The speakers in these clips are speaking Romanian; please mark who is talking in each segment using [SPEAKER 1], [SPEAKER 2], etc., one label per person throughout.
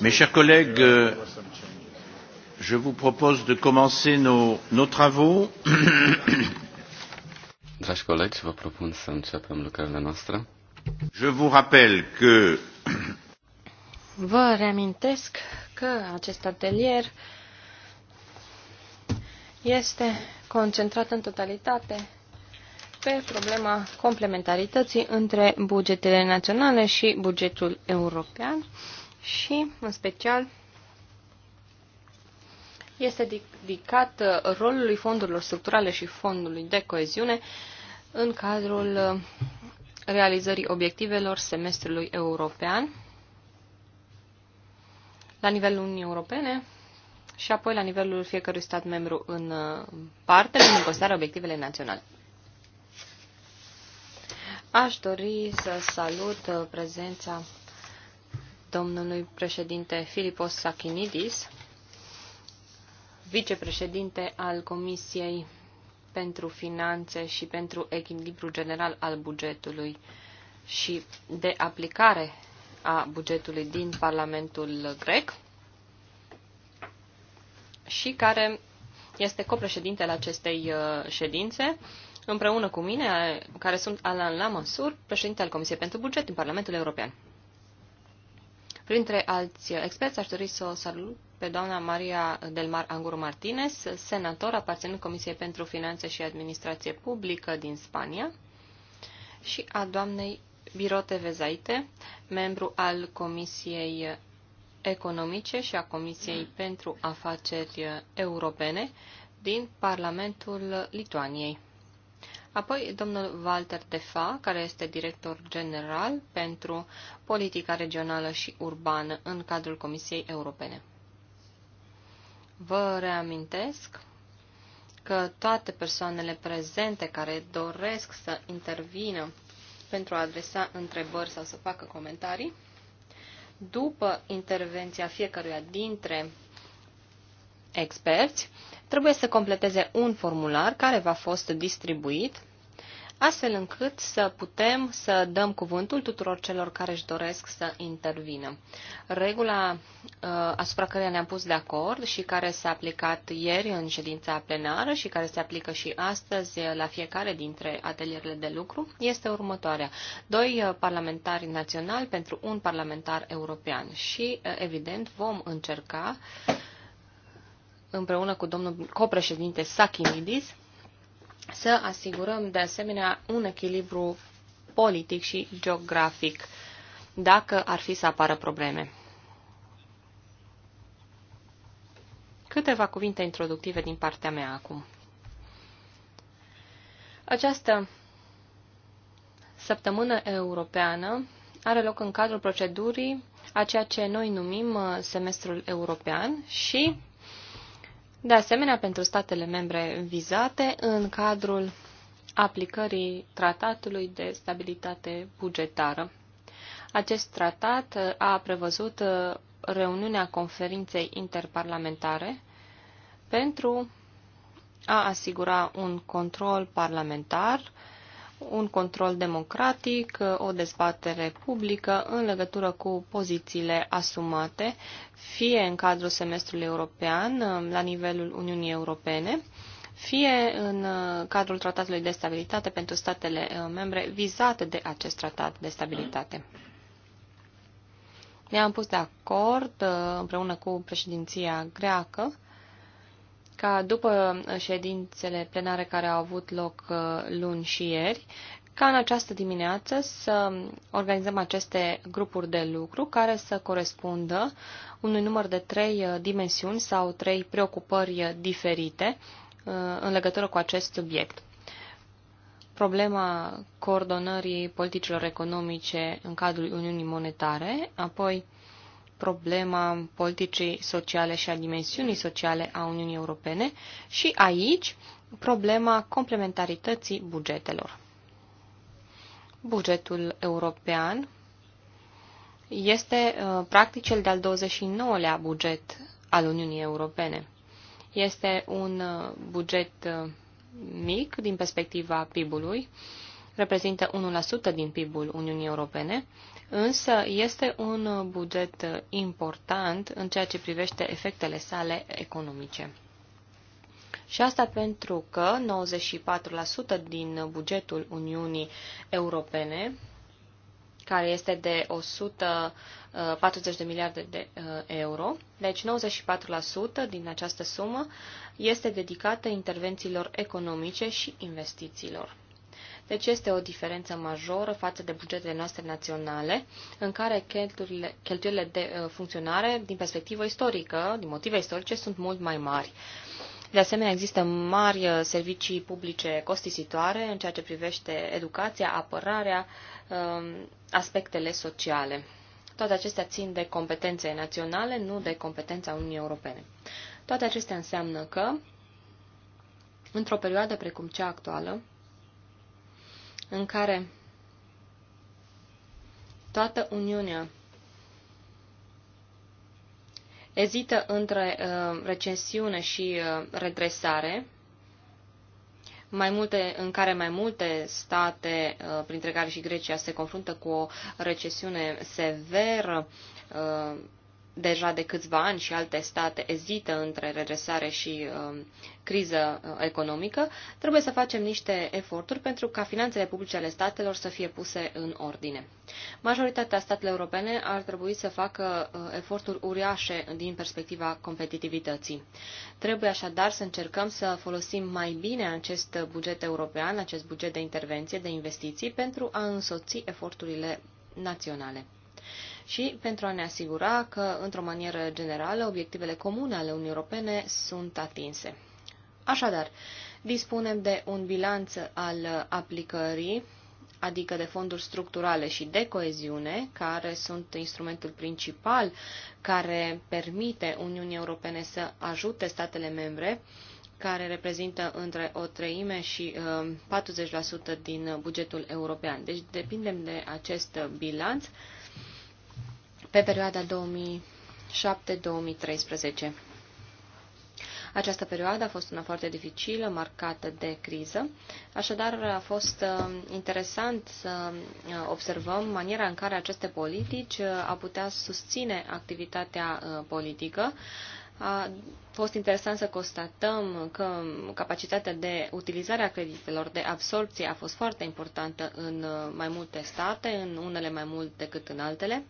[SPEAKER 1] Mes chers collègues, euh, je vous propose de commencer nos, nos travaux.
[SPEAKER 2] Dragi colegi, vă propun să începem lucrările noastre. Je vous rappelle que
[SPEAKER 1] Vă reamintesc că acest atelier este concentrat în totalitate pe problema complementarității între bugetele naționale și bugetul european și, în special, este dedicat uh, rolului fondurilor structurale și fondului de coeziune în cadrul uh, realizării obiectivelor semestrului european la nivelul Uniunii Europene și apoi la nivelul fiecărui stat membru în uh, parte, în considerare obiectivele naționale. Aș dori să salut prezența domnului președinte Filipos Sakinidis, vicepreședinte al Comisiei pentru Finanțe și pentru Echilibru General al Bugetului și de aplicare a bugetului din Parlamentul grec și care este copreședintele acestei uh, ședințe, împreună cu mine, care sunt Alan Lamasur, președinte al Comisiei pentru Buget din Parlamentul European. Printre alți experți aș dori să o salut pe doamna Maria Delmar Anguru Martinez, senator aparținând Comisiei pentru Finanțe și Administrație Publică din Spania, și a doamnei Birote Vezaite, membru al Comisiei Economice și a Comisiei pentru Afaceri Europene din Parlamentul Lituaniei. Apoi domnul Walter Tefa, care este director general pentru politica regională și urbană în cadrul Comisiei Europene. Vă reamintesc că toate persoanele prezente care doresc să intervină pentru a adresa întrebări sau să facă comentarii, după intervenția fiecăruia dintre experți, trebuie să completeze un formular care va fost distribuit, astfel încât să putem să dăm cuvântul tuturor celor care își doresc să intervină. Regula uh, asupra căreia ne-am pus de acord și care s-a aplicat ieri în ședința plenară și care se aplică și astăzi la fiecare dintre atelierele de lucru este următoarea. Doi uh, parlamentari naționali pentru un parlamentar european și, uh, evident, vom încerca uh, împreună cu domnul copreședinte Sakimidis, să asigurăm de asemenea un echilibru politic și geografic dacă ar fi să apară probleme. Câteva cuvinte introductive din partea mea acum. Această săptămână europeană are loc în cadrul procedurii a ceea ce noi numim uh, semestrul european și de asemenea, pentru statele membre vizate, în cadrul aplicării tratatului de stabilitate bugetară. Acest tratat a prevăzut uh, reuniunea conferinței interparlamentare pentru a asigura un control parlamentar un control democratic, o dezbatere publică în legătură cu pozițiile asumate, fie în cadrul semestrului european la nivelul Uniunii Europene, fie în cadrul Tratatului de Stabilitate pentru statele uh, membre vizate de acest tratat de stabilitate. Ne-am pus de acord uh, împreună cu președinția greacă ca după uh, ședințele plenare care au avut loc uh, luni și ieri, ca în această dimineață să organizăm aceste grupuri de lucru care să corespundă unui număr de trei uh, dimensiuni sau trei preocupări diferite în legătură cu acest subiect. Problema coordonării politicilor economice în cadrul Uniunii Monetare, apoi problema politicii sociale și a dimensiunii sociale a Uniunii Europene și aici problema complementarității bugetelor. Bugetul european este uh, practic cel de-al 29-lea buget al Uniunii Europene. Este un uh, buget uh, mic din perspectiva PIB-ului, reprezintă 1% din PIB-ul Uniunii Europene însă este un buget important în ceea ce privește efectele sale economice. Și asta pentru că 94% din bugetul Uniunii Europene, care este de 140 de miliarde de uh, euro, deci 94% din această sumă este dedicată intervențiilor economice și investițiilor. Deci este o diferență majoră față de bugetele noastre naționale, în care cheltuielile, cheltuielile de uh, funcționare, din perspectivă istorică, din motive istorice, sunt mult mai mari. De asemenea, există mari uh, servicii publice costisitoare în ceea ce privește educația, apărarea, um, aspectele sociale. Toate acestea țin de competențe naționale, nu de competența Uniunii Europene. Toate acestea înseamnă că, într-o perioadă precum cea actuală, în care toată Uniunea ezită între uh, recesiune și uh, redresare, mai multe, în care mai multe state, uh, printre care și Grecia, se confruntă cu o recesiune severă, uh, deja de câțiva ani și alte state ezită între regresare și um, uh, criză economică, trebuie să facem niște eforturi pentru ca finanțele publice ale statelor să fie puse în ordine. Majoritatea statelor europene ar trebui să facă uh, eforturi uriașe din perspectiva competitivității. Trebuie așadar să încercăm să folosim mai bine acest buget european, acest buget de intervenție, de investiții, pentru a însoți eforturile naționale și pentru a ne asigura că, într-o manieră generală, obiectivele comune ale Uniunii Europene sunt atinse. Așadar, dispunem de un bilanț al aplicării, adică de fonduri structurale și de coeziune, care sunt instrumentul principal care permite Uniunii Europene să ajute statele membre care reprezintă între o treime și 40% uh, din bugetul european. Deci depindem de acest bilanț pe perioada 2007-2013. Această perioadă a fost una foarte dificilă, marcată de criză, așadar a fost uh, interesant să uh, observăm maniera în care aceste politici uh, a putea susține activitatea politică. A fost interesant să constatăm că capacitatea de utilizare a creditelor, de absorpție, a fost foarte importantă în mai multe state, în unele mai mult decât în altele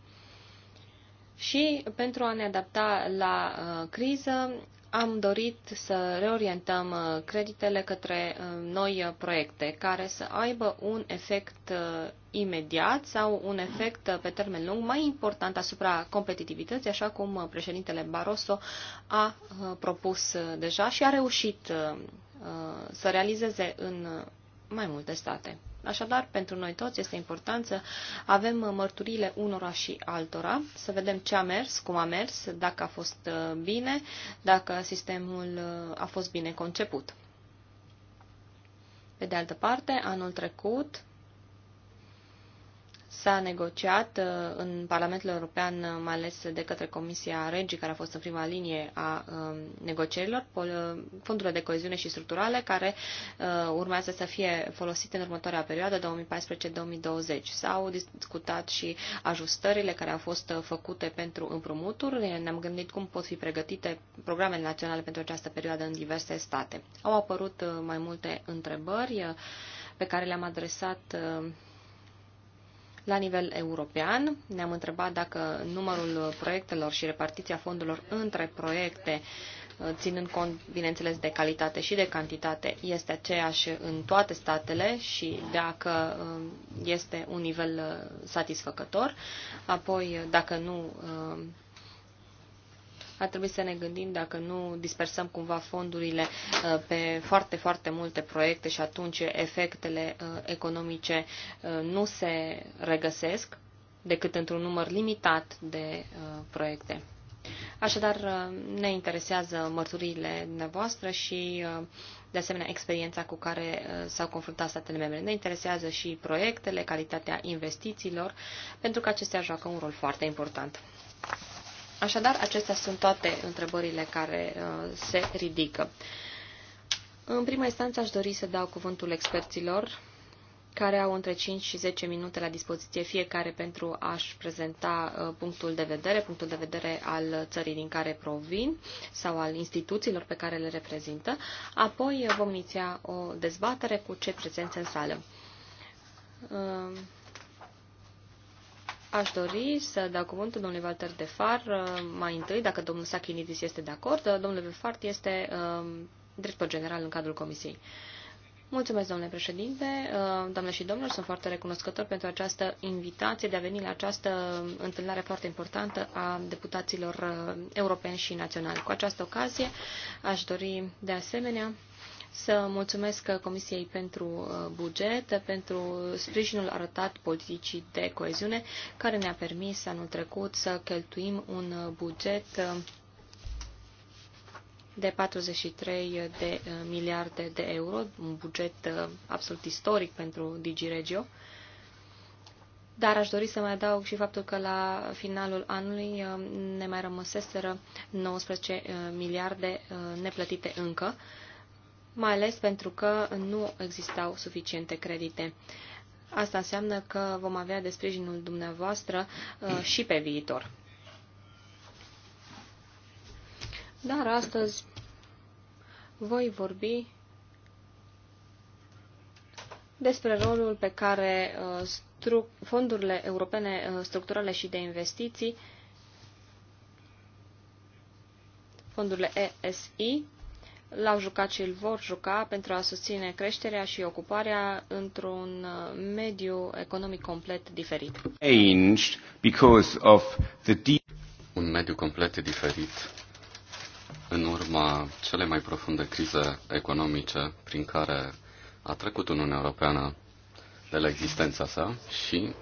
[SPEAKER 1] și pentru a ne adapta la uh, criză am dorit să reorientăm uh, creditele către uh, noi proiecte care să aibă un efect imediat sau un efect pe termen lung mai important asupra competitivității, așa cum președintele Barroso a propus deja și a reușit să realizeze în mai multe state. Așadar, pentru noi toți este important să avem mărturile unora și altora, să vedem ce a mers, cum a mers, dacă a fost uh, bine, dacă sistemul uh, a fost bine conceput. Pe de altă parte, anul trecut s-a negociat uh, în Parlamentul European, uh, mai ales de către Comisia Regi, care a fost în prima linie a um, negocierilor, uh, fondurile de coeziune și structurale, care urmează să fie folosite în următoarea perioadă, 2014-2020. S-au discutat și ajustările care au fost făcute pentru împrumuturi. Ne-am gândit cum pot fi pregătite programele naționale pentru această perioadă în diverse state. Au apărut mai multe întrebări pe care le-am adresat la nivel european ne-am întrebat dacă numărul proiectelor și repartiția fondurilor între proiecte, uh, ținând cont, bineînțeles, de calitate și de cantitate, este aceeași în toate statele și dacă uh, este un nivel uh, satisfăcător, apoi dacă nu ar trebui să ne gândim dacă nu dispersăm cumva fondurile uh, pe foarte, foarte multe proiecte și atunci efectele uh, economice uh, nu se regăsesc decât într-un număr limitat de proiecte. Așadar, ne interesează mărturiile dumneavoastră și, de asemenea, experiența cu care s-au confruntat statele membre. Ne interesează și proiectele, calitatea investițiilor, pentru că acestea joacă un rol foarte important. Așadar, acestea sunt toate întrebările care uh, se ridică. În prima instanță aș dori să dau cuvântul experților care au între 5 și 10 minute la dispoziție fiecare pentru a-și prezenta uh, punctul de vedere, punctul de vedere al țării din care provin sau al instituțiilor pe care le reprezintă. Apoi vom iniția o dezbatere cu cei prezenți în sală. Uh, Aș dori să dau cuvântul domnului Walter Defar uh, mai întâi, dacă domnul Sachinidis este de acord. Uh, domnul Defar este uh, director general în cadrul comisiei. Mulțumesc, domnule președinte, doamne și domnilor, sunt foarte recunoscător pentru această invitație de a veni la această întâlnare foarte importantă a deputaților europeni și naționali. Cu această ocazie aș dori de asemenea să mulțumesc Comisiei pentru uh, buget, pentru sprijinul arătat politicii de coeziune, care ne-a permis anul trecut să cheltuim un uh, buget uh, de 43 de miliarde de euro, un buget absolut istoric pentru DigiRegio. Dar aș dori să mai adaug și faptul că la finalul anului ne mai rămăseseră 19 miliarde neplătite încă mai ales pentru că nu existau suficiente credite. Asta înseamnă că vom avea de sprijinul dumneavoastră uh, și pe viitor. Dar astăzi voi vorbi despre rolul pe care uh, fondurile europene uh, structurale și de investiții, fondurile ESI, l-au jucat și îl vor juca pentru a susține creșterea și ocuparea într-un uh, mediu economic complet diferit.
[SPEAKER 2] Un mediu complet diferit în urma cele mai profunde crize economice prin care a trecut Uniunea Europeană de la existența sa și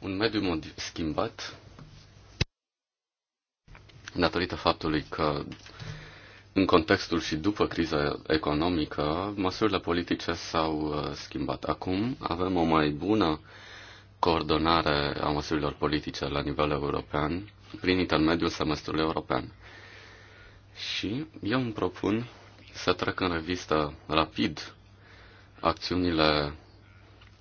[SPEAKER 2] un mediu schimbat datorită faptului că în contextul și după criza economică, măsurile politice s-au uh, schimbat. Acum avem o mai bună coordonare a măsurilor politice la nivel european prin intermediul semestrului european. Și eu îmi propun să trec în revistă rapid acțiunile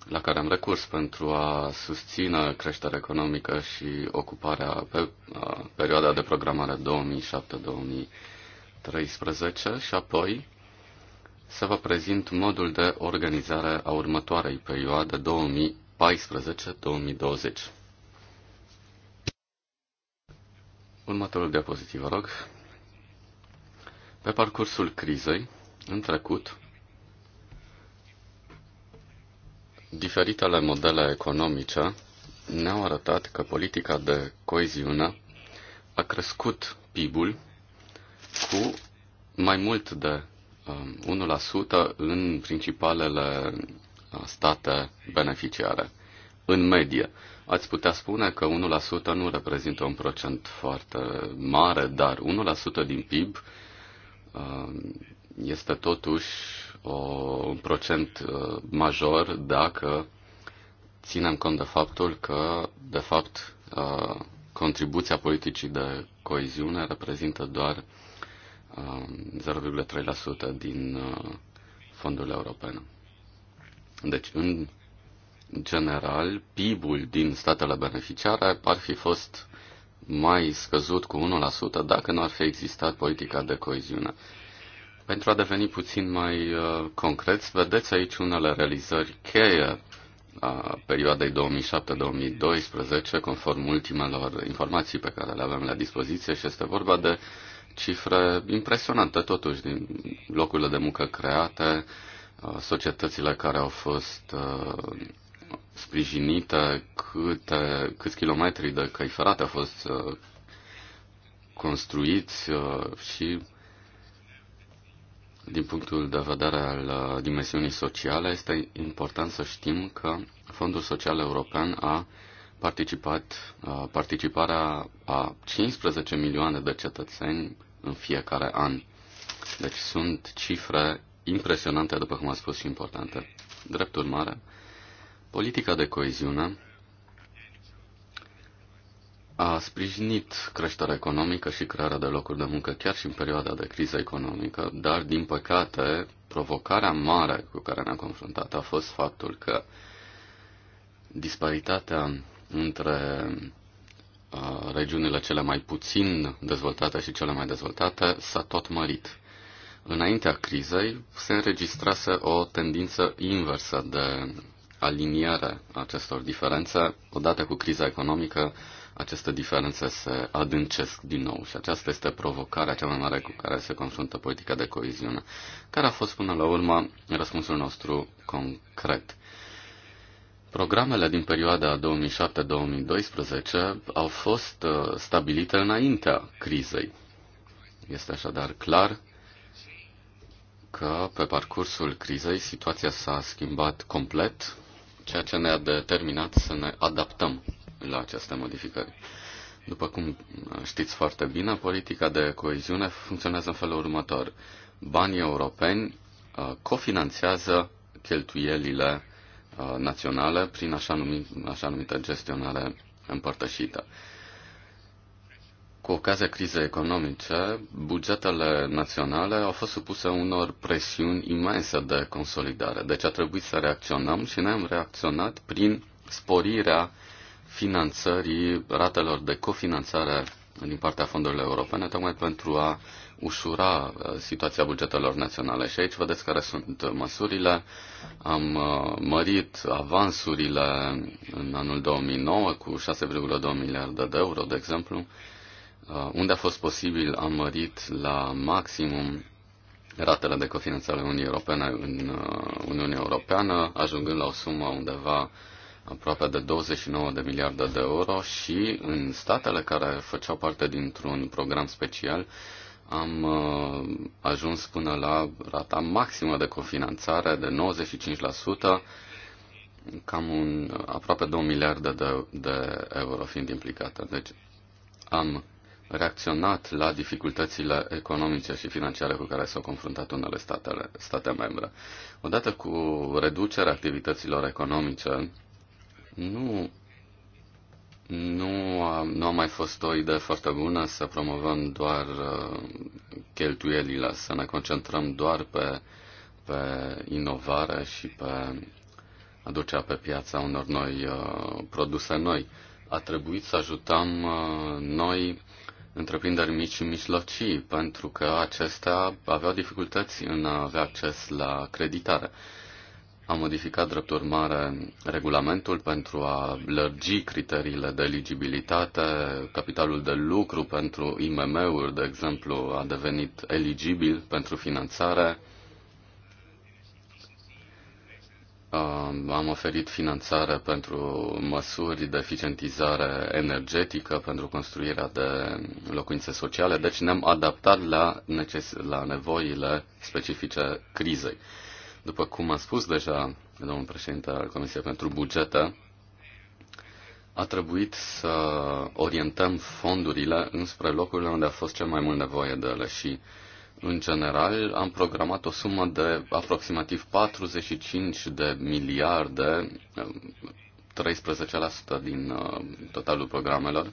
[SPEAKER 2] la care am recurs pentru a susține creșterea economică și ocuparea pe uh, perioada de programare 2007-2013 13 și apoi să vă prezint modul de organizare a următoarei perioade 2014-2020. Următorul diapozitiv, vă rog. Pe parcursul crizei, în trecut, diferitele modele economice ne-au arătat că politica de coeziune a crescut PIB-ul cu mai mult de 1% um, în principalele uh, state beneficiare, în medie. Ați putea spune că 1% nu reprezintă un procent foarte mare, dar 1% din PIB um, este totuși o, un procent uh, major dacă ținem cont de faptul că, de fapt, uh, contribuția politicii de coeziune reprezintă doar 0,3% um, din uh, fondurile europene. Deci, în general, PIB-ul din statele beneficiare ar fi fost mai scăzut cu 1% dacă nu ar fi existat politica de coeziune. Pentru a deveni puțin mai uh, concret, vedeți aici unele realizări cheie a perioadei 2007-2012, conform ultimelor informații pe care le avem la dispoziție și este vorba de uh, cifre impresionante, totuși, din locurile de muncă create, uh, societățile care au fost uh, sprijinite, câte, câți kilometri de căi ferate au fost uh, construiți și din punctul de vedere al dimensiunii sociale, este important să știm că Fondul Social European a participat, participarea a 15 milioane de cetățeni în fiecare an. Deci sunt cifre impresionante, după cum am spus, și importante. Drept urmare, politica de coeziune a sprijinit creșterea economică și crearea de locuri de muncă chiar și în perioada de criză economică, dar, din păcate, provocarea mare cu care ne-am confruntat a fost faptul că disparitatea între Uh, regiunile cele mai puțin dezvoltate și cele mai dezvoltate s-a tot mărit. Înaintea crizei se înregistrase o tendință inversă de aliniere acestor diferențe. Odată cu criza economică, aceste diferențe se adâncesc din nou și aceasta este provocarea cea mai mare cu care se confruntă politica de coeziune, care a fost până la urmă răspunsul nostru concret. Programele din perioada 2007-2012 au fost uh, stabilite înaintea crizei. Este așadar clar că pe parcursul crizei situația s-a schimbat complet, ceea ce ne-a determinat să ne adaptăm la aceste modificări. După cum știți foarte bine, politica de coeziune funcționează în felul următor. Banii europeni uh, cofinanțează cheltuielile Uh, naționale prin așa, numit, așa numită gestionare împărtășită. Cu ocazia crizei economice, bugetele naționale au fost supuse unor presiuni imense de consolidare. Deci a trebuit să reacționăm și ne-am reacționat prin sporirea finanțării ratelor de cofinanțare din partea fondurilor europene, tocmai pentru a ușura uh, situația bugetelor naționale. Și aici vedeți care sunt măsurile. Am uh, mărit avansurile în anul 2009 cu 6,2 miliarde de euro, de exemplu. Uh, unde a fost posibil, am mărit la maximum ratele de cofinanțare ale Uniunii Europene în Uniunea Europeană, ajungând la o sumă undeva aproape de 29 de miliarde de euro și în statele care făceau parte dintr-un program special am uh, ajuns până la rata maximă de cofinanțare de 95%, cam un, aproape 2 miliarde de, de euro fiind implicate. Deci am reacționat la dificultățile economice și financiare cu care s-au confruntat unele state, state membre. Odată cu reducerea activităților economice, nu, nu, a, nu a mai fost o idee foarte bună să promovăm doar uh, cheltuielile, să ne concentrăm doar pe, pe inovare și pe aducea pe piața unor noi uh, produse noi. A trebuit să ajutăm uh, noi întreprinderi mici și mijlocii, pentru că acestea aveau dificultăți în a avea acces la creditare. Uh, a modificat drept urmare regulamentul pentru a lărgi criteriile de eligibilitate, capitalul de lucru pentru IMM-uri, de exemplu, a devenit eligibil pentru finanțare. Am oferit finanțare pentru măsuri de eficientizare energetică, pentru construirea de locuințe sociale, deci ne-am adaptat la, neces- la nevoile specifice crizei. După cum a spus deja domnul președinte al Comisiei pentru Bugete, a trebuit să orientăm fondurile înspre locurile unde a fost cel mai mult nevoie de ele și, în general, am programat o sumă de aproximativ 45 de miliarde, 13% din uh, totalul programelor,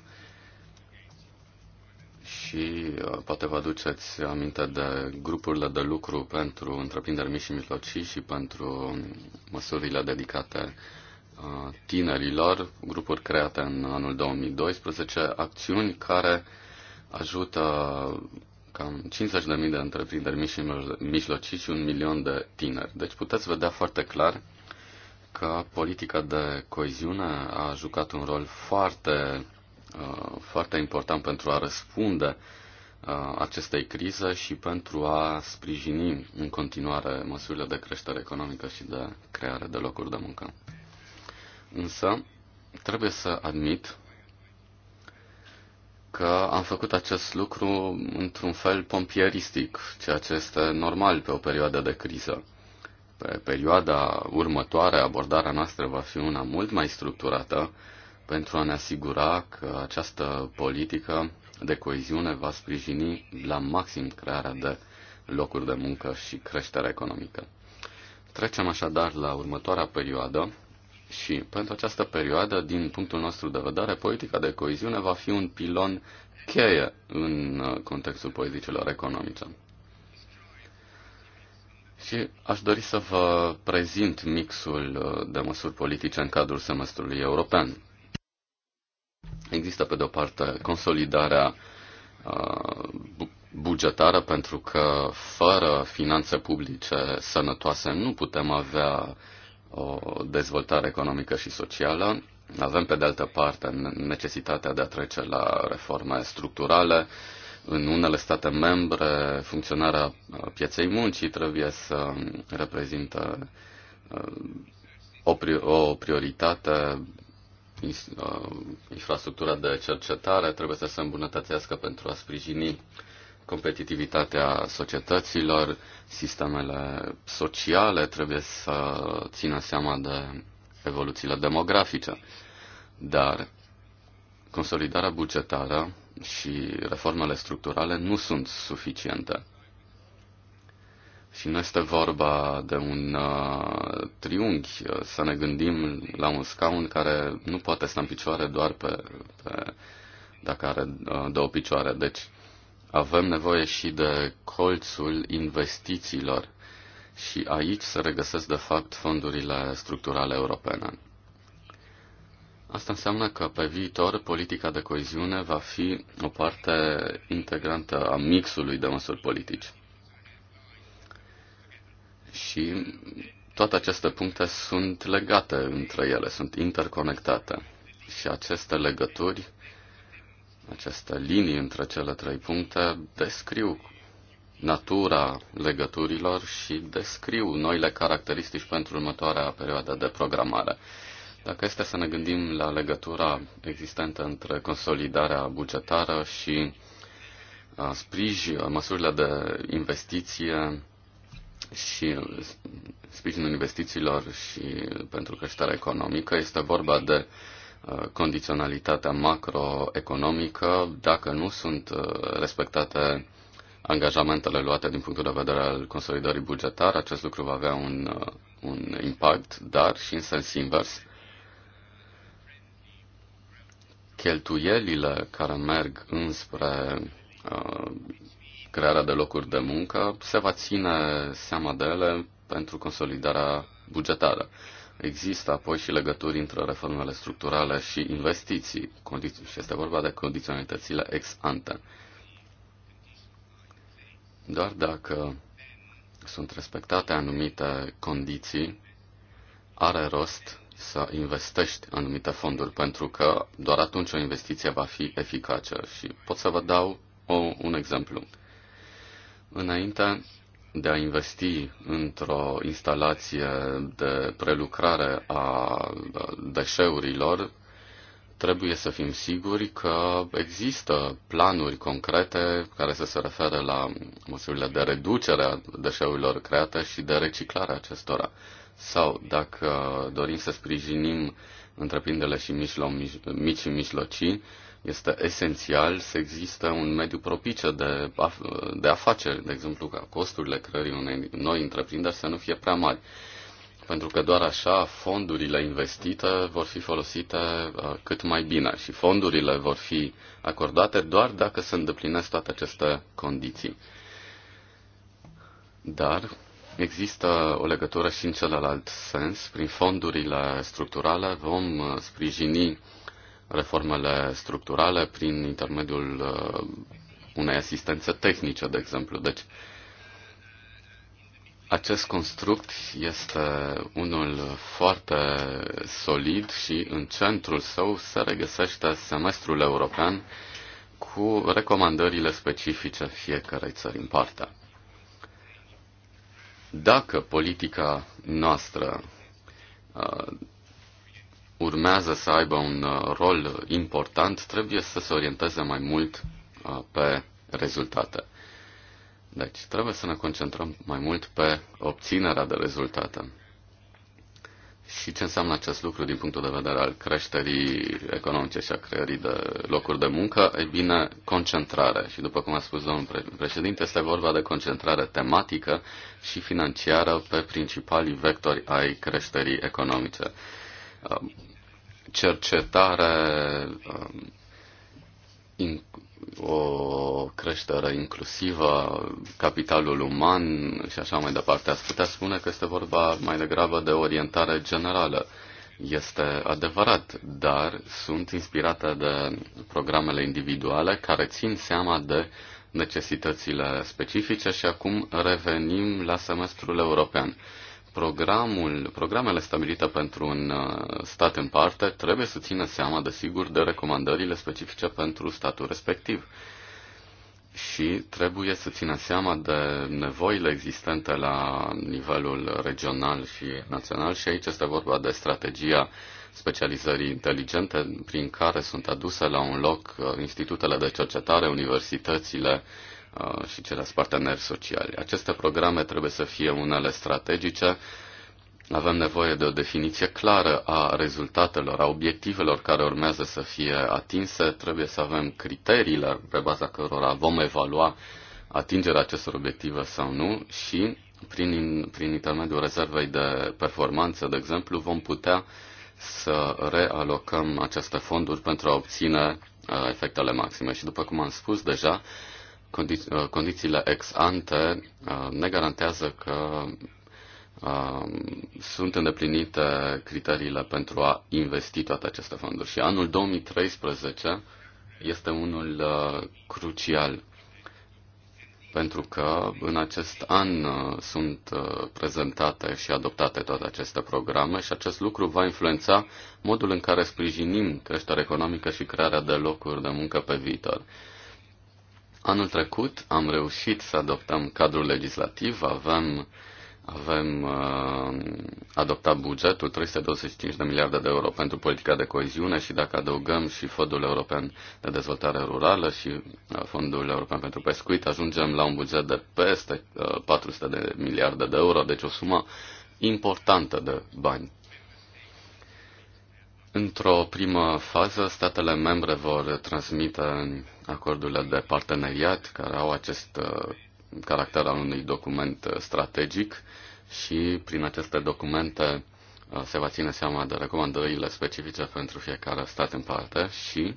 [SPEAKER 2] și uh, poate vă aduceți aminte de grupurile de lucru pentru întreprinderi mici și mijlocii și pentru um, măsurile dedicate uh, tinerilor, grupuri create în anul 2012, acțiuni care ajută cam 50.000 de întreprinderi mici și mijlocii și un milion de tineri. Deci puteți vedea foarte clar că politica de coeziune a jucat un rol foarte Uh, foarte important pentru a răspunde uh, acestei crize și pentru a sprijini în continuare măsurile de creștere economică și de creare de locuri de muncă. Însă, trebuie să admit că am făcut acest lucru într-un fel pompieristic, ceea ce este normal pe o perioadă de criză. Pe perioada următoare, abordarea noastră va fi una mult mai structurată, pentru a ne asigura că această politică de coeziune va sprijini la maxim crearea de locuri de muncă și creșterea economică. Trecem așadar la următoarea perioadă și pentru această perioadă, din punctul nostru de vedere, politica de coeziune va fi un pilon cheie în contextul politicilor economice. Și aș dori să vă prezint mixul de măsuri politice în cadrul semestrului european. Există, pe de-o parte, consolidarea uh, bugetară, pentru că fără finanțe publice sănătoase nu putem avea o dezvoltare economică și socială. Avem, pe de altă parte, necesitatea de a trece la reforme structurale. În unele state membre, funcționarea uh, pieței muncii trebuie să reprezintă uh, o prioritate Uh, infrastructura de cercetare trebuie să se îmbunătățească pentru a sprijini competitivitatea societăților, sistemele sociale trebuie să țină seama de evoluțiile demografice. Dar consolidarea bugetară și reformele structurale nu sunt suficiente. Și nu este vorba de un uh, triunghi, să ne gândim la un scaun care nu poate sta în picioare doar pe, pe dacă are uh, două picioare. Deci avem nevoie și de colțul investițiilor. Și aici se regăsesc, de fapt, fondurile structurale europene. Asta înseamnă că pe viitor politica de coeziune va fi o parte integrantă a mixului de măsuri politici. Și toate aceste puncte sunt legate între ele, sunt interconectate. Și aceste legături, aceste linii între cele trei puncte descriu natura legăturilor și descriu noile caracteristici pentru următoarea perioadă de programare. Dacă este să ne gândim la legătura existentă între consolidarea bugetară și uh, sprijin, măsurile de investiție, și sprijinul investițiilor și pentru creșterea economică. Este vorba de uh, condiționalitatea macroeconomică. Dacă nu sunt uh, respectate angajamentele luate din punctul de vedere al consolidării bugetare acest lucru va avea un, uh, un impact, dar și în sens invers. Cheltuielile care merg înspre crearea de locuri de muncă, se va ține seama de ele pentru consolidarea bugetară. Există apoi și legături între reformele structurale și investiții, și este vorba de condiționalitățile ex ante. Doar dacă sunt respectate anumite condiții, are rost să investești anumite fonduri, pentru că doar atunci o investiție va fi eficace. Și pot să vă dau o, un exemplu. Înainte de a investi într-o instalație de prelucrare a deșeurilor, trebuie să fim siguri că există planuri concrete care să se referă la măsurile de reducere a deșeurilor create și de reciclare acestora. Sau, dacă dorim să sprijinim întreprinderile și mijlo, mici și mijlocii, este esențial să există un mediu propice de, de afaceri, de exemplu ca costurile creării unei noi întreprinderi să nu fie prea mari. Pentru că doar așa fondurile investite vor fi folosite uh, cât mai bine și fondurile vor fi acordate doar dacă se îndeplinesc toate aceste condiții. Dar Există o legătură și în celălalt sens. Prin fondurile structurale vom uh, sprijini reformele structurale prin intermediul uh, unei asistențe tehnice, de exemplu. Deci, acest construct este unul foarte solid și în centrul său se regăsește semestrul european cu recomandările specifice fiecarei țări în parte. Dacă politica noastră uh, urmează să aibă un uh, rol important, trebuie să se orienteze mai mult uh, pe rezultate. Deci trebuie să ne concentrăm mai mult pe obținerea de rezultate și ce înseamnă acest lucru din punctul de vedere al creșterii economice și a creării de locuri de muncă? E bine, concentrare. Și după cum a spus domnul președinte, este vorba de concentrare tematică și financiară pe principalii vectori ai creșterii economice. Um, cercetare, um, o creștere inclusivă, capitalul uman și așa mai departe. Ați putea spune că este vorba mai degrabă de orientare generală. Este adevărat, dar sunt inspirate de programele individuale care țin seama de necesitățile specifice și acum revenim la semestrul european programul, programele stabilite pentru un uh, stat în parte trebuie să țină seama, desigur, de recomandările specifice pentru statul respectiv. Și trebuie să țină seama de nevoile existente la nivelul regional și național și aici este vorba de strategia specializării inteligente prin care sunt aduse la un loc uh, institutele de cercetare, universitățile, uh, Uh, și ceilalți parteneri sociali. Aceste programe trebuie să fie unele strategice. Avem nevoie de o definiție clară a rezultatelor, a obiectivelor care urmează să fie atinse. Trebuie să avem criteriile pe baza cărora vom evalua atingerea acestor obiective sau nu și prin, prin intermediul rezervei de performanță, de exemplu, vom putea să realocăm aceste fonduri pentru a obține uh, efectele maxime. Și după cum am spus deja, Uh, condițiile ex ante uh, ne garantează că um, sunt îndeplinite criteriile pentru a investi toate aceste fonduri. Și anul 2013 este unul uh, crucial pentru că în acest an sunt prezentate și adoptate toate aceste programe și acest lucru va influența modul în care sprijinim creșterea economică și crearea de locuri de muncă pe viitor. Anul trecut am reușit să adoptăm cadrul legislativ, avem, avem uh, adoptat bugetul 325 de miliarde de euro pentru politica de coeziune și dacă adăugăm și Fondul European de Dezvoltare Rurală și uh, Fondul European pentru Pescuit, ajungem la un buget de peste uh, 400 de miliarde de euro, deci o sumă importantă de bani Într-o primă fază, statele membre vor transmite acordurile de parteneriat care au acest uh, caracter al unui document strategic și prin aceste documente uh, se va ține seama de recomandările specifice pentru fiecare stat în parte și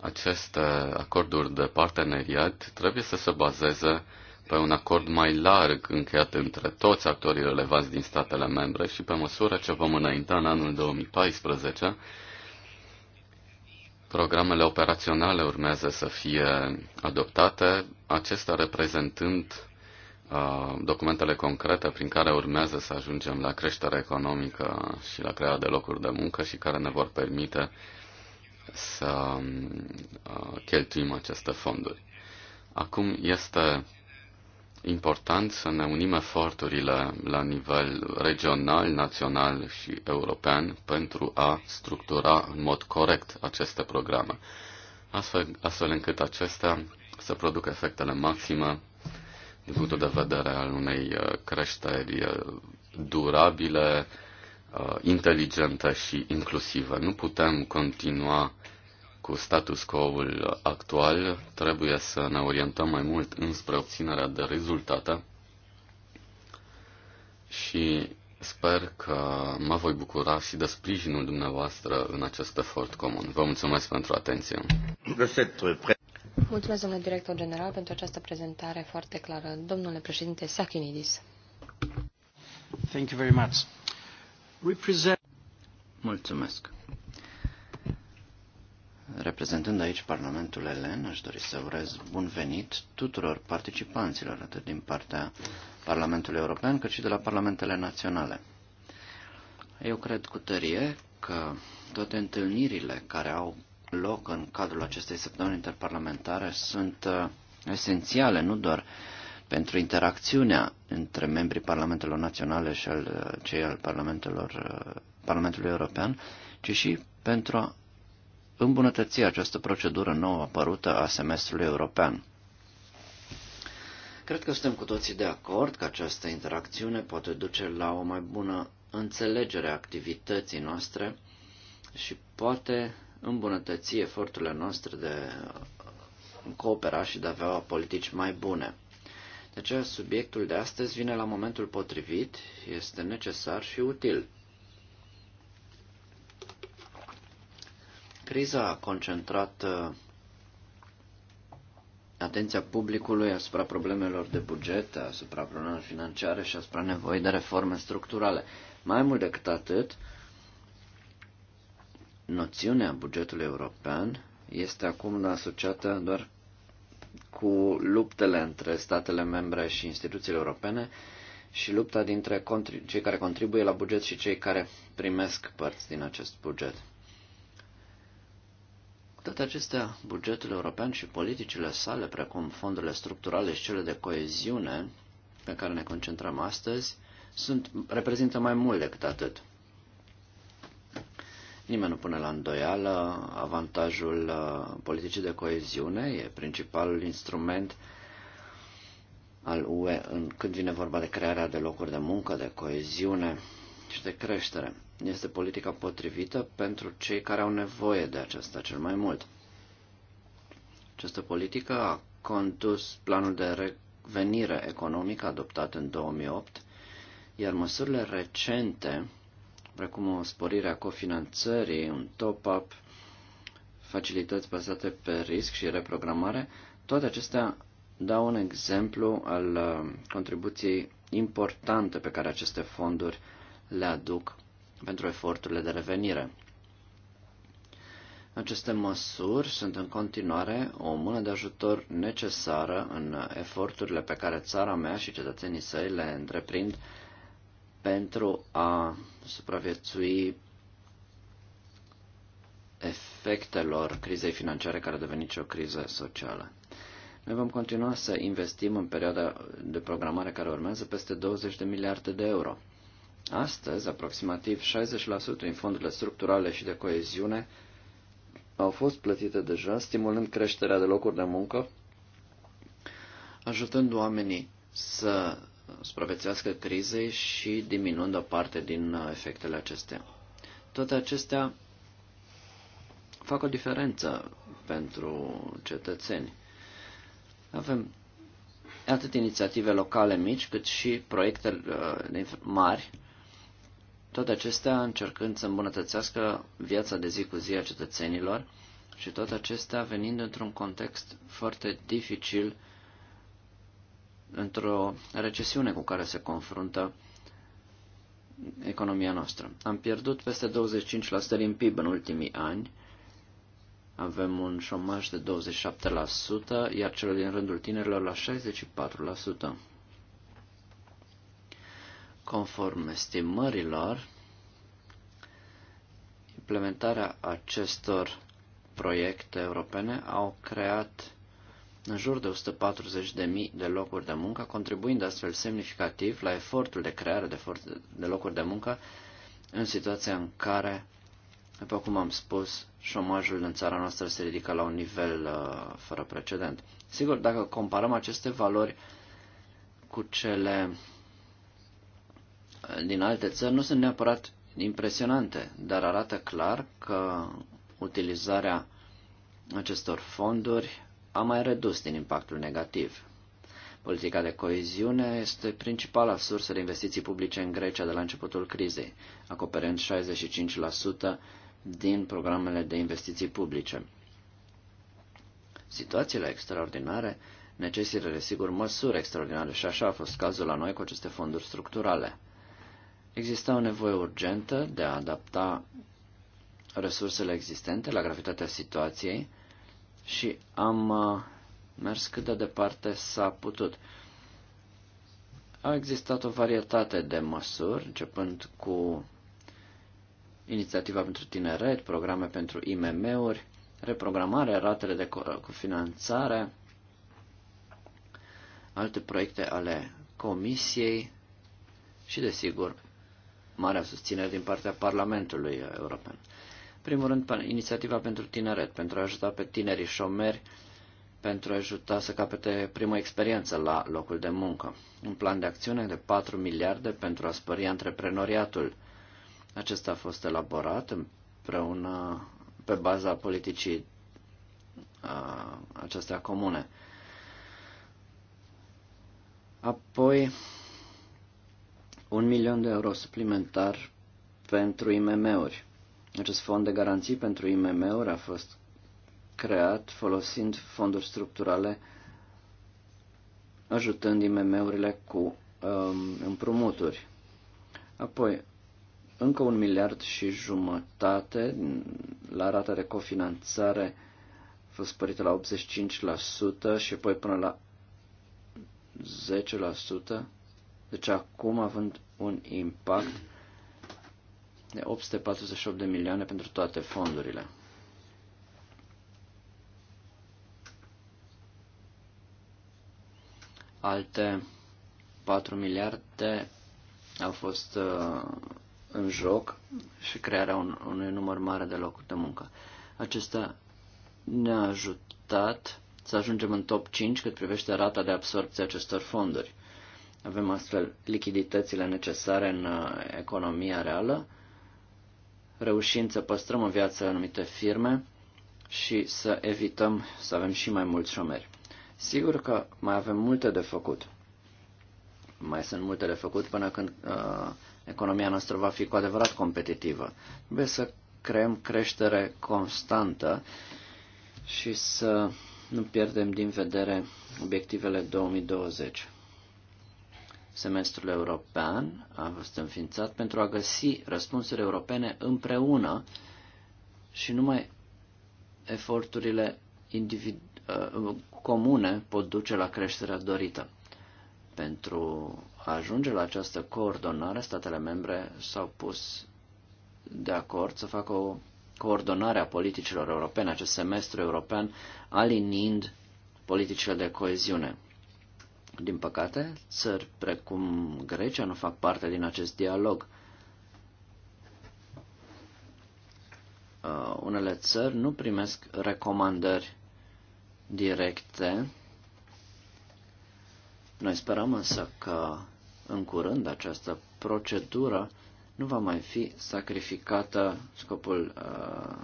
[SPEAKER 2] aceste acorduri de parteneriat trebuie să se bazeze pe un acord mai larg încheiat între toți actorii relevanți din statele membre și pe măsură ce vom înainta în anul 2014, programele operaționale urmează să fie adoptate, acestea reprezentând documentele concrete prin care urmează să ajungem la creșterea economică și la crearea de locuri de muncă și care ne vor permite să cheltuim aceste fonduri. Acum este important să ne unim eforturile la nivel regional, național și european pentru a structura în mod corect aceste programe, astfel, astfel încât acestea să producă efectele maxime din punctul de vedere al unei uh, creșteri uh, durabile, uh, inteligente și inclusive. Nu putem continua cu status quo-ul actual, trebuie să ne orientăm mai mult înspre obținerea de rezultate și sper că mă voi bucura și de sprijinul dumneavoastră în acest efort comun. Vă mulțumesc pentru atenție.
[SPEAKER 1] Mulțumesc, domnule director general, pentru această prezentare foarte clară. Domnule președinte Sakinidis.
[SPEAKER 3] Thank you very much. Represent... Mulțumesc. Reprezentând aici Parlamentul Elen, aș dori să urez bun venit tuturor participanților, atât din partea Parlamentului European, cât și de la Parlamentele Naționale. Eu cred cu tărie că toate întâlnirile care au loc în cadrul acestei săptămâni interparlamentare sunt uh, esențiale, nu doar pentru interacțiunea între membrii Parlamentelor Naționale și al, uh, cei al Parlamentelor, uh, Parlamentului European, ci și pentru a îmbunătăți această procedură nouă apărută a semestrului european. Cred că suntem cu toții de acord că această interacțiune poate duce la o mai bună înțelegere a activității noastre și poate îmbunătăți eforturile noastre de coopera și de a avea politici mai bune. De aceea, subiectul de astăzi vine la momentul potrivit, este necesar și util. Criza a concentrat uh, atenția publicului asupra problemelor de buget, asupra problemelor financiare și asupra nevoii de reforme structurale. Mai mult decât atât, noțiunea bugetului european este acum asociată doar cu luptele între statele membre și instituțiile europene și lupta dintre cei care contribuie la buget și cei care primesc părți din acest buget toate acestea, bugetul european și politicile sale, precum fondurile structurale și cele de coeziune, pe care ne concentrăm astăzi, sunt, reprezintă mai mult decât atât. Nimeni nu pune la îndoială avantajul uh, politicii de coeziune, e principalul instrument al UE în, când vine vorba de crearea de locuri de muncă, de coeziune, și de creștere. Este politica potrivită pentru cei care au nevoie de aceasta cel mai mult. Această politică a condus planul de revenire economică adoptat în 2008, iar măsurile recente, precum o sporire a cofinanțării, un top-up, facilități bazate pe risc și reprogramare, toate acestea dau un exemplu al uh, contribuției importante pe care aceste fonduri le aduc pentru eforturile de revenire. Aceste măsuri sunt în continuare o mână de ajutor necesară în eforturile pe care țara mea și cetățenii săi le întreprind pentru a supraviețui efectelor crizei financiare care a devenit și o criză socială. Noi vom continua să investim în perioada de programare care urmează peste 20 de miliarde de euro. Astăzi, aproximativ 60% din fondurile structurale și de coeziune au fost plătite deja, stimulând creșterea de locuri de muncă, ajutând oamenii să supraviețuiască crizei și diminuând o parte din uh, efectele acestea. Toate acestea fac o diferență pentru cetățeni. Avem atât inițiative locale mici, cât și proiecte uh, mari toate acestea încercând să îmbunătățească viața de zi cu zi a cetățenilor și toate acestea venind într-un context foarte dificil, într-o recesiune cu care se confruntă economia noastră. Am pierdut peste 25% din PIB în ultimii ani, avem un șomaj de 27%, iar cel din rândul tinerilor la 64%. Conform estimărilor, implementarea acestor proiecte europene au creat în jur de 140.000 de locuri de muncă, contribuind astfel semnificativ la efortul de creare de, de locuri de muncă în situația în care, după cum am spus, șomajul în țara noastră se ridică la un nivel uh, fără precedent. Sigur, dacă comparăm aceste valori cu cele din alte țări nu sunt neapărat impresionante, dar arată clar că utilizarea acestor fonduri a mai redus din impactul negativ. Politica de coeziune este principala sursă de investiții publice în Grecia de la începutul crizei, acoperând 65% din programele de investiții publice. Situațiile extraordinare necesită, desigur, măsuri extraordinare și așa a fost cazul la noi cu aceste fonduri structurale. Exista o nevoie urgentă de a adapta resursele existente la gravitatea situației și am uh, mers cât de departe s-a putut. A existat o varietate de măsuri, începând cu inițiativa pentru tineret, programe pentru IMM-uri, reprogramare, ratele de cofinanțare, alte proiecte ale comisiei și, desigur, marea susținere din partea Parlamentului European. Primul rând, inițiativa pentru tineret, pentru a ajuta pe tinerii șomeri, pentru a ajuta să capete prima experiență la locul de muncă. Un plan de acțiune de 4 miliarde pentru a spări antreprenoriatul. Acesta a fost elaborat împreună pe baza politicii acestea comune. Apoi, un milion de euro suplimentar pentru IMM-uri. Acest fond de garanții pentru IMM-uri a fost creat folosind fonduri structurale, ajutând IMM-urile cu um, împrumuturi. Apoi, încă un miliard și jumătate la rata de cofinanțare a fost spărită la 85% și apoi până la 10%. Deci acum având un impact de 848 de milioane pentru toate fondurile. Alte 4 miliarde au fost uh, în joc și crearea un, unui număr mare de locuri de muncă. Acesta ne-a ajutat să ajungem în top 5 cât privește rata de absorpție acestor fonduri avem astfel lichiditățile necesare în uh, economia reală, reușind să păstrăm în viață anumite firme și să evităm să avem și mai mulți șomeri. Sigur că mai avem multe de făcut. Mai sunt multe de făcut până când uh, economia noastră va fi cu adevărat competitivă. Trebuie să creăm creștere constantă și să nu pierdem din vedere obiectivele 2020 semestrul european a fost înființat pentru a găsi răspunsuri europene împreună și numai eforturile uh, comune pot duce la creșterea dorită. Pentru a ajunge la această coordonare, statele membre s-au pus de acord să facă o coordonare a politicilor europene, acest semestru european, alinind politicile de coeziune. Din păcate, țări precum Grecia nu fac parte din acest dialog. Uh, unele țări nu primesc recomandări directe. Noi sperăm însă că în curând această procedură nu va mai fi sacrificată scopul uh,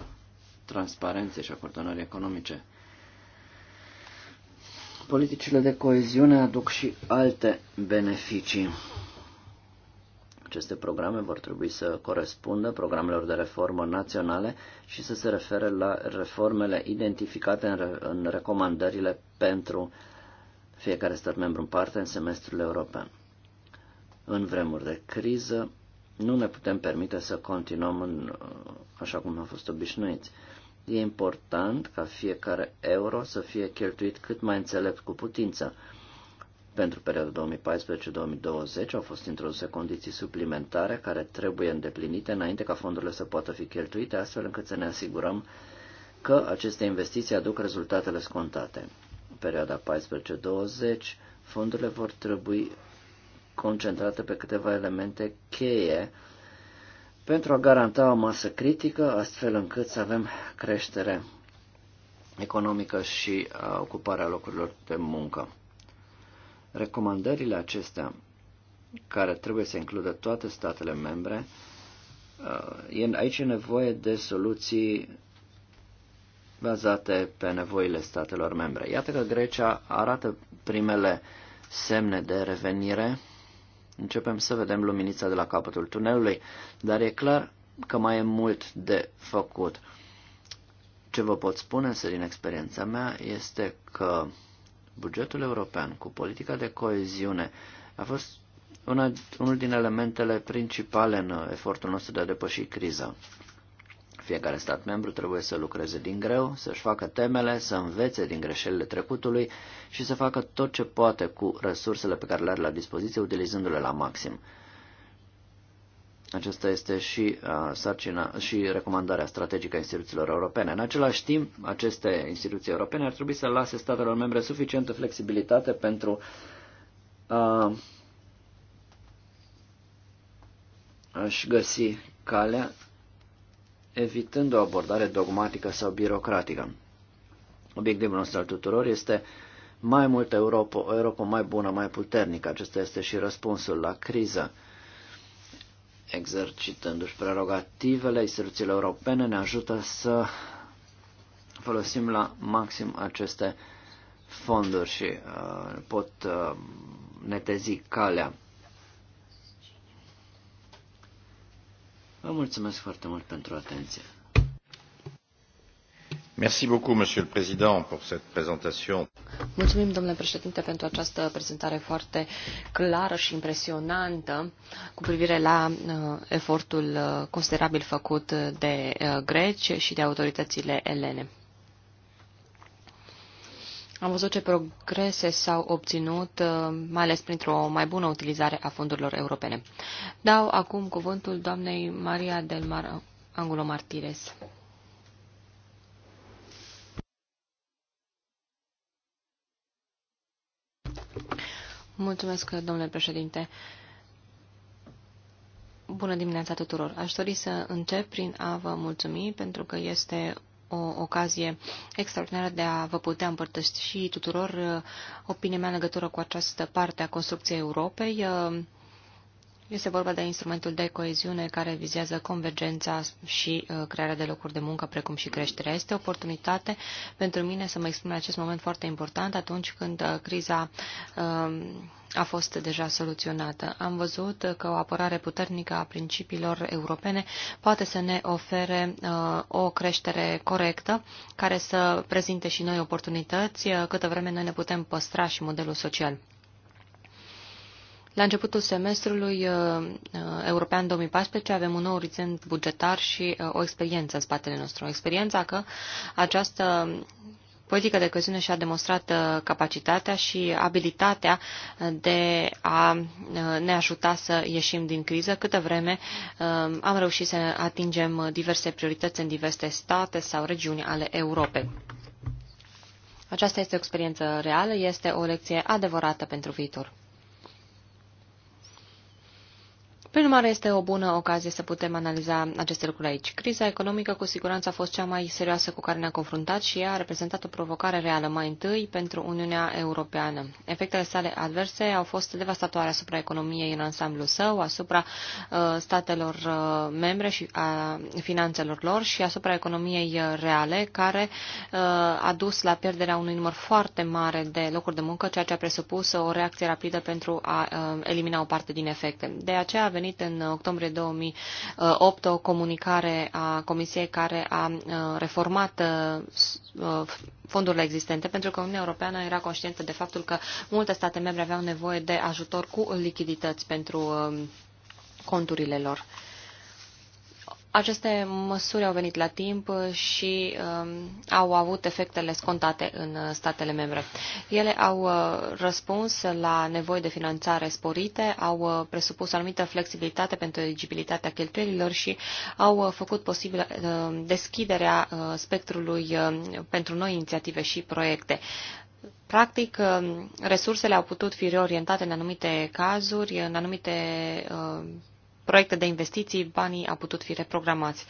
[SPEAKER 3] transparenței și a coordonării economice. Politicile de coeziune aduc și alte beneficii. Aceste programe vor trebui să corespundă programelor de reformă naționale și să se refere la reformele identificate în, re- în recomandările pentru fiecare stat membru în parte în semestrul european. În vremuri de criză, nu ne putem permite să continuăm în, așa cum am fost obișnuiți. E important ca fiecare euro să fie cheltuit cât mai înțelept cu putință. Pentru perioada 2014-2020 au fost introduse condiții suplimentare care trebuie îndeplinite înainte ca fondurile să poată fi cheltuite, astfel încât să ne asigurăm că aceste investiții aduc rezultatele scontate. În perioada 14-20 fondurile vor trebui concentrate pe câteva elemente cheie pentru a garanta o masă critică, astfel încât să avem creștere economică și uh, ocuparea locurilor de muncă. Recomandările acestea, care trebuie să includă toate statele membre, uh, aici e nevoie de soluții bazate pe nevoile statelor membre. Iată că Grecia arată primele semne de revenire Începem să vedem luminița de la capătul tunelului, dar e clar că mai e mult de făcut. Ce vă pot spune, să din experiența mea, este că bugetul european cu politica de coeziune a fost una, unul din elementele principale în efortul nostru de a depăși criza. Fiecare stat membru trebuie să lucreze din greu, să-și facă temele, să învețe din greșelile trecutului și să facă tot ce poate cu resursele pe care le are la dispoziție, utilizându-le la maxim. Aceasta este și uh, sarcina și recomandarea strategică a instituțiilor europene. În același timp, aceste instituții europene ar trebui să lase statelor membre suficientă flexibilitate pentru uh, a-și găsi calea evitând o abordare dogmatică sau birocratică. Obiectivul nostru al tuturor este mai multă Europa, o Europa mai bună, mai puternică. Acesta este și răspunsul la criză. Exercitându-și prerogativele, instituțiile europene ne ajută să folosim la maxim aceste fonduri și uh, pot uh, netezi calea. Vă mulțumesc foarte mult pentru atenție.
[SPEAKER 1] Merci beaucoup,
[SPEAKER 3] Monsieur le Président, pour cette présentation.
[SPEAKER 1] Mulțumim, domnule președinte, pentru această prezentare foarte clară și impresionantă cu privire la uh, efortul uh, considerabil făcut de uh, greci și de autoritățile elene. Am văzut ce progrese s-au obținut, uh, mai ales printr-o mai bună utilizare a fondurilor europene. Dau acum cuvântul doamnei Maria del Mar Angulo Martires. Mulțumesc, domnule președinte. Bună dimineața tuturor! Aș dori să încep prin a vă mulțumi pentru că este o ocazie extraordinară de a vă putea împărtăși tuturor uh, opinia mea în legătură cu această parte a construcției Europei. Uh, este vorba de instrumentul de coeziune care vizează convergența și uh, crearea de locuri de muncă, precum și creșterea. Este o oportunitate pentru mine să mă exprim în acest moment foarte important atunci când uh, criza um, a fost deja soluționată. Am văzut că o apărare puternică a principiilor europene poate să ne ofere uh, o creștere corectă, care să prezinte și noi oportunități, câtă vreme noi ne putem păstra și modelul social. La începutul semestrului uh, uh, european 2014 avem un nou orizont bugetar și uh, o experiență în spatele nostru. O experiență că această politică de coeziune și-a demonstrat capacitatea și abilitatea de a ne ajuta să ieșim din criză, câtă vreme am reușit să atingem diverse priorități în diverse state sau regiuni ale Europei. Aceasta este o experiență reală, este o lecție adevărată pentru viitor. Prin urmare, este o bună ocazie să putem analiza aceste lucruri aici. Criza economică cu siguranță a fost cea mai serioasă cu care ne-a confruntat și ea a reprezentat o provocare reală mai întâi pentru Uniunea Europeană. Efectele sale adverse au fost devastatoare asupra economiei în ansamblu său, asupra uh, statelor uh, membre și a finanțelor lor și asupra economiei uh, reale, care uh, a dus la pierderea unui număr foarte mare de locuri de muncă, ceea ce a presupus o reacție rapidă pentru a uh, elimina o parte din efecte. De aceea a venit venit în octombrie 2008 o comunicare a Comisiei care a uh, reformat uh, uh, fondurile existente, pentru că Uniunea Europeană era conștientă de faptul că multe state membre aveau nevoie de ajutor cu lichidități pentru conturile lor. Aceste măsuri au venit la timp și uh, au avut efectele scontate în statele membre. Ele au uh, răspuns la nevoi de finanțare sporite, au uh, presupus anumită flexibilitate pentru eligibilitatea cheltuielilor și au uh, făcut posibilă uh, deschiderea uh, spectrului uh, pentru noi inițiative și proiecte. Practic, uh, resursele au putut fi reorientate în anumite cazuri, în anumite uh, proiecte de investiții, banii au putut fi reprogramați.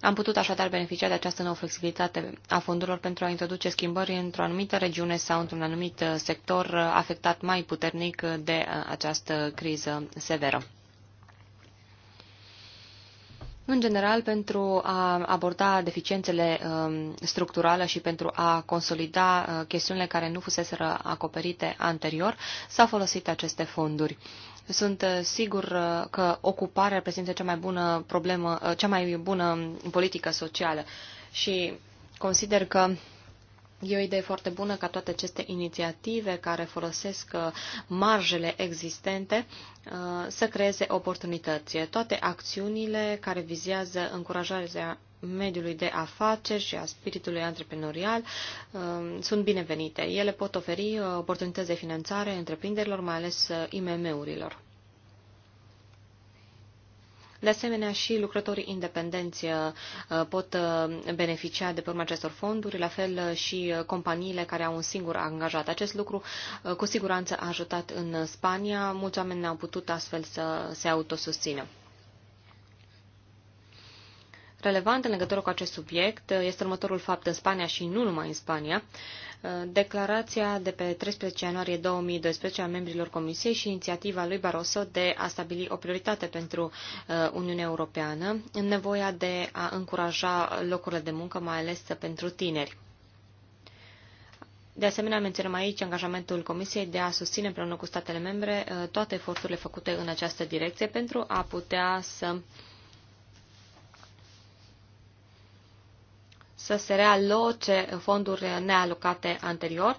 [SPEAKER 1] Am putut așadar beneficia de această nouă flexibilitate a fondurilor pentru a introduce schimbări într-o anumită regiune sau într-un anumit sector afectat mai puternic de uh, această criză severă în general pentru a aborda deficiențele um, structurale și pentru a consolida uh, chestiunile care nu fuseseră acoperite anterior, s-au folosit aceste fonduri. Sunt uh, sigur uh, că ocuparea reprezintă cea mai bună problemă, cea mai bună politică socială și consider că E o idee foarte bună ca toate aceste inițiative care folosesc uh, marjele existente uh, să creeze oportunități. Toate acțiunile care vizează încurajarea mediului de afaceri și a spiritului antreprenorial uh, sunt binevenite. Ele pot oferi oportunități de finanțare întreprinderilor, mai ales IMM-urilor. De asemenea, și lucrătorii independenți uh, pot uh, beneficia de pe urma acestor fonduri, la fel uh, și companiile care au un singur angajat. Acest lucru cu siguranță a ajutat în Spania. Mulți oameni au putut astfel să se autosusțină relevant în legătură cu acest subiect este următorul fapt în Spania și nu numai în Spania. Declarația de pe 13 ianuarie 2012 a membrilor Comisiei și inițiativa lui Barroso de a stabili o prioritate pentru uh, Uniunea Europeană în nevoia de a încuraja locurile de muncă, mai ales pentru tineri. De asemenea, menționăm aici angajamentul Comisiei de a susține împreună cu statele membre uh, toate eforturile făcute în această direcție pentru a putea să uh, să se realoce fonduri nealocate anterior,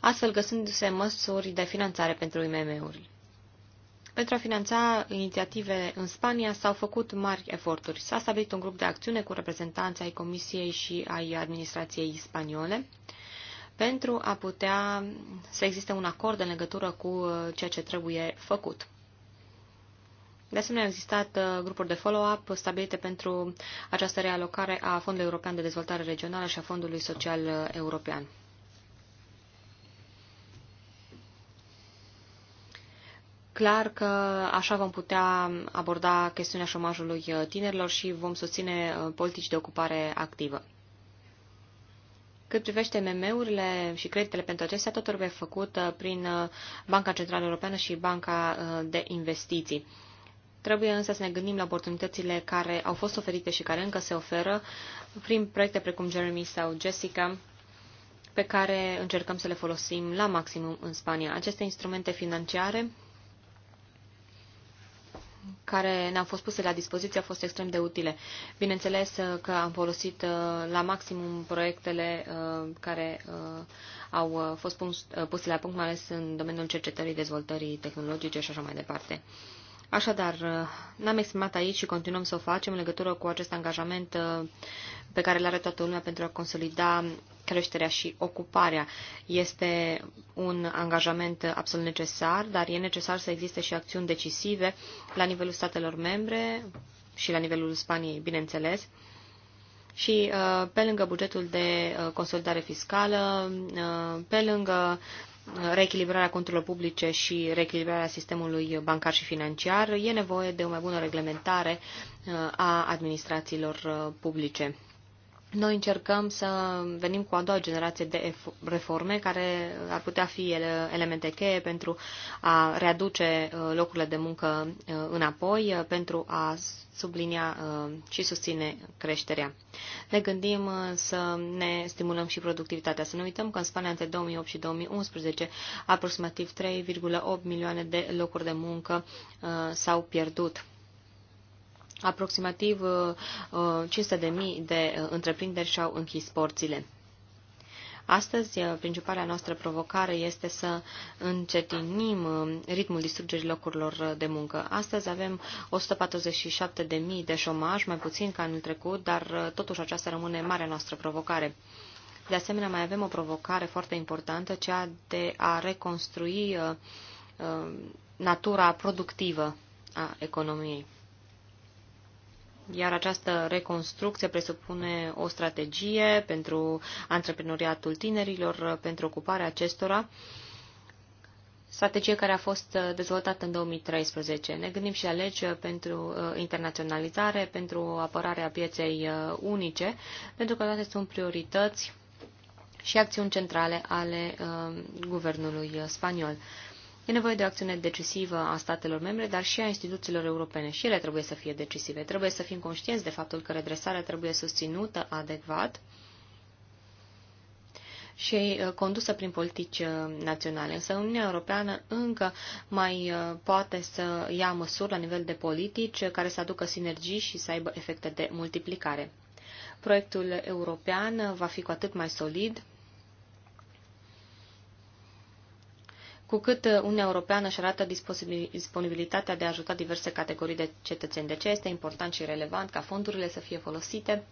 [SPEAKER 1] astfel găsându-se măsuri de finanțare pentru IMM-uri. Pentru a finanța inițiative în Spania s-au făcut mari eforturi. S-a stabilit un grup de acțiune cu reprezentanții ai Comisiei și ai administrației spaniole pentru a putea să existe un acord în legătură cu ceea ce trebuie făcut. De asemenea, au existat uh, grupuri de follow-up stabilite pentru această realocare a Fondului European de Dezvoltare Regională și a Fondului Social uh, European. clar că așa vom putea aborda chestiunea șomajului uh, tinerilor și vom susține politici de ocupare activă. Cât privește MM-urile și creditele pentru acestea, tot trebuie făcut prin Banca Centrală Europeană și Banca de Investiții. Trebuie însă să ne gândim la oportunitățile care au fost oferite și care încă se oferă prin proiecte precum Jeremy sau Jessica, pe care încercăm să le folosim la maximum în Spania. Aceste instrumente financiare care ne-au fost puse la dispoziție au fost extrem de utile. Bineînțeles că am folosit uh, la maximum proiectele uh, care uh, au fost puse la punct, mai ales în domeniul cercetării, dezvoltării tehnologice și așa mai departe. Așadar, uh, ne-am exprimat aici și continuăm să o facem în legătură cu acest angajament uh, pe care l-are toată lumea pentru a consolida creșterea și ocuparea. Este un angajament absolut necesar, dar e necesar să existe și acțiuni decisive la nivelul statelor membre și la nivelul Spaniei, bineînțeles. Și uh, pe lângă bugetul de consolidare fiscală, pe lângă reechilibrarea conturilor publice și reechilibrarea sistemului bancar și financiar, e nevoie de o mai bună reglementare uh, a administrațiilor uh, publice. Noi încercăm să venim cu a doua generație de reforme care ar putea fi elemente cheie pentru a readuce uh, locurile de muncă uh, înapoi, uh, pentru a sublinia și susține creșterea. Ne gândim să ne stimulăm și productivitatea. Să nu uităm că în Spania între 2008 și 2011 aproximativ 3,8 milioane de locuri de muncă s-au pierdut. Aproximativ 500.000 uh, uh, de uh, întreprinderi și-au închis porțile. Astăzi, principala noastră provocare este să încetinim ritmul distrugerii locurilor de muncă. Astăzi avem 147.000 de șomaj, mai puțin ca anul trecut, dar totuși aceasta rămâne marea noastră provocare. De asemenea, mai avem o provocare foarte importantă, cea de a reconstrui natura productivă a economiei. Iar această reconstrucție presupune o strategie pentru antreprenoriatul tinerilor, pentru ocuparea acestora, strategie care a fost dezvoltată în 2013. Ne gândim și la pentru uh, internaționalizare, pentru apărarea pieței uh, unice, pentru că toate sunt priorități și acțiuni centrale ale uh, guvernului spaniol. E nevoie de o acțiune decisivă a statelor membre, dar și a instituțiilor europene. Și ele trebuie să fie decisive. Trebuie să fim conștienți de faptul că redresarea trebuie susținută adecvat și uh, condusă prin politici uh, naționale. Însă Uniunea Europeană încă mai uh, poate să ia măsuri la nivel de politici care să aducă sinergii și să aibă efecte de multiplicare. Proiectul european va fi cu atât mai solid Cu cât uh, Uniunea Europeană își arată disponibilitatea de a ajuta diverse categorii de cetățeni, de ce este important și relevant ca fondurile să fie folosite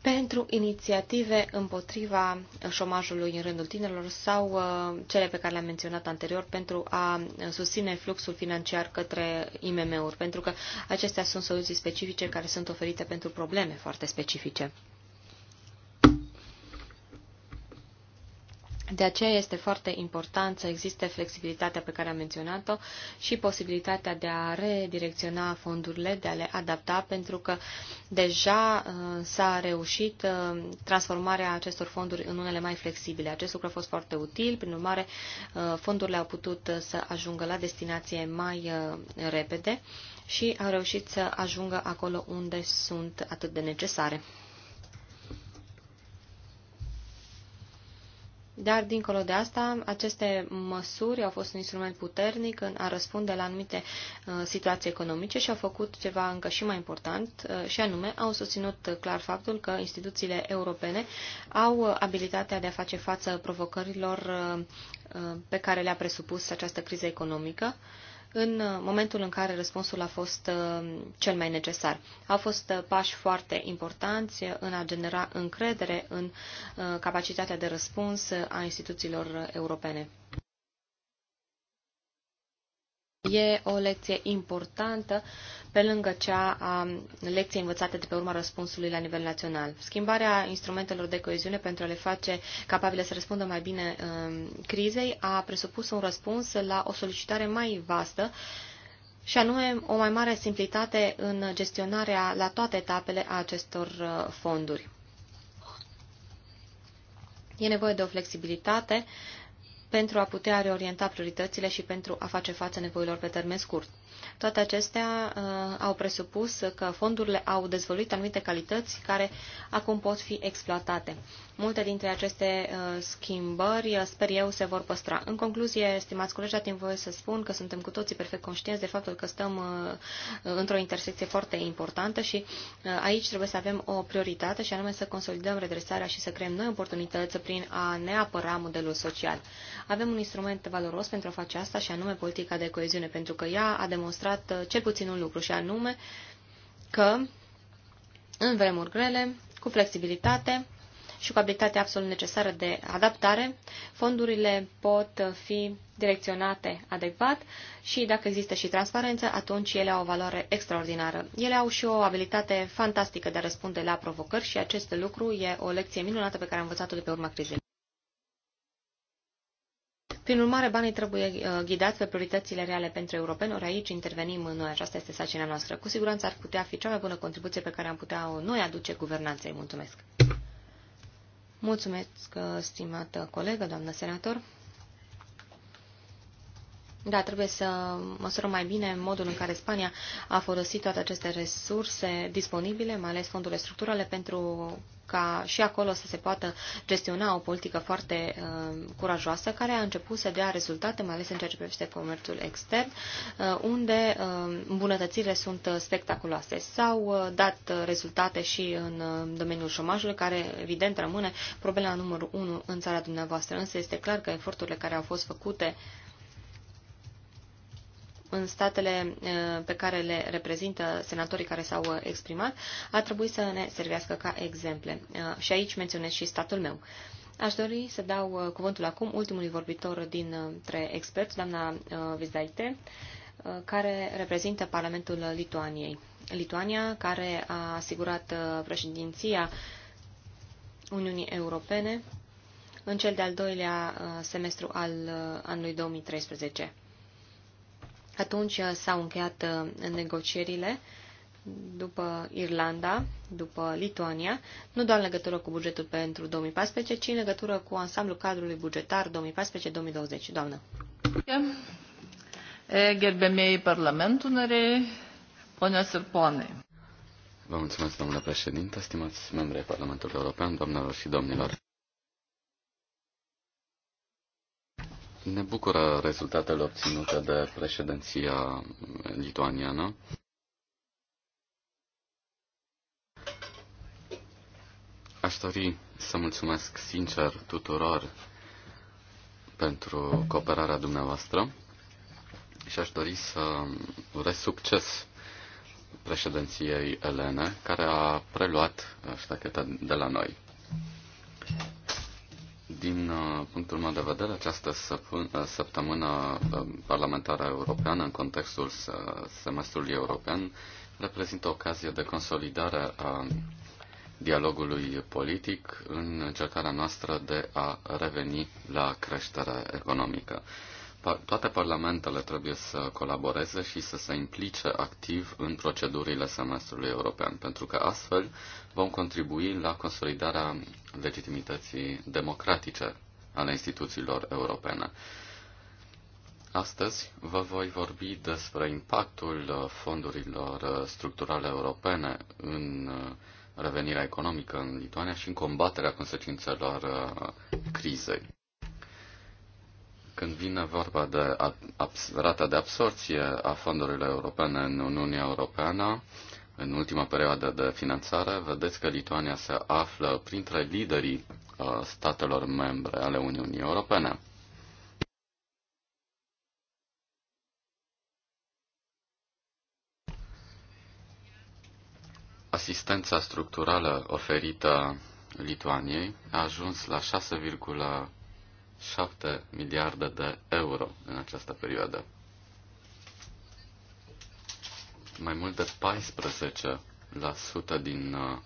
[SPEAKER 1] pentru inițiative împotriva șomajului în rândul tinerilor sau uh, cele pe care le-am menționat anterior pentru a uh, susține fluxul financiar către IMM-uri, pentru că acestea sunt soluții specifice care sunt oferite pentru probleme foarte specifice. De aceea este foarte important să existe flexibilitatea pe care am menționat-o și posibilitatea de a redirecționa fondurile, de a le adapta, pentru că deja uh, s-a reușit uh, transformarea acestor fonduri în unele mai flexibile. Acest lucru a fost foarte util, prin urmare uh, fondurile au putut să ajungă la destinație mai repede și au reușit să ajungă acolo unde sunt atât de necesare. Dar, dincolo de asta, aceste măsuri au fost un instrument puternic în a răspunde la anumite uh, situații economice și au făcut ceva încă și mai important, uh, și anume au susținut clar faptul că instituțiile europene au abilitatea de a face față provocărilor uh, uh pe care le-a presupus această criză economică. Uh, în uh, momentul în care răspunsul a fost uh, cel mai necesar. Au fost uh, pași foarte importanți în a genera încredere în capacitatea de răspuns a instituțiilor europene. E o lecție importantă pe lângă cea a lecției învățate de pe urma răspunsului la nivel național. Schimbarea instrumentelor de coeziune pentru a le face capabile să răspundă mai bine um, crizei a presupus un răspuns la o solicitare mai vastă și anume o mai mare simplitate în gestionarea la toate etapele a acestor uh, fonduri. E nevoie de o flexibilitate pentru a putea reorienta prioritățile și pentru a face față nevoilor pe termen scurt. Toate acestea uh, au presupus că fondurile au dezvăluit anumite calități care acum pot fi exploatate. Multe dintre aceste uh, schimbări, uh, sper eu, se vor păstra. În concluzie, stimați colegi, dați voie să spun că suntem cu toții perfect conștienți de faptul că stăm uh, uh, într-o intersecție foarte importantă și uh, aici trebuie să avem o prioritate și anume să consolidăm redresarea și să creăm noi oportunități prin a ne apăra modelul social. Avem un instrument valoros pentru a face asta și anume politica de coeziune, pentru că ea a demonstrat uh, cel puțin un lucru și anume că în vremuri grele, cu flexibilitate și cu abilitatea absolut necesară de adaptare, fondurile pot fi direcționate adecvat și dacă există și transparență, atunci ele au o valoare extraordinară. Ele au și o abilitate fantastică de a răspunde la provocări și acest lucru e o lecție minunată pe care am învățat-o de pe urma crizei. Prin urmare, banii trebuie uh, ghidați pe prioritățile reale pentru europeni, ori aici intervenim în noi, aceasta este sacina noastră. Cu siguranță ar putea fi cea mai bună contribuție pe care am putea o noi aduce guvernanței. Mulțumesc! Mulțumesc, uh, stimată colegă, doamnă senator. Da, trebuie să măsurăm mai bine modul în care Spania a folosit toate aceste resurse disponibile, mai ales fondurile structurale, pentru ca și acolo să se poată gestiona o politică foarte uh, curajoasă, care a început să dea rezultate, mai ales în ceea ce privește comerțul extern, uh, unde uh, îmbunătățirile sunt spectaculoase. S-au uh, dat rezultate și în uh, domeniul șomajului, care evident rămâne problema numărul unu în țara dumneavoastră, însă este clar că eforturile care au fost făcute uh, în statele pe care le reprezintă senatorii care s-au exprimat, ar trebui să ne servească ca exemple. Și aici menționez și statul meu. Aș dori să dau cuvântul acum ultimului vorbitor dintre experți, doamna Vizdaite, care reprezintă Parlamentul Lituaniei. Lituania, care a asigurat președinția Uniunii Europene în cel de-al doilea semestru al anului 2013. Atunci uh, s-au încheiat uh, negocierile după Irlanda, după Lituania, nu doar în legătură cu bugetul pentru 2014, ci în legătură cu ansamblul cadrului bugetar 2014-2020. Doamnă.
[SPEAKER 3] Gerbemiei Parlamentul nare, ponios
[SPEAKER 1] Vă
[SPEAKER 2] mulțumesc, domnule președinte, stimați membri ai Parlamentului European, doamnelor și domnilor. Ne bucură rezultatele obținute de președinția lituaniană. Aș dori să mulțumesc sincer tuturor pentru cooperarea dumneavoastră și aș dori să urez succes președinției Elene, care a preluat ștacheta de la noi. Din uh, punctul meu de vedere, această uh, săptămână uh, parlamentară europeană, în contextul semestrului european, reprezintă ocazie de consolidare a dialogului politic în încercarea noastră de a reveni la creșterea economică toate parlamentele trebuie să colaboreze și să se implice activ în procedurile semestrului european, pentru că astfel vom contribui la consolidarea legitimității democratice ale instituțiilor europene. Astăzi vă voi vorbi despre impactul fondurilor structurale europene în revenirea economică în Lituania și în combaterea consecințelor crizei. Când vine vorba de rata de absorție a fondurilor europene în Uniunea Europeană, în ultima perioadă de finanțare, vedeți că Lituania se află printre liderii uh, statelor membre ale Uniunii Europene. Asistența structurală oferită Lituaniei a ajuns la 7 miliarde de euro în această perioadă. Mai mult de 14% din uh,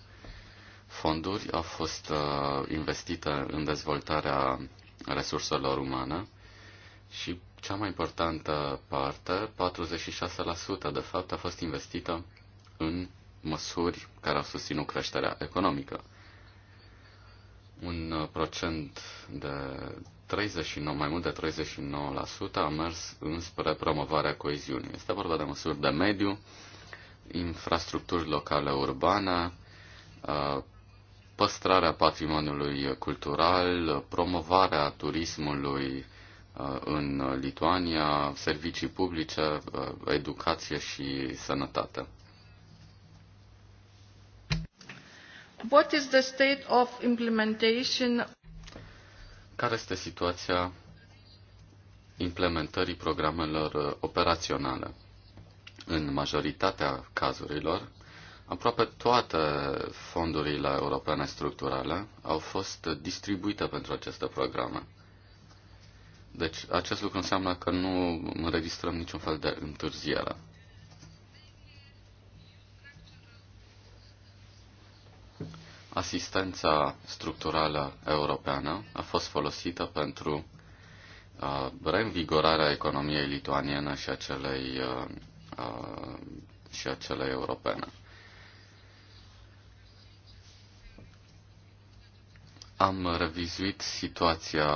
[SPEAKER 2] fonduri au fost uh, investite în dezvoltarea resurselor umane și cea mai importantă parte, 46% de fapt, a fost investită în măsuri care au susținut creșterea economică. Un uh, procent de 39, mai mult de 39% a mers înspre promovarea coeziunii. Este vorba de măsuri de mediu, infrastructuri locale urbane, uh, păstrarea patrimoniului cultural, promovarea turismului uh, în Lituania, servicii publice, uh, educație și sănătate.
[SPEAKER 3] What is the state of implementation
[SPEAKER 2] care este situația implementării programelor uh, operaționale? În majoritatea cazurilor, aproape toate fondurile europene structurale au fost distribuite pentru aceste programe. Deci acest lucru înseamnă că nu înregistrăm niciun fel de întârziere. Asistența structurală europeană a fost folosită pentru uh, reînvigorarea economiei lituaniene și a celei, uh, uh, și a celei europene. Am revizuit situația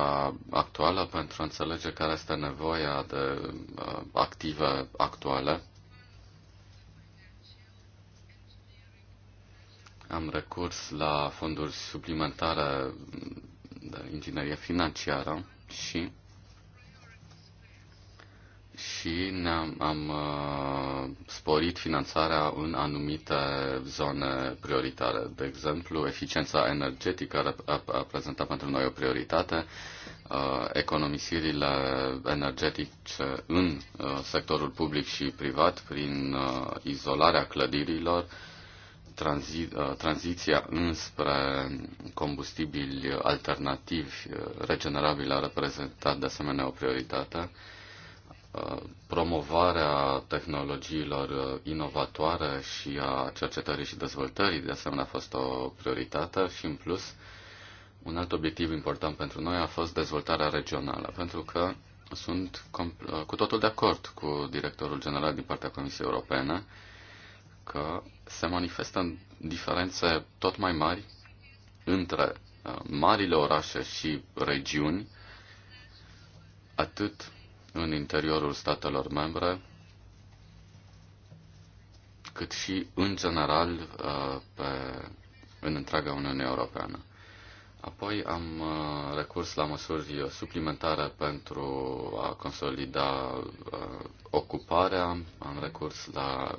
[SPEAKER 2] actuală pentru a înțelege care este nevoia de active actuale Am recurs la fonduri suplimentare de inginerie financiară și și ne-am am, uh, sporit finanțarea în anumite zone prioritare. De exemplu, eficiența energetică a, a prezentat pentru noi o prioritate, uh, economisirile energetice în uh, sectorul public și privat prin uh, izolarea clădirilor, uh, tranzi, uh, tranziția înspre combustibili alternativi uh, regenerabili a reprezentat de asemenea o prioritate. Uh, promovarea tehnologiilor inovatoare și a cercetării și dezvoltării de asemenea a fost o prioritate și în plus un alt obiectiv important pentru noi a fost dezvoltarea regională, pentru că sunt cu totul de acord cu directorul general din partea Comisiei Europene că se manifestă diferențe tot mai mari între uh, marile orașe și regiuni, atât în interiorul statelor membre, cât și în general uh, pe, în întreaga Uniune Europeană. Apoi am uh, recurs la măsuri suplimentare pentru a consolida ocuparea, am recurs la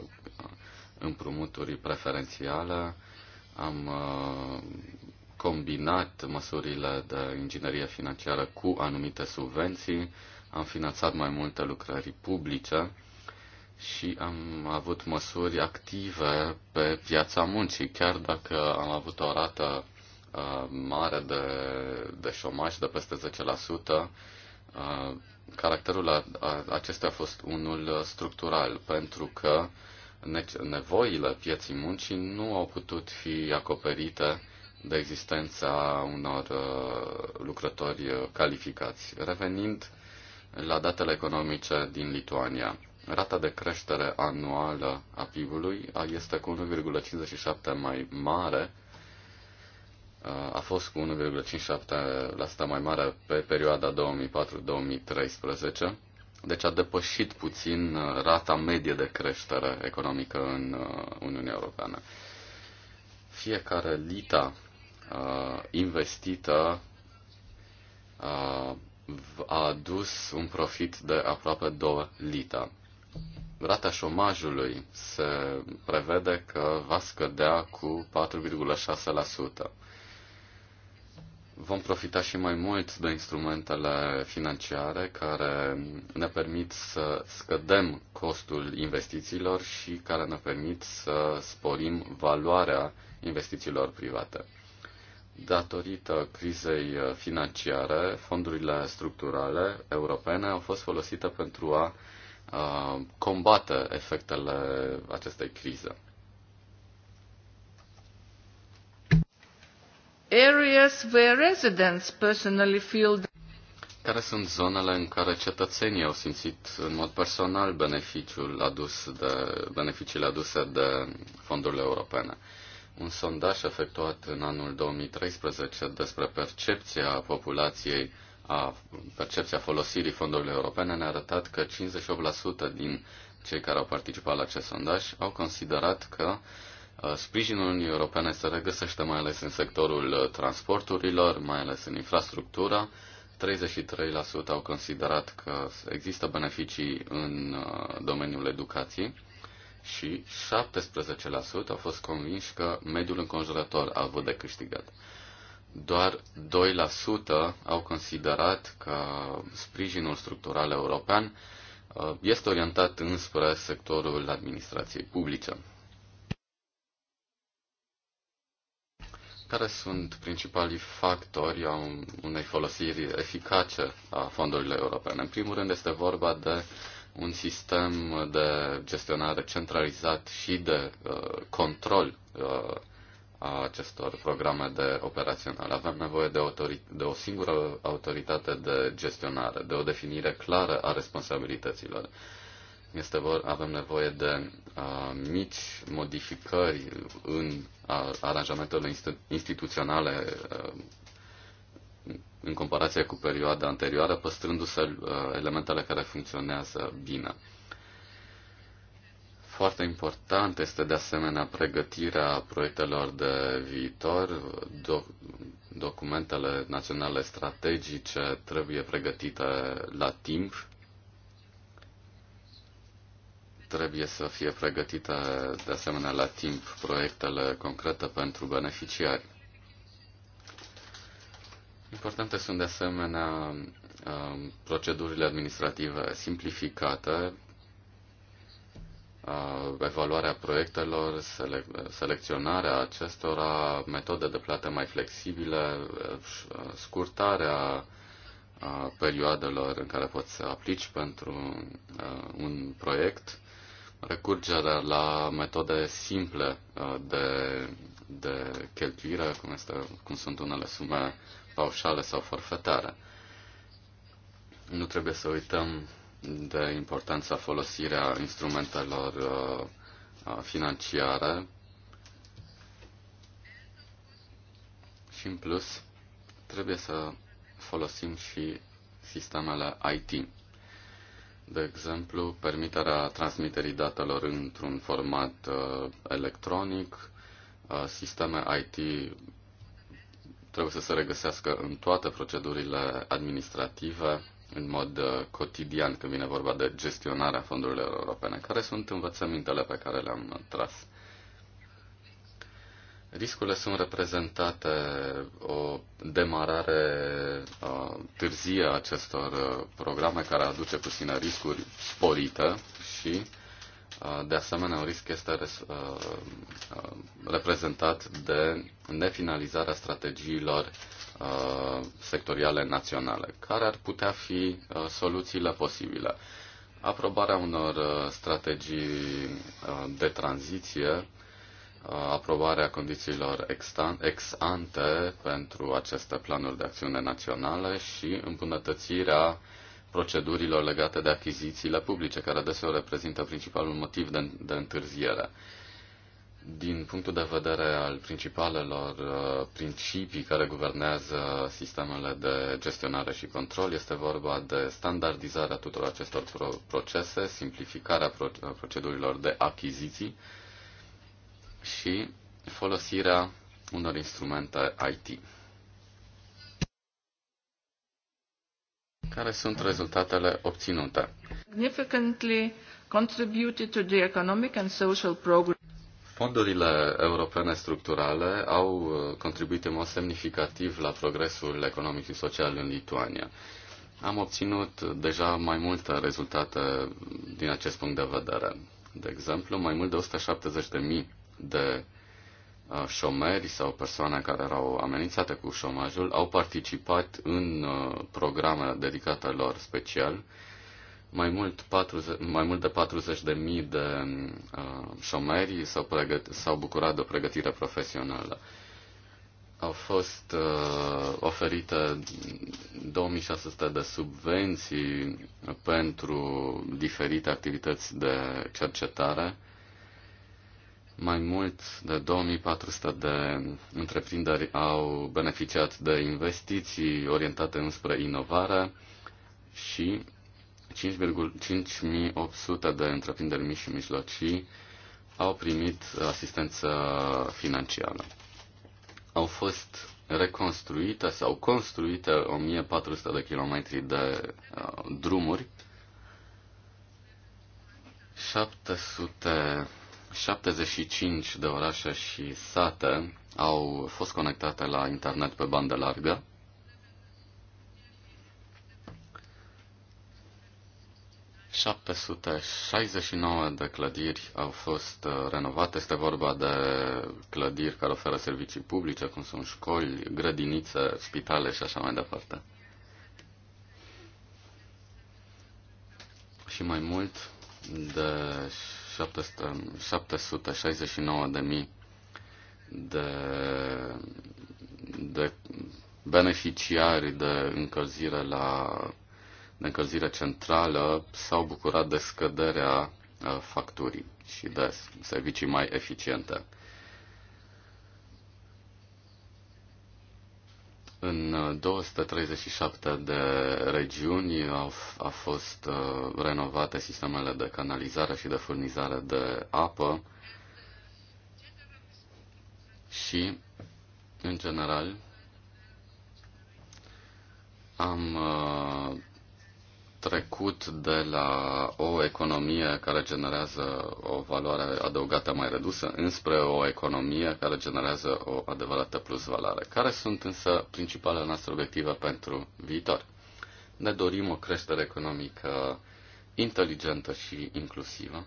[SPEAKER 2] împrumuturi preferențiale, am uh, combinat măsurile de inginerie financiară cu anumite subvenții, am finanțat mai multe lucrări publice și am avut măsuri active pe piața muncii, chiar dacă am avut o rată uh, mare de, de șomaj de peste 10%, uh, caracterul acesta a fost unul structural, pentru că nevoile pieții muncii nu au putut fi acoperite de existența unor uh, lucrători uh, calificați. Revenind la datele economice din Lituania, rata de creștere anuală a PIB-ului este cu 1,57 mai mare uh, a fost cu 1,57% mai mare pe perioada 2004-2013 deci a depășit puțin uh, rata medie de creștere economică în uh, Uniunea Europeană. Fiecare lita uh, investită a adus un profit de aproape 2 lita. Rata șomajului se prevede că va scădea cu 4,6% vom profita și mai mult de instrumentele financiare care ne permit să scădem costul investițiilor și care ne permit să sporim valoarea investițiilor private. Datorită crizei financiare, fondurile structurale europene au fost folosite pentru a combate efectele acestei crize.
[SPEAKER 3] areas where
[SPEAKER 1] residents personally feel
[SPEAKER 2] care sunt zonele în care cetățenii au simțit în mod personal beneficiul adus de, beneficiile aduse de fondurile europene? Un sondaj efectuat în anul 2013 despre percepția populației a percepția folosirii fondurilor europene ne-a arătat că 58% din cei care au participat la acest sondaj au considerat că uh, Uh, sprijinul Uniunii Europene se regăsește mai ales în sectorul uh, transporturilor, mai ales în infrastructura. 33% au considerat că există beneficii în uh, domeniul educației și 17% au fost convinși că mediul înconjurător a avut de câștigat. Doar 2% au considerat că sprijinul structural european este orientat înspre sectorul administrației publice. Care sunt principalii factori a unei folosiri eficace a fondurilor europene? În primul rând este vorba de un sistem de gestionare centralizat și de uh, control uh, a acestor programe de operaționale. Avem nevoie de, de o singură autoritate de gestionare, de o definire clară a responsabilităților. Este vor, avem nevoie de uh, mici modificări în uh, aranjamentele instituționale uh, în comparație cu perioada anterioară, păstrându-se uh, elementele care funcționează bine. Foarte important este de asemenea pregătirea proiectelor de viitor. Doc- documentele naționale strategice trebuie pregătite la timp Trebuie să fie pregătite de asemenea la timp proiectele concrete pentru beneficiari. Importante sunt de asemenea um, procedurile administrative simplificate, uh, evaluarea proiectelor, selecționarea acestora, metode de plată mai flexibile, uh, scurtarea uh, perioadelor în care poți să aplici pentru un proiect, recurgerea la metode simple uh, de, de cheltuire, cum, este, cum sunt unele sume paușale sau forfetare. Nu trebuie să uităm de importanța folosirea instrumentelor uh, uh, financiare și în plus trebuie să folosim și sistemele IT de exemplu, permiterea transmiterii datelor într-un format uh, electronic, uh, sisteme IT trebuie să se regăsească în toate procedurile administrative, în mod uh, cotidian, când vine vorba de gestionarea fondurilor europene. Care sunt învățămintele pe care le-am tras? Riscurile sunt reprezentate o demarare a, târzie a acestor programe care aduce cu sine riscuri sporite și de asemenea un risc este res, reprezentat de nefinalizarea strategiilor sectoriale naționale. Care ar putea fi soluțiile posibile? Aprobarea unor strategii de tranziție aprobarea condițiilor ex ante pentru aceste planuri de acțiune naționale și îmbunătățirea procedurilor legate de achizițiile publice, care adesea reprezintă principalul motiv de, de întârziere. Din punctul de vedere al principalelor uh, principii care guvernează sistemele de gestionare și control, este vorba de standardizarea tuturor acestor procese, simplificarea procedurilor de achiziții, și folosirea unor instrumente IT. Care sunt rezultatele obținute?
[SPEAKER 1] Significantly contributed to the economic and social progress.
[SPEAKER 2] Fondurile europene structurale au uh, contribuit în mod semnificativ la progresul economic și social în Lituania. Am obținut deja mai multe rezultate din acest punct de vedere. De exemplu, mai mult de 170.000 de uh, șomeri sau persoane care erau amenințate cu șomajul au participat în uh, programe dedicate lor special. Mai mult, 40, mai mult de 40.000 de uh, șomeri s-au, pregăt, s-au bucurat de o pregătire profesională. Au fost uh, oferite 2600 de subvenții pentru diferite activități de cercetare mai mult de 2400 de întreprinderi au beneficiat de investiții orientate înspre inovare și 5800 de întreprinderi mici și mijlocii au primit asistență financiară. Au fost reconstruite sau construite 1400 de kilometri de uh, drumuri, 700 75 de orașe și sate au fost conectate la internet pe bandă largă. ...769 de clădiri au fost uh, renovate. Este vorba de clădiri care oferă servicii publice, cum sunt școli, grădinițe, spitale și așa mai departe. Și mai mult de 769.000 de, de beneficiari de încălzire, la, de încălzire centrală s-au bucurat de scăderea uh, facturii și de servicii mai eficiente. În 237 uh, de regiuni au, a fost uh, renovate sistemele de canalizare și de furnizare de apă și, în general, am uh, trecut de la o economie care generează o valoare adăugată mai redusă înspre o economie care generează o adevărată valoare. Care sunt însă principalele noastre obiective pentru viitor? Ne dorim o creștere economică inteligentă și inclusivă.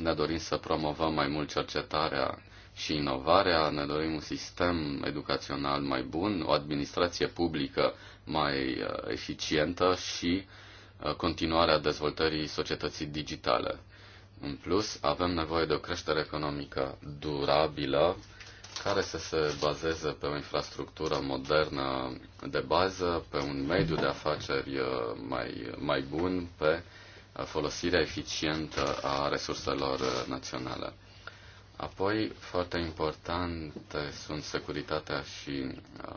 [SPEAKER 2] Ne dorim să promovăm mai mult cercetarea și inovarea, ne dorim un sistem educațional mai bun, o administrație publică mai uh, eficientă și uh, continuarea dezvoltării societății digitale. În plus, avem nevoie de o creștere economică durabilă, care să se bazeze pe o infrastructură modernă de bază, pe un mediu de afaceri uh, mai, mai bun, pe folosirea eficientă a resurselor naționale. Apoi, foarte importante sunt securitatea și uh,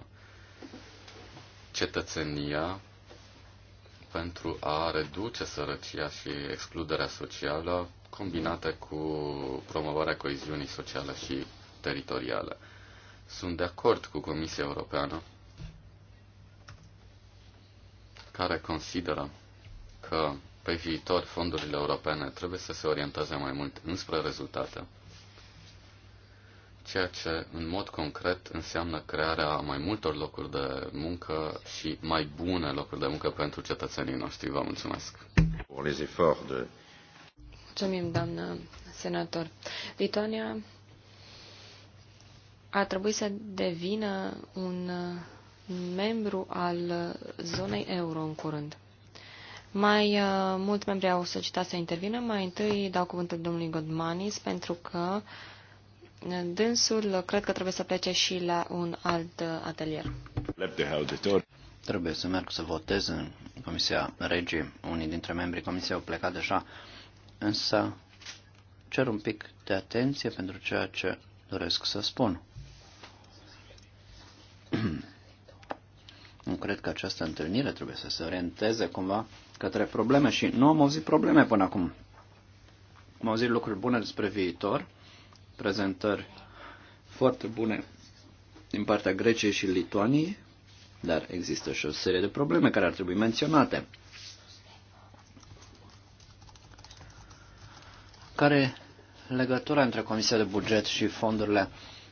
[SPEAKER 2] cetățenia pentru a reduce sărăcia și excluderea socială, combinate cu promovarea coeziunii sociale și teritoriale. Sunt de acord cu Comisia Europeană, care consideră că pe viitor fondurile europene trebuie să se orienteze mai mult înspre rezultate ceea ce în mod concret înseamnă crearea mai multor locuri de muncă și mai bune locuri de muncă pentru cetățenii noștri. Vă mulțumesc!
[SPEAKER 1] Mulțumim, doamnă senator. Lituania a trebuit să devină un membru al zonei euro în curând. Mai uh, mulți membri au solicitat să intervină. Mai întâi dau cuvântul domnului Godmanis pentru că uh, dânsul cred că trebuie să plece și la un alt atelier.
[SPEAKER 3] Trebuie să merg să votez în Comisia Regii. Unii dintre membrii Comisiei au plecat deja, însă cer un pic de atenție pentru ceea ce doresc să spun. Nu cred că această întâlnire trebuie să se orienteze cumva către probleme și nu am auzit probleme până acum. Am auzit lucruri bune despre viitor, prezentări foarte bune din partea Greciei și Lituaniei, dar există și o serie de probleme care ar trebui menționate. Care legătura între Comisia de Buget și fondurile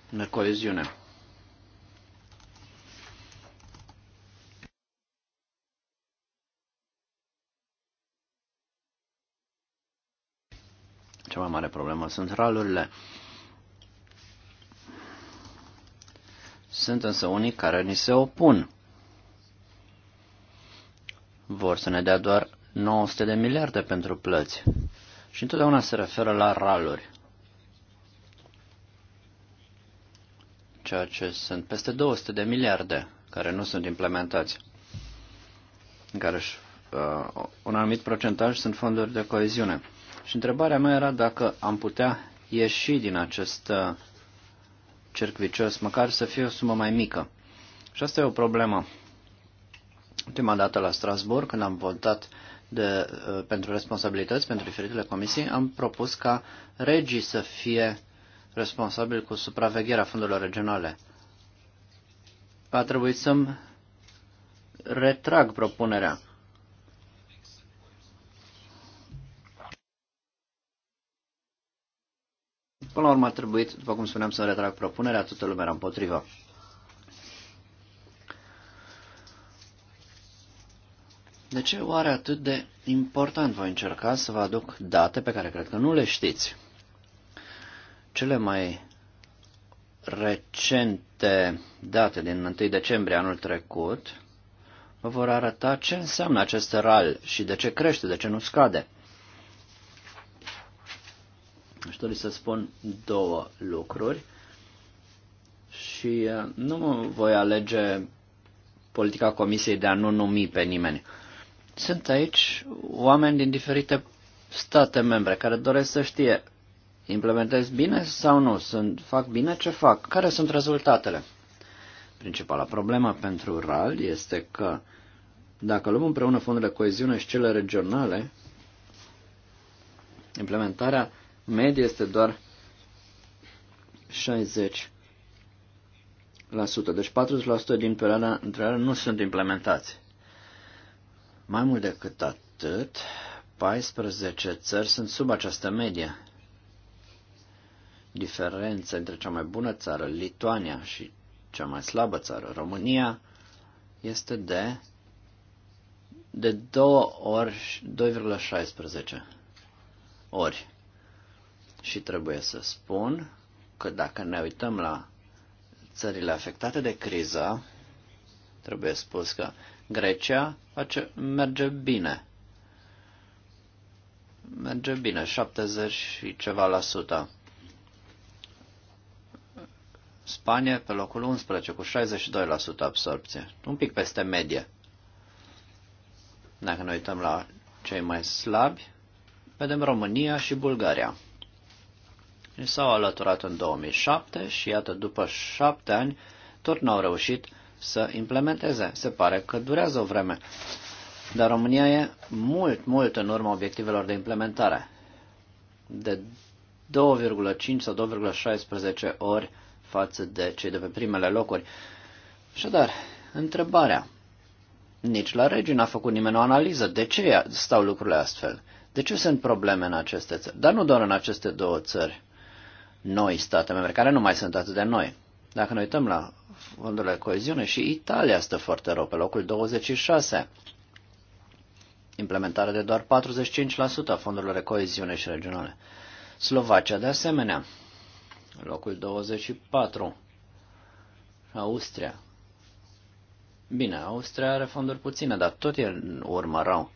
[SPEAKER 3] de coeziune? Cea mai mare problemă sunt ralurile Sunt însă unii care ni se opun. Vor să ne dea doar 900 de miliarde pentru plăți. Și întotdeauna se referă la raluri. Ceea ce sunt peste 200 de miliarde care nu sunt implementați. În care uh, un anumit procentaj sunt fonduri de coeziune. Și întrebarea mea era dacă am putea ieși din acest uh, cerc vicios, măcar să fie o sumă mai mică. Și asta e o problemă. Ultima dată la Strasbourg, când am votat de, uh, pentru responsabilități pentru diferitele comisii, am propus ca regii să fie responsabili cu supravegherea fondurilor regionale. Va trebui să-mi retrag propunerea Până la urmă a trebuit, după cum spuneam, să retrag propunerea, toată lumea era împotrivă. De ce oare atât de important voi încerca să vă aduc date pe care cred că nu le știți? Cele mai recente date din 1 decembrie anul trecut vă vor arăta ce înseamnă acest ral și de ce crește, de ce nu scade. Aș dori să spun două lucruri și uh, nu voi alege politica Comisiei de a nu numi pe nimeni. Sunt aici oameni din diferite state membre care doresc să știe implementez bine sau nu, sunt, fac bine ce fac, care sunt rezultatele. Principala problemă pentru RAL este că dacă luăm împreună fondurile coeziune și cele regionale, implementarea Media este doar 60%. Deci 40% din perioada întreagă nu sunt implementați. Mai mult decât atât, 14 țări sunt sub această medie. Diferența între cea mai bună țară, Lituania, și cea mai slabă țară, România, este de de 2 ori 2,16 ori. Și trebuie să spun că dacă ne uităm la țările afectate de criză, trebuie spus că Grecia face, merge bine. Merge bine, 70 și ceva la sută. Spania pe locul 11 cu 62% absorpție, un pic peste medie. Dacă ne uităm la cei mai slabi, vedem România și Bulgaria ni s-au alăturat în 2007 și iată, după șapte ani, tot n-au reușit să implementeze. Se pare că durează o vreme. Dar România e mult, mult în urma obiectivelor de implementare. De 2,5 sau 2,16 ori față de cei de pe primele locuri. Așadar, întrebarea. Nici la regi n-a făcut nimeni o analiză. De ce stau lucrurile astfel? De ce sunt probleme în aceste țări? Dar nu doar în aceste două țări noi state membre, care nu mai sunt atât de noi. Dacă ne uităm la fondurile coeziune și Italia stă foarte rău, pe locul 26. Implementare de doar 45% a fondurilor de coeziune și regionale. Slovacia de asemenea, locul 24. Austria. Bine, Austria are fonduri puține, dar tot e în urmă rău.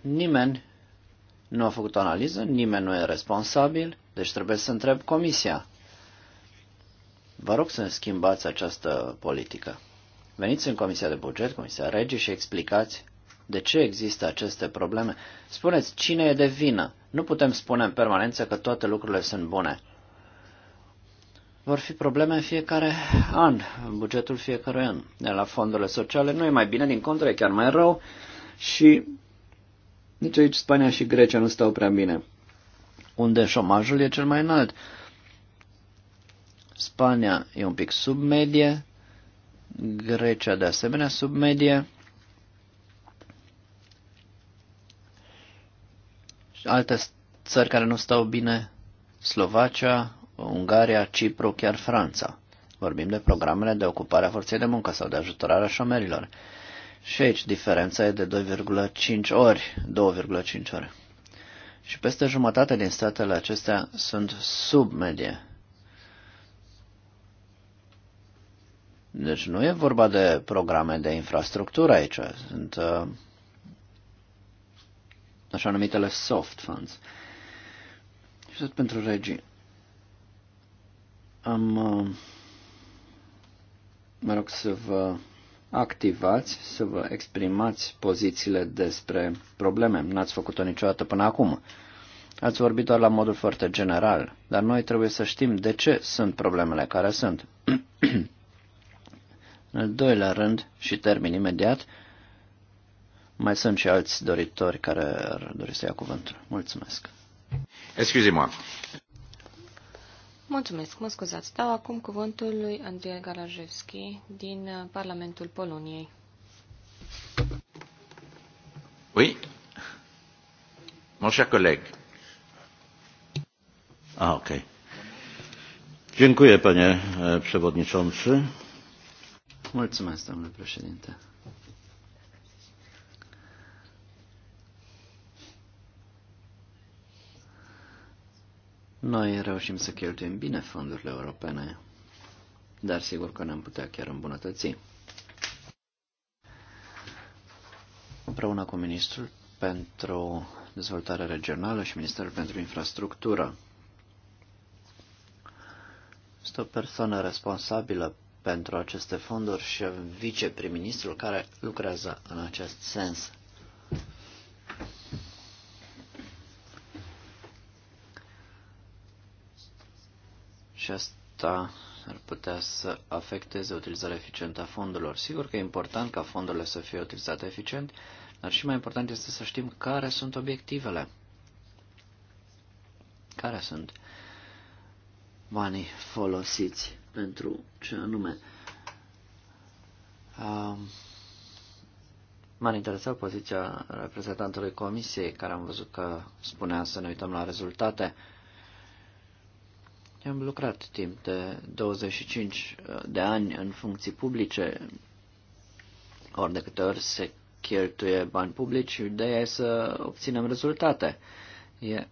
[SPEAKER 3] Nimeni nu a făcut o analiză, nimeni nu e responsabil deci trebuie să întreb comisia. Vă rog să schimbați această politică. Veniți în Comisia de Buget, Comisia Regii și explicați de ce există aceste probleme. Spuneți cine e de vină. Nu putem spune în permanență că toate lucrurile sunt bune. Vor fi probleme în fiecare an, în bugetul fiecărui an. De la fondurile sociale nu e mai bine, din contră e chiar mai rău și nici aici Spania și Grecia nu stau prea bine unde șomajul e cel mai înalt. Spania e un pic sub medie, Grecia de asemenea sub medie. alte țări care nu stau bine, Slovacia, Ungaria, Cipru, chiar Franța. Vorbim de programele de ocupare a forței de muncă sau de ajutorarea șomerilor. Și aici diferența e de 2,5 ori, 2,5 ori și peste jumătate din statele acestea sunt sub medie. Deci nu e vorba de programe de infrastructură aici, sunt uh, așa numitele soft funds. Și tot pentru regii. Am, uh, mă rog să vă activați să vă exprimați pozițiile despre probleme. N-ați făcut-o niciodată până acum. Ați vorbit doar la modul foarte general, dar noi trebuie să știm de ce sunt problemele care sunt. În al doilea rând, și termin imediat, mai sunt și alți doritori care ar dori să ia cuvântul. Mulțumesc.
[SPEAKER 1] Excuse-mă. Mulțumesc, mă scuzați. Dau acum cuvântul lui Andrei Garajewski din uh, Parlamentul Poloniei.
[SPEAKER 2] Oui, mon cher collègue. Ah, ok.
[SPEAKER 3] Dziękuję, panie przewodniczący. Mulțumesc, domnule președinte. Noi reușim să cheltuim bine fondurile europene, dar sigur că ne-am putea chiar îmbunătăți. Împreună cu Ministrul pentru Dezvoltare Regională și Ministerul pentru Infrastructură. Este o persoană responsabilă pentru aceste fonduri și viceprim-ministrul care lucrează în acest sens. asta ar putea să afecteze utilizarea eficientă a fondurilor. Sigur că e important ca fondurile să fie utilizate eficient, dar și mai important este să știm care sunt obiectivele. Care sunt banii folosiți pentru ce anume. Um, M-a interesat poziția reprezentantului comisiei, care am văzut că spunea să ne uităm la rezultate am lucrat timp de 25 uh, de ani în funcții publice, ori de câte ori se cheltuie bani publici, ideea e să obținem rezultate. E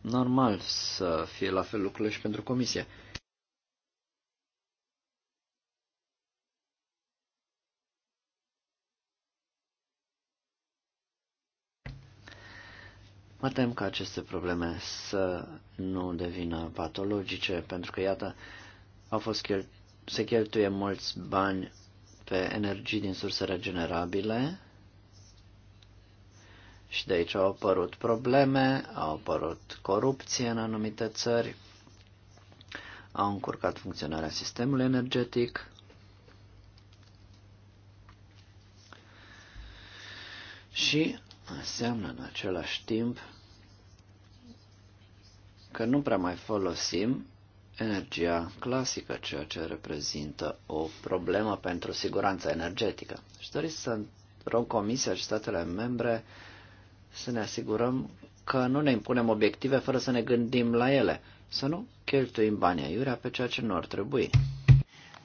[SPEAKER 3] normal să fie la fel lucrurile și pentru comisie. Mă tem că aceste probleme să nu devină patologice, pentru că, iată, au fost chel- se cheltuie mulți bani pe energii din surse regenerabile și de aici au apărut probleme, au apărut corupție în anumite țări, au încurcat funcționarea sistemului energetic. Și Înseamnă în același timp că nu prea mai folosim energia clasică, ceea ce reprezintă o problemă pentru siguranța energetică. Și doriți să rog Comisia și statele membre să ne asigurăm că nu ne impunem obiective fără să ne gândim la ele, să nu cheltuim banii aiurea pe ceea ce nu ar trebui.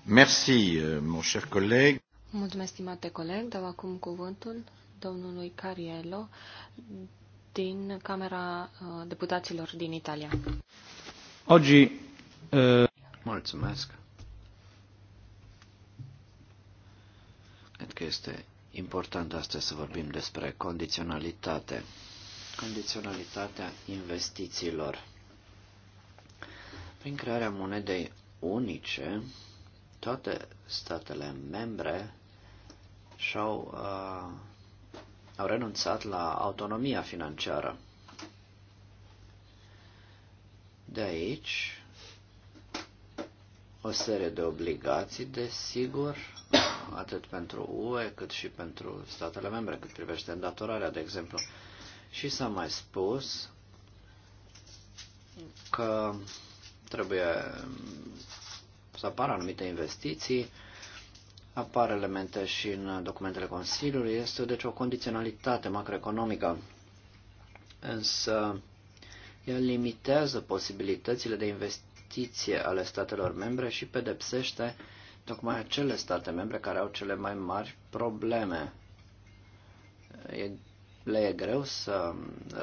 [SPEAKER 3] Merci, euh, mon
[SPEAKER 1] cher coleg. Mulțumesc, stimate coleg. Dau acum cuvântul domnului Cariello din Camera uh, Deputaților din Italia.
[SPEAKER 3] Oggi, uh... Mulțumesc. Cred că este important astăzi să vorbim despre condiționalitate. Condiționalitatea investițiilor. Prin crearea monedei unice, toate statele membre și-au uh, au renunțat la autonomia financiară. De aici, o serie de obligații, desigur, atât pentru UE cât și pentru statele membre, cât privește îndatorarea, de exemplu. Și s-a mai spus că trebuie să apară anumite investiții apar elemente și în documentele Consiliului, este deci o condiționalitate macroeconomică, însă ea limitează posibilitățile de investiție ale statelor membre și pedepsește tocmai acele state membre care au cele mai mari probleme. E, le e greu să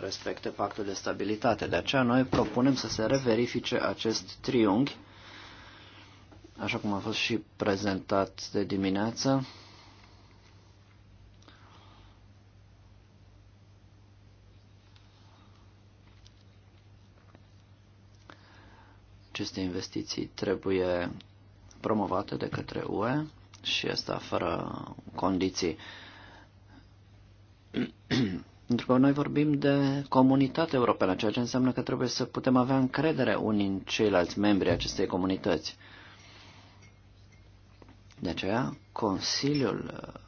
[SPEAKER 3] respecte pactul de stabilitate. De aceea noi propunem să se reverifice acest triunghi așa cum a fost și prezentat de dimineață. Aceste investiții trebuie promovate de către UE și asta fără condiții. Pentru că noi vorbim de comunitate europeană, ceea ce înseamnă că trebuie să putem avea încredere unii în ceilalți membri acestei comunități. De aceea, Consiliul uh,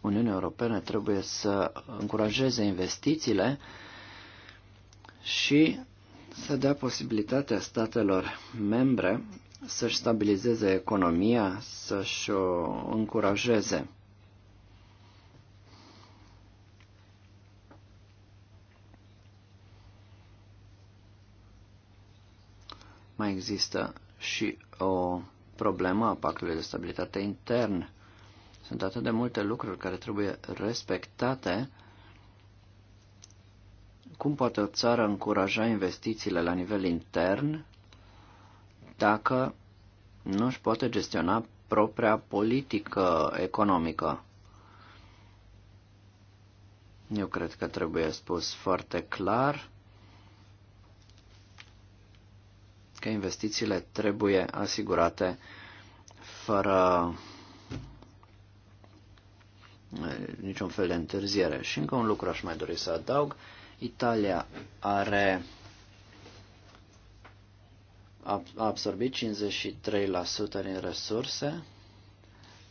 [SPEAKER 3] Uniunii Europene trebuie să încurajeze investițiile și să dea posibilitatea statelor membre să-și stabilizeze economia, să-și o încurajeze. Mai există și o problema a pactului de stabilitate intern. Sunt atât de multe lucruri care trebuie respectate. Cum poate o țară încuraja investițiile la nivel intern dacă nu își poate gestiona propria politică economică? Eu cred că trebuie spus foarte clar că investițiile trebuie asigurate fără eh, niciun fel de întârziere. Și încă un lucru aș mai dori să adaug. Italia are a absorbit 53% din resurse,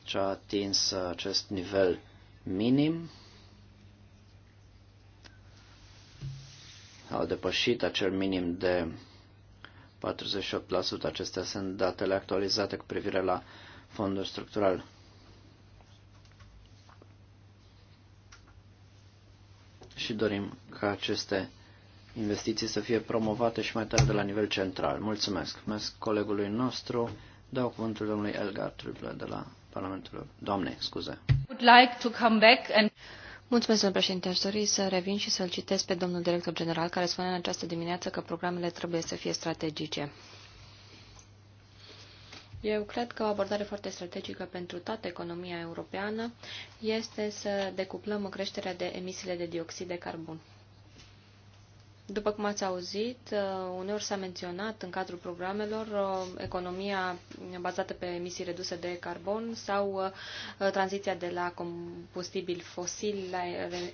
[SPEAKER 3] ce a atins acest nivel minim. Au depășit acel minim de 48%. Acestea sunt datele actualizate cu privire la fondul structural. Și dorim ca aceste investiții să fie promovate și mai tare de la nivel central. Mulțumesc. Mulțumesc colegului nostru. Dau cuvântul domnului Elgar Triple de la Parlamentul. Doamne, scuze.
[SPEAKER 1] Would like to come back and... Mulțumesc, domnule președinte. Aș dori să revin și să-l citesc pe domnul director general, care spune în această dimineață că programele trebuie să fie strategice. Eu cred că o abordare foarte strategică pentru toată economia europeană este să decuplăm creșterea de emisiile de dioxid de carbon. După cum ați auzit, uh, uneori s-a menționat în cadrul programelor uh, economia bazată pe emisii reduse de carbon sau uh, tranziția de la combustibil fosil la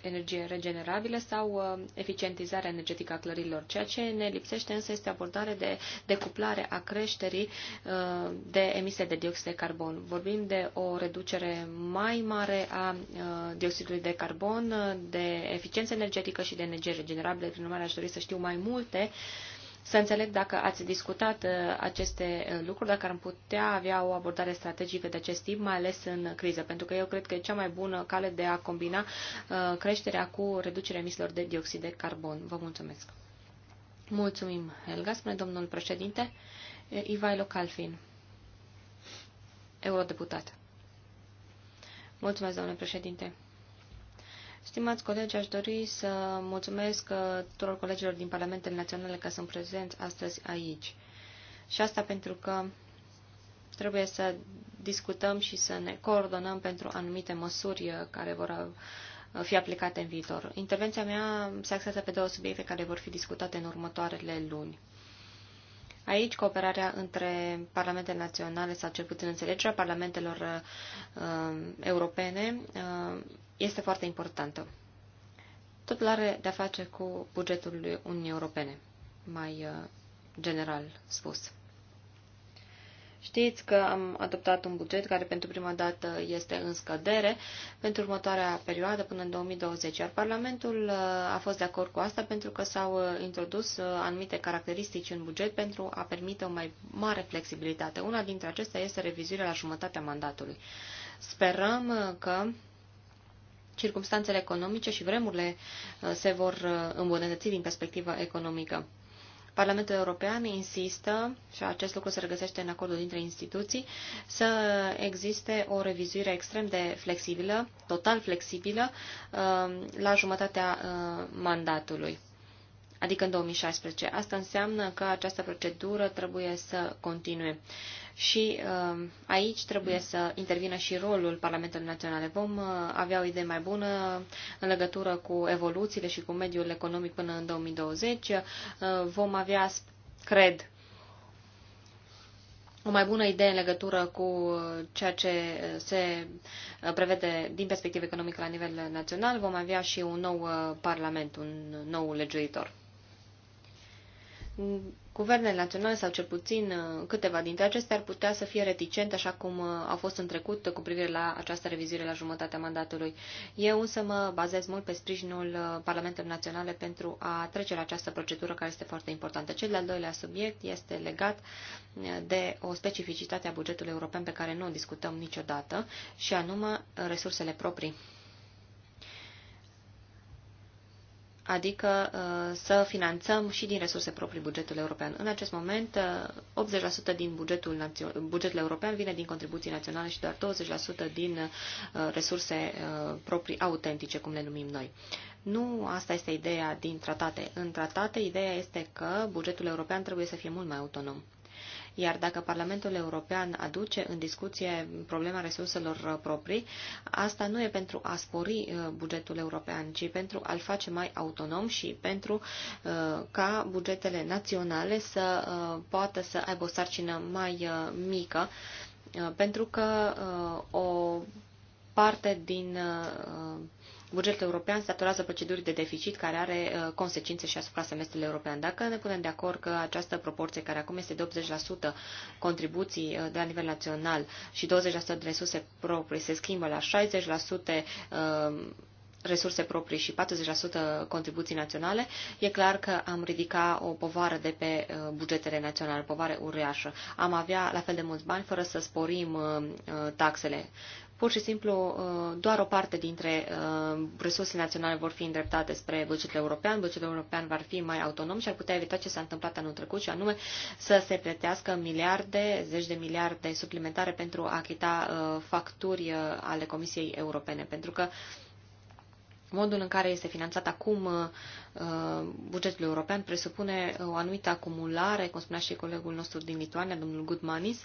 [SPEAKER 1] energie regenerabile sau eficientizarea energetică a clărilor. Ceea ce ne lipsește însă este abordare de decuplare a creșterii de emisii de dioxid de carbon. Vorbim de o reducere mai mare a dioxidului de carbon, de eficiență energetică și de energie regenerabile. Prin urmare, aș dori dori să știu mai multe, să înțeleg dacă ați discutat uh, aceste uh, lucruri, dacă am putea avea o abordare strategică de acest tip, mai ales în criză, pentru că eu cred că e cea mai bună cale de a combina uh, creșterea cu reducerea emisiilor de dioxid de carbon. Vă mulțumesc! Mulțumim, Helga, spune domnul președinte. Ivailo Calfin, eurodeputat. Mulțumesc, domnule președinte. Stimați colegi, aș dori să mulțumesc uh, tuturor colegilor din Parlamentele Naționale că sunt prezenți astăzi aici. Și asta pentru că trebuie să discutăm și să ne coordonăm pentru anumite măsuri uh, care vor uh, fi aplicate în viitor. Intervenția mea se axează pe două subiecte care vor fi discutate în următoarele luni. Aici, cooperarea între parlamentele naționale sau cel puțin înțelegerea parlamentelor uh, europene uh, este foarte importantă. Totul are de-a face cu bugetul Uniunii Europene, mai uh, general spus. Știți că am adoptat un buget care pentru prima dată este în scădere pentru următoarea perioadă până în 2020, iar Parlamentul uh, a fost de acord cu asta pentru că s-au uh, introdus anumite caracteristici în buget pentru a permite o mai mare flexibilitate. Una dintre acestea este revizuirea la jumătatea mandatului. Sperăm că circumstanțele economice și vremurile uh, se vor uh, îmbunătăți din perspectiva economică. Parlamentul European insistă, și acest lucru se regăsește în acordul dintre instituții, să existe o revizuire extrem de flexibilă, total flexibilă, uh, la jumătatea mandatului adică în 2016. Asta înseamnă că această procedură trebuie să continue. Și uh, aici trebuie să intervină și rolul Parlamentului Național. Vom uh, avea o idee mai bună în legătură cu evoluțiile și cu mediul economic până în 2020. Uh, vom avea, cred, o mai bună idee în legătură cu ceea ce se prevede din perspectivă economică la nivel național. Vom avea și un nou uh, parlament, un nou legiuitor. Guvernele naționale sau cel puțin uh, câteva dintre acestea ar putea să fie reticente, așa cum uh, au fost în trecut cu privire la această revizuire la jumătatea mandatului. Eu însă mă bazez mult pe sprijinul uh, Parlamentelor Naționale pentru a trece la această procedură care este foarte importantă. Cel de-al doilea subiect este legat de o specificitate a bugetului european pe care nu o discutăm niciodată, și anume resursele proprii adică uh, să finanțăm și din resurse proprii bugetul european. În acest moment, 80% uh, din bugetul, bugetul european vine din contribuții naționale și doar 20% din uh, resurse proprii autentice, cum le numim noi. Nu asta este ideea din tratate. În tratate, ideea este că bugetul european trebuie să fie mult mai autonom. Iar dacă Parlamentul European aduce în discuție problema resurselor proprii, asta nu e pentru a spori uh, bugetul european, ci pentru a-l face mai autonom și pentru uh, ca bugetele naționale să uh, poată să aibă o sarcină mai mică, pentru că o parte din Bugetul european se datorează procedurii de deficit care are uh, consecințe și asupra semestrului european. Dacă ne punem de acord că această proporție, care acum este de 80% contribuții uh, de la nivel național și 20% de resurse proprii, se schimbă la 60% uh, resurse proprii și 40% contribuții naționale, e clar că am ridica o povară de pe uh, bugetele naționale, o povară uriașă. Am avea la fel de mulți bani fără să sporim uh, uh, taxele pur și simplu uh, doar o parte dintre uh, resursele naționale vor fi îndreptate spre bugetul european. Bugetul european va fi mai autonom și ar putea evita ce s-a întâmplat anul trecut și anume să se plătească miliarde, zeci de miliarde suplimentare pentru a achita uh, facturi ale Comisiei Europene. Pentru că modul în care este finanțat acum bugetul european presupune o anumită acumulare, cum spunea și colegul nostru din Lituania, domnul Goodmanis,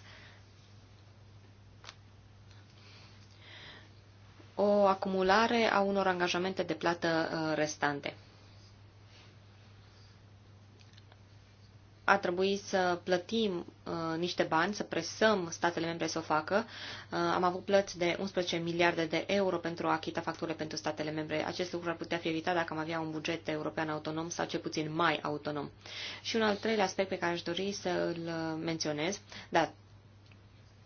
[SPEAKER 1] o acumulare a unor angajamente de plată uh, restante. a trebuit să plătim uh, niște bani, să presăm statele membre să o facă. Uh, am avut plăți de 11 miliarde de euro pentru a achita facturile pentru statele membre. Acest lucru ar putea fi evitat dacă am avea un buget european autonom sau cel puțin mai autonom. Și un al treilea aspect pe care aș dori să îl menționez, da,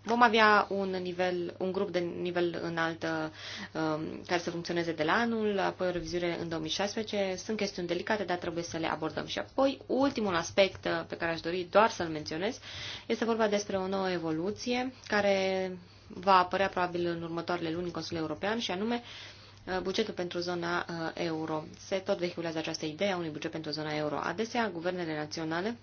[SPEAKER 1] Vom avea un, nivel, un grup de nivel înalt um, care să funcționeze de la anul, apoi o revizuire în 2016. Sunt chestiuni delicate, dar trebuie să le abordăm. Și apoi, ultimul aspect uh, pe care aș dori doar să-l menționez, este vorba despre o nouă evoluție care va apărea probabil în următoarele luni în Consiliul European și anume uh, bugetul pentru zona uh, euro. Se tot vehiculează această idee a unui buget pentru zona euro. Adesea, guvernele naționale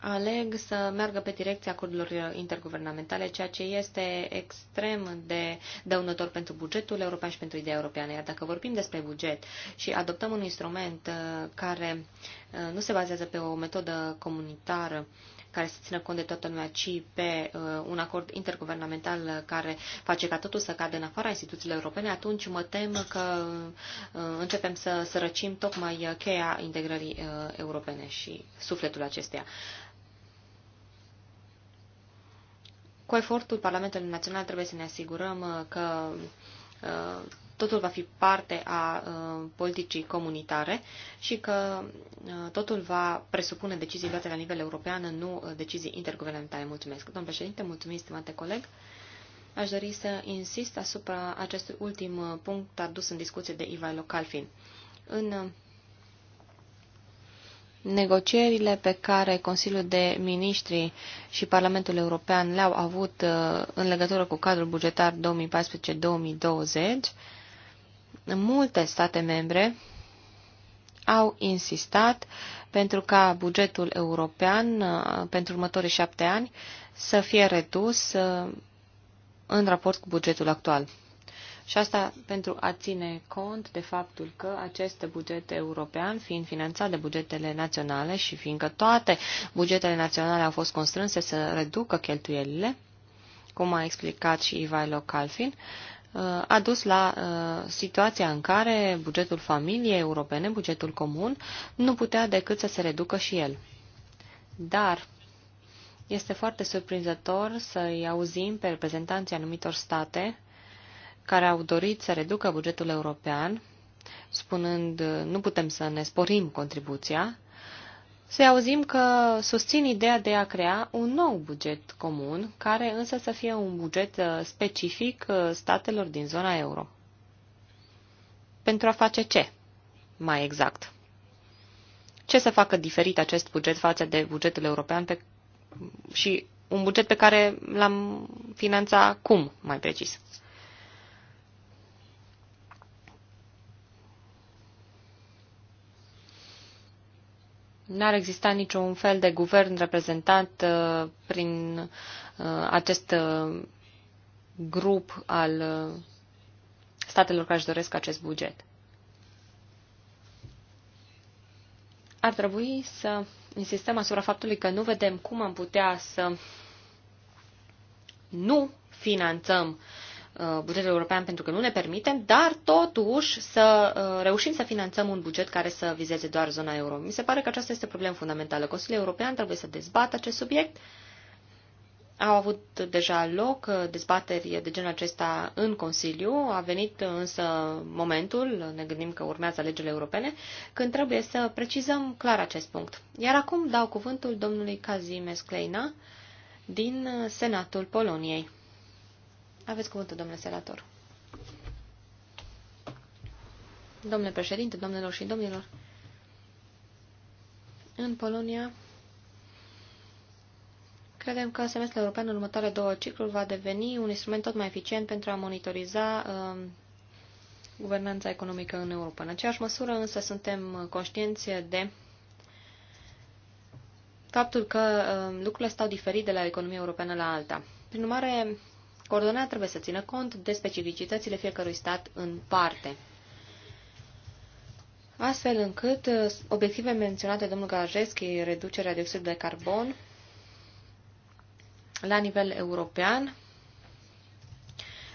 [SPEAKER 1] aleg să meargă pe direcția acordurilor interguvernamentale, ceea ce este extrem de dăunător pentru bugetul european și pentru ideea europeană. Iar dacă vorbim despre buget și adoptăm un instrument uh, care uh, nu se bazează pe o metodă comunitară, care să țină cont de toată lumea, ci pe uh, un acord interguvernamental care face ca totul să cadă în afara instituțiilor europene, atunci mă tem că uh, începem să sărăcim tocmai cheia integrării uh, europene și sufletul acesteia. Uh, Cu efortul Parlamentului Național trebuie să ne asigurăm uh, că uh, totul va fi parte a uh, politicii comunitare și că totul va presupune decizii luate la nivel european, nu decizii interguvernamentale. Mulțumesc. Domnul președinte, mulțumim, stimate coleg. Aș dori să insist asupra acestui ultim punct adus în discuție de Ivailo Calfin. În negocierile pe care Consiliul de Ministri și Parlamentul European le-au avut uh, în legătură cu cadrul bugetar 2014-2020, multe state membre au insistat pentru ca bugetul european uh, pentru următorii șapte ani să fie redus uh, în raport cu bugetul actual. Și asta pentru a ține cont de faptul că acest buget european, fiind finanțat de bugetele naționale și fiindcă toate bugetele naționale au fost constrânse să reducă cheltuielile, cum a explicat și Ivailo Calfin, uh, a dus la uh, situația în care bugetul familiei europene, bugetul comun, nu putea decât să se reducă și el. Dar este foarte surprinzător să-i auzim pe reprezentanții anumitor state care au dorit să reducă bugetul european, spunând nu putem să ne sporim contribuția, să auzim că susțin ideea de a crea un nou buget comun, care însă să fie un buget uh, specific uh, statelor din zona euro. Pentru a face ce, mai exact? Ce să facă diferit acest buget față de bugetul european pe... și un buget pe care l-am finanța cum, mai precis? N-ar exista niciun fel de guvern reprezentat uh, prin uh, acest uh, grup al statelor care își doresc acest buget. Ar trebui să insistăm asupra faptului că nu vedem cum am putea să nu finanțăm Uh, bugetul european pentru că nu ne permitem, dar totuși să uh, reușim să finanțăm un buget care să vizeze doar zona euro. Mi se pare că aceasta este o problemă fundamentală. Consiliul European trebuie să dezbată acest subiect. Au avut deja loc uh, dezbateri de genul acesta în Consiliu, a venit însă momentul, ne gândim că urmează legile europene, când trebuie să precizăm clar acest punct. Iar acum dau cuvântul domnului Kazimierz Kleina din Senatul Poloniei. Aveți cuvântul, domnule senator. Domnule președinte, domnilor și domnilor, în Polonia credem că semestrul european în următoarele două cicluri va deveni un instrument tot mai eficient pentru a monitoriza um, guvernanța economică în Europa. În aceeași măsură însă suntem conștienți de faptul că um, lucrurile stau diferit de la economia europeană la alta. Prin urmare, Coordonarea trebuie să țină cont de specificitățile fiecărui stat în parte astfel încât uh, obiective menționate de domnul Gajeschi, reducerea dioxidului de carbon la nivel european,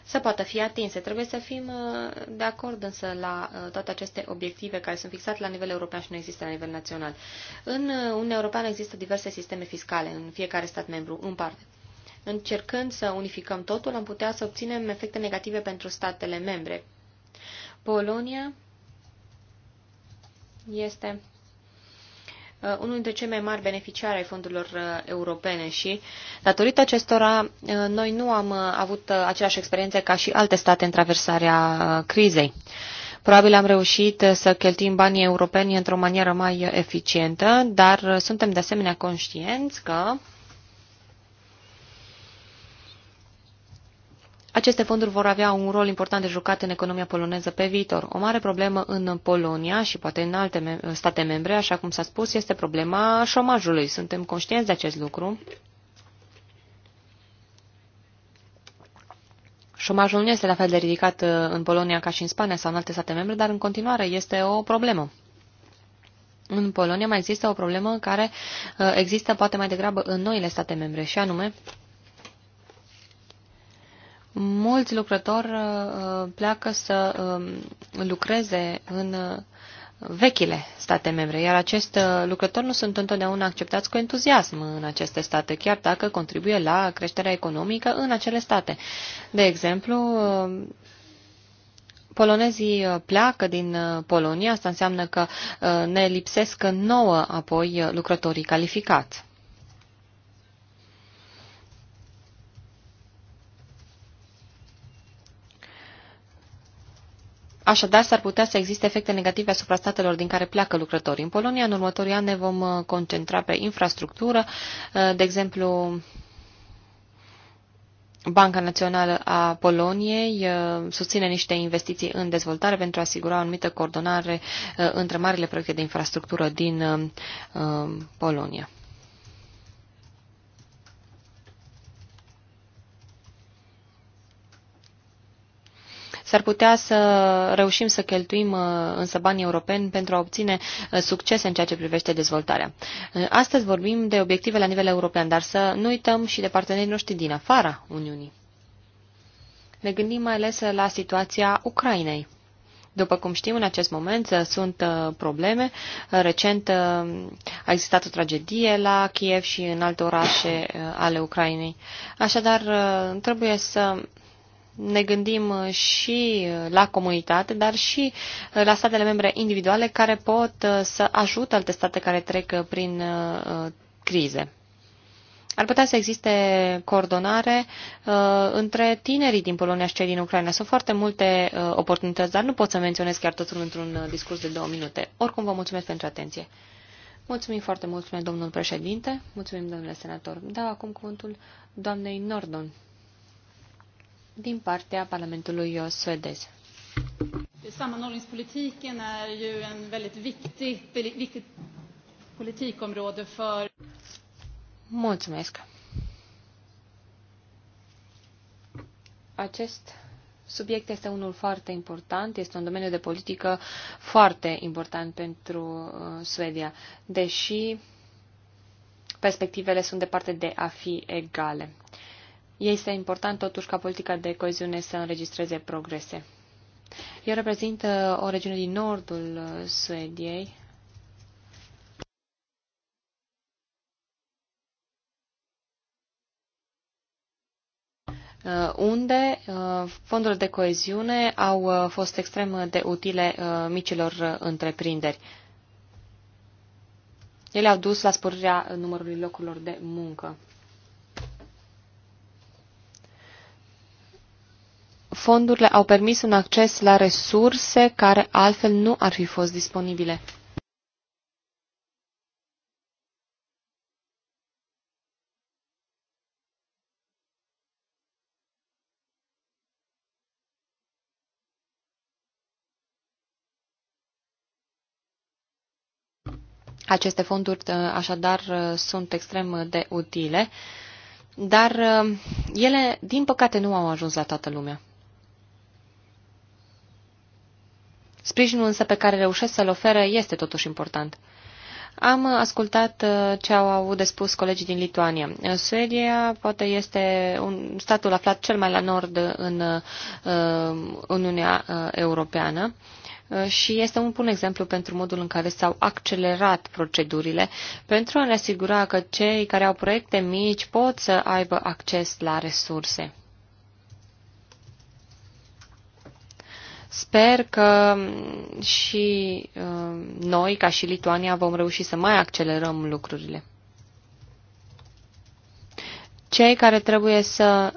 [SPEAKER 1] să poată fi atinse. Trebuie să fim uh, de acord însă la uh, toate aceste obiective care sunt fixate la nivel european și nu există la nivel național. În Uniunea Europeană există diverse sisteme fiscale în fiecare stat membru, în parte. Încercând să unificăm totul, am putea să obținem efecte negative pentru statele membre. Polonia este uh, unul dintre cei mai mari beneficiari ai fondurilor uh, europene și, datorită acestora, uh, noi nu am avut aceleași experiențe ca și alte state în traversarea crizei. Probabil am reușit să cheltim banii europeni într-o manieră mai eficientă, dar suntem de asemenea conștienți că Aceste fonduri vor avea un rol important de jucat în economia poloneză pe viitor. O mare problemă în Polonia și poate în alte state membre, așa cum s-a spus, este problema șomajului. Suntem conștienți de acest lucru. Șomajul nu este la fel de ridicat uh, în Polonia ca și în Spania sau în alte state membre, dar în continuare este o problemă. În Polonia mai există o problemă care uh, există poate mai degrabă în noile state membre, și anume mulți lucrători uh, uh, pleacă să um, lucreze în uh, vechile state membre, iar acest lucrători nu sunt întotdeauna acceptați cu entuziasm în aceste state, chiar dacă contribuie la creșterea economică în acele state. De exemplu, polonezii pleacă din Polonia, asta înseamnă că ne lipsesc nouă apoi lucrătorii calificați. Așadar, s-ar putea să existe efecte negative asupra statelor din care pleacă lucrătorii. În Polonia, în următorii ani, ne vom uh, concentra pe infrastructură, uh, de exemplu, Banca Națională a Poloniei uh, susține niște investiții în dezvoltare pentru a asigura o anumită coordonare între marile proiecte de infrastructură din Polonia. S-ar putea să reușim să cheltuim uh, însă banii europeni pentru a obține uh, succes în ceea ce privește dezvoltarea. Uh, astăzi vorbim de obiective la nivel european, dar să nu uităm și de partenerii noștri din afara Uniunii. Ne gândim mai ales la situația Ucrainei. După cum știm, în acest moment sunt probleme. Recent a existat o tragedie la Kiev și în alte orașe ale Ucrainei. Așadar, trebuie să ne gândim uh, și uh, la comunitate, dar și uh, la statele membre individuale care pot să ajute alte state care trec prin crize. Ar putea să existe coordonare uh, între tinerii din Polonia și cei din Ucraina. Sunt foarte multe uh, oportunități, dar nu pot să menționez chiar totul într-un discurs de două minute. Oricum, vă mulțumesc pentru atenție. Mulțumim foarte mult, domnul președinte. Mulțumim, domnule senator. Dau acum cuvântul doamnei Nordon din partea Parlamentului suedez. Sammanhållningspolitiken är ju en väldigt viktig, viktigt politikområde för... Mulțumesc. Acest subiect este unul foarte important, este un domeniu de politică foarte important pentru uh, Suedia, deși perspectivele sunt departe de a fi egale. Este important totuși ca politica de coeziune să înregistreze progrese. Eu reprezint uh, o regiune din nordul uh, Suediei, uh, unde fondurile de coeziune au fost extrem de utile micilor întreprinderi. Ele au dus la sporirea numărului locurilor de muncă. fondurile au permis un acces la resurse care altfel nu ar fi fost disponibile. Aceste fonduri, ă, așadar, ă, sunt extrem de utile, dar ă, ele, din păcate, nu au ajuns la toată lumea. Sprijinul însă pe care reușesc să-l oferă este totuși important. Am ascultat uh, ce au avut de spus colegii din Lituania. Suedia poate este un statul aflat cel mai la nord în uh, Uniunea uh, Europeană și este un bun exemplu pentru modul în care s-au accelerat procedurile pentru a ne asigura că cei care au proiecte mici pot să aibă acces la resurse. Sper că mm, și mm, noi, ca și Lituania, vom reuși să mai accelerăm lucrurile. Cei care trebuie să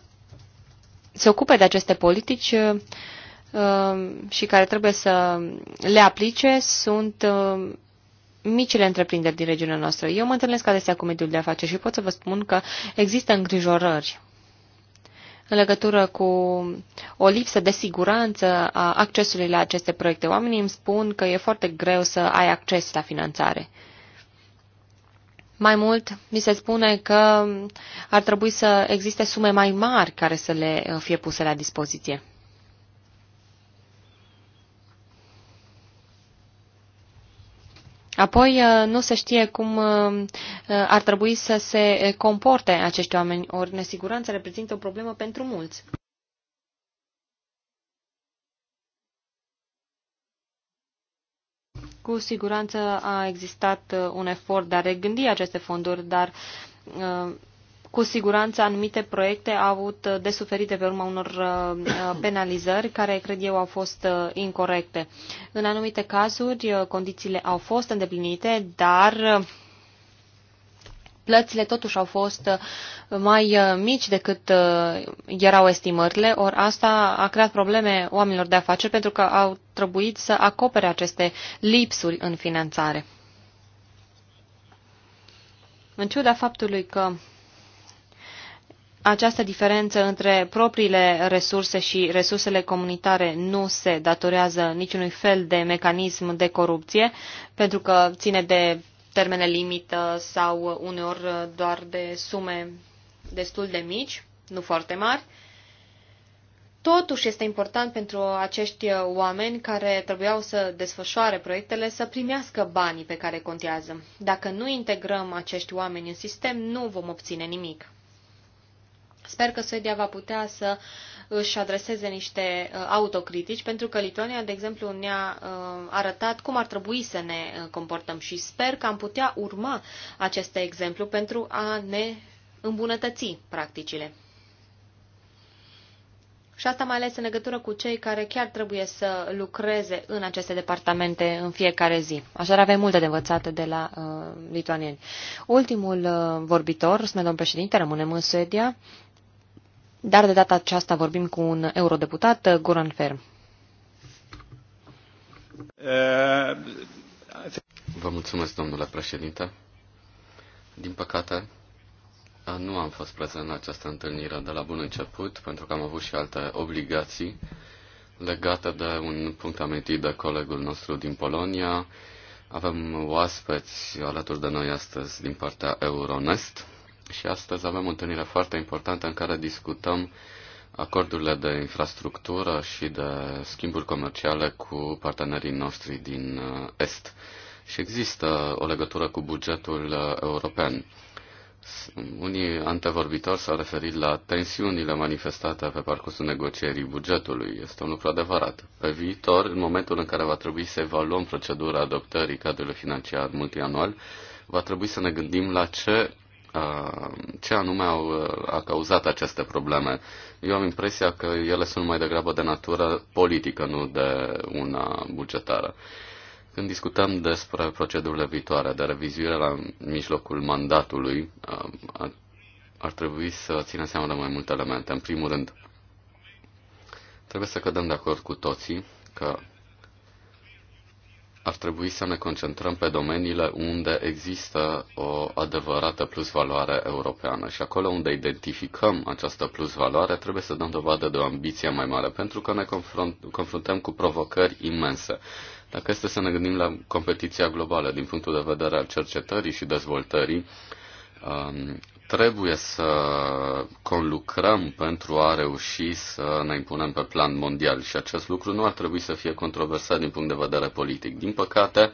[SPEAKER 1] se ocupe de aceste politici mm, și care trebuie să le aplice sunt micile întreprinderi din regiunea noastră. Eu mă întâlnesc adesea cu mediul de afaceri și pot să vă spun că există îngrijorări în legătură cu o lipsă de siguranță a accesului la aceste proiecte. Oamenii îmi spun că e foarte greu să ai acces la finanțare. Mai mult, mi se spune că ar trebui să existe sume mai mari care să le fie puse la dispoziție. Apoi uh, nu se știe cum uh, uh, ar trebui să se comporte acești oameni, ori nesiguranța reprezintă o problemă pentru mulți. Cu siguranță a existat un efort de a regândi aceste fonduri, dar cu siguranță anumite proiecte au avut de suferit de pe urma unor uh, uh, penalizări care, cred eu, au fost uh, incorrecte. În anumite cazuri, condițiile au fost îndeplinite, dar plățile totuși au fost mai mici decât erau estimările, ori asta a creat probleme oamenilor de afaceri pentru că au trebuit să acopere aceste lipsuri în finanțare. În ciuda faptului că această diferență între propriile resurse și resursele comunitare nu se datorează niciunui fel de mecanism de corupție, pentru că ține de termene limită sau uneori doar de sume destul de mici, nu foarte mari. Totuși este important pentru acești oameni care trebuiau să desfășoare proiectele să primească banii pe care contează. Dacă nu integrăm acești oameni în sistem, nu vom obține nimic. Sper că Suedia va putea să își adreseze niște uh, autocritici, pentru că Lituania, de exemplu, ne-a uh, arătat cum ar trebui să ne uh, comportăm și sper că am putea urma aceste exemplu pentru a ne îmbunătăți practicile. Și asta mai ales în legătură cu cei care chiar trebuie să lucreze în aceste departamente în fiecare zi. Așadar avem multe de învățat de la uh, lituanieni. Ultimul uh, vorbitor, spune domnul președinte, rămânem în Suedia. Dar de data aceasta vorbim cu un eurodeputat, uh, Goran Ferm.
[SPEAKER 2] Uh, Vă mulțumesc, domnule președinte. Din păcate, uh, nu am fost prezent la această întâlnire de la bun început, pentru că am avut și alte obligații legate de un punct amintit de colegul nostru din Polonia. Avem oaspeți alături de noi astăzi din partea Euronest și astăzi avem o întâlnire foarte importantă în care discutăm acordurile de infrastructură și de schimburi comerciale cu partenerii noștri din uh, Est. Și există o legătură cu bugetul uh, european. Unii antevorbitori s-au referit la tensiunile manifestate pe parcursul negocierii bugetului. Este un lucru adevărat. Pe viitor, în momentul în care va trebui să evaluăm procedura adoptării cadrului financiar multianual, va trebui să ne gândim la ce Uh, ce anume au, uh, a cauzat aceste probleme. Eu am impresia că ele sunt mai degrabă de natură politică, nu de una bugetară. Când discutăm despre procedurile viitoare de revizuire la mijlocul mandatului, uh, ar trebui să ținem seama de mai multe elemente. În primul rând, trebuie să cădem de acord cu toții că ar trebui să ne concentrăm pe domeniile unde există o adevărată plusvaloare europeană și acolo unde identificăm această plusvaloare trebuie să dăm dovadă de o ambiție mai mare pentru că ne confrunt, confruntăm cu provocări imense. Dacă este să ne gândim la competiția globală din punctul de vedere al cercetării și dezvoltării, um, trebuie să conlucrăm pentru a reuși să ne impunem pe plan mondial și acest lucru nu ar trebui să fie controversat din punct de vedere politic. Din păcate,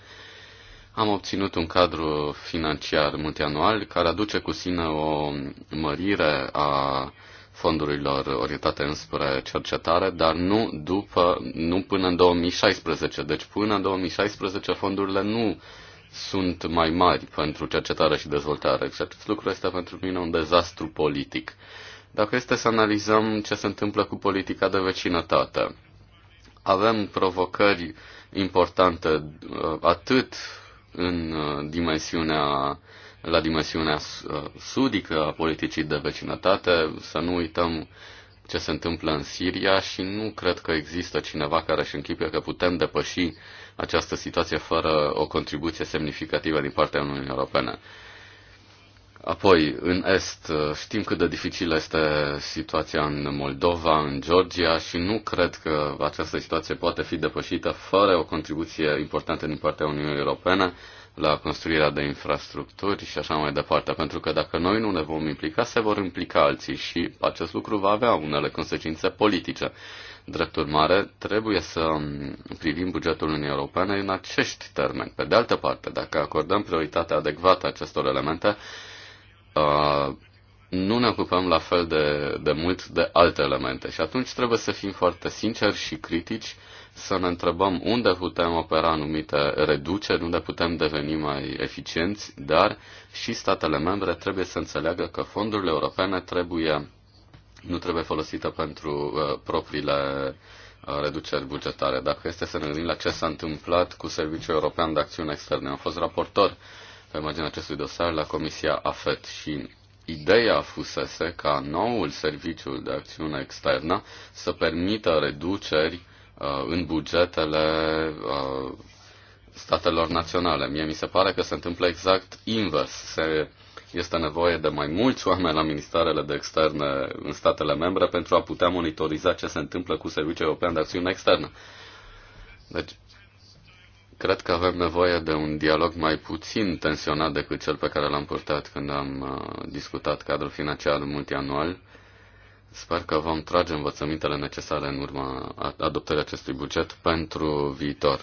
[SPEAKER 2] am obținut un cadru financiar multianual care aduce cu sine o mărire a fondurilor orientate înspre cercetare, dar nu, după, nu până în 2016. Deci până în 2016 fondurile nu sunt mai mari pentru cercetare și dezvoltare. Și acest lucru este pentru mine un dezastru politic. Dacă este să analizăm ce se întâmplă cu politica de vecinătate, avem provocări importante uh, atât în uh, dimensiunea, la dimensiunea uh, sudică a politicii de vecinătate, să nu uităm ce se întâmplă în Siria și nu cred că există cineva care își închipie că putem depăși uh, această situație fără o contribuție semnificativă din partea Uniunii Europene. Apoi, în Est, știm cât de dificilă este situația în Moldova, în Georgia și nu cred că această situație poate fi depășită fără o contribuție importantă din partea Uniunii Europene la construirea de infrastructuri și așa mai departe, pentru că dacă noi nu ne vom implica, se vor implica alții și acest lucru va avea unele consecințe politice. Drept urmare, trebuie să privim bugetul Uniunii Europene în acești termeni. Pe de altă parte, dacă acordăm prioritatea adecvată acestor elemente, uh, nu ne ocupăm la fel de, de mult de alte elemente și atunci trebuie să fim foarte sinceri și critici, să ne întrebăm unde putem opera anumite reduceri, unde putem deveni mai eficienți, dar și statele membre trebuie să înțeleagă că fondurile europene trebuie nu trebuie folosită pentru uh, propriile uh, reduceri bugetare. Dacă este să ne gândim la ce s-a întâmplat cu Serviciul European de Acțiune Externe, am fost raportor pe marginea acestui dosar la Comisia AFET și ideea fusese ca noul Serviciu de Acțiune Externă să permită reduceri uh, în bugetele uh, statelor naționale. Mie mi se pare că se întâmplă exact invers. Se este nevoie de mai mulți oameni la ministerele de externe în statele membre pentru a putea monitoriza ce se întâmplă cu Serviciul European de Acțiune Externă. Deci, cred că avem nevoie de un dialog mai puțin tensionat decât cel pe care l-am purtat când am uh, discutat cadrul financiar multianual. Sper că vom trage învățămintele necesare în urma adoptării acestui buget pentru viitor.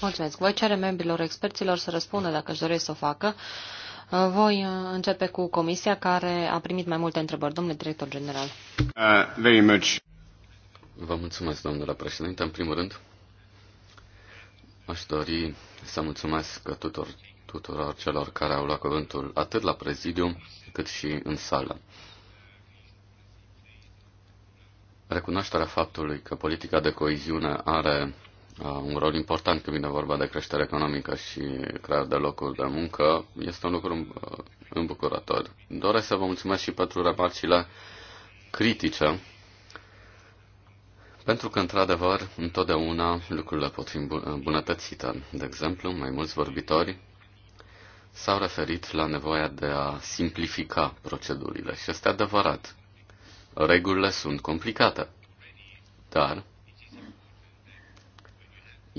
[SPEAKER 1] Mulțumesc. Voi cere membrilor experților să răspundă dacă își doresc să o facă. Voi uh, începe cu comisia care a primit mai multe întrebări. Domnule director general.
[SPEAKER 2] Uh, very much. Vă mulțumesc, domnule președinte. În primul rând, aș dori să mulțumesc tuturor, tuturor celor care au luat cuvântul atât la prezidiu cât și în sală. Recunoașterea faptului că politica de coeziune are Uh, un rol important când vine vorba de creștere economică și crearea de locuri de muncă, este un lucru uh, îmbucurător. Doresc să vă mulțumesc și pentru remarcile critice, pentru că, într-adevăr, întotdeauna lucrurile pot fi îmbunătățite. De exemplu, mai mulți vorbitori s-au referit la nevoia de a simplifica procedurile și este adevărat. Regulile sunt complicate, dar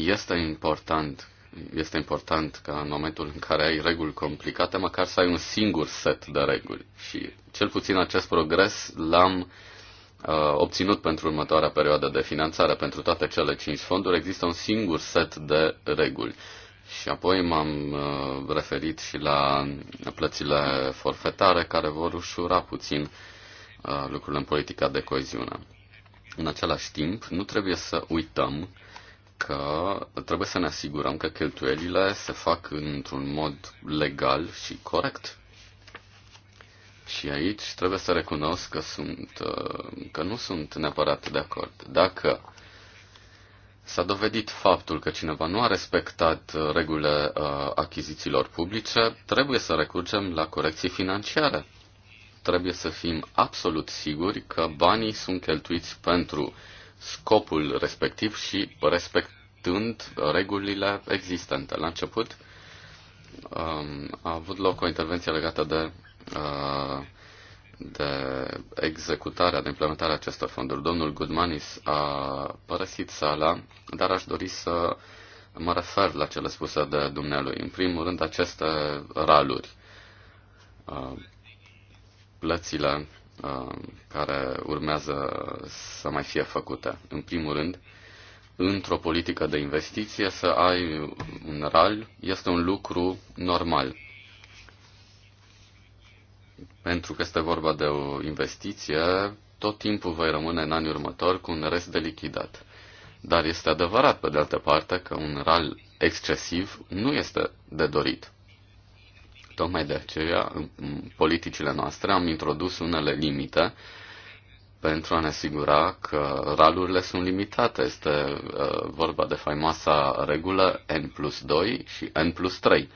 [SPEAKER 2] este important, este important ca în momentul în care ai reguli complicate, măcar să ai un singur set de reguli. Și cel puțin acest progres l-am uh, obținut pentru următoarea perioadă de finanțare. Pentru toate cele cinci fonduri există un singur set de reguli. Și apoi m-am uh, referit și la plățile forfetare care vor ușura puțin uh, lucrurile în politica de coeziune. În același timp, nu trebuie să uităm că trebuie să ne asigurăm că cheltuielile se fac într-un mod legal și corect. Și aici trebuie să recunosc că, sunt, uh, că nu sunt neapărat de acord. Dacă s-a dovedit faptul că cineva nu a respectat uh, regulile uh, achizițiilor publice, trebuie să recurgem la corecții financiare. Trebuie să fim absolut siguri că banii sunt cheltuiți pentru uh, scopul respectiv și respectând regulile existente. La început um, a avut loc o intervenție legată de, uh, de executarea, de implementarea acestor fonduri. Domnul Goodmanis a părăsit sala, dar aș dori să mă refer la cele spuse de dumnealui. În primul rând, aceste raluri, uh, plățile Uh, care urmează să mai fie făcute. În primul rând, într-o politică de investiție să ai un RAL este un lucru normal. Pentru că este vorba de o investiție, tot timpul vei rămâne în anii următori cu un rest de lichidat. Dar este adevărat, pe de altă parte, că un RAL excesiv nu este de dorit. Tocmai de aceea, în politicile noastre, am introdus unele limite pentru a ne asigura că ralurile sunt limitate. Este uh, vorba de faimoasa regulă N plus 2 și N plus 3.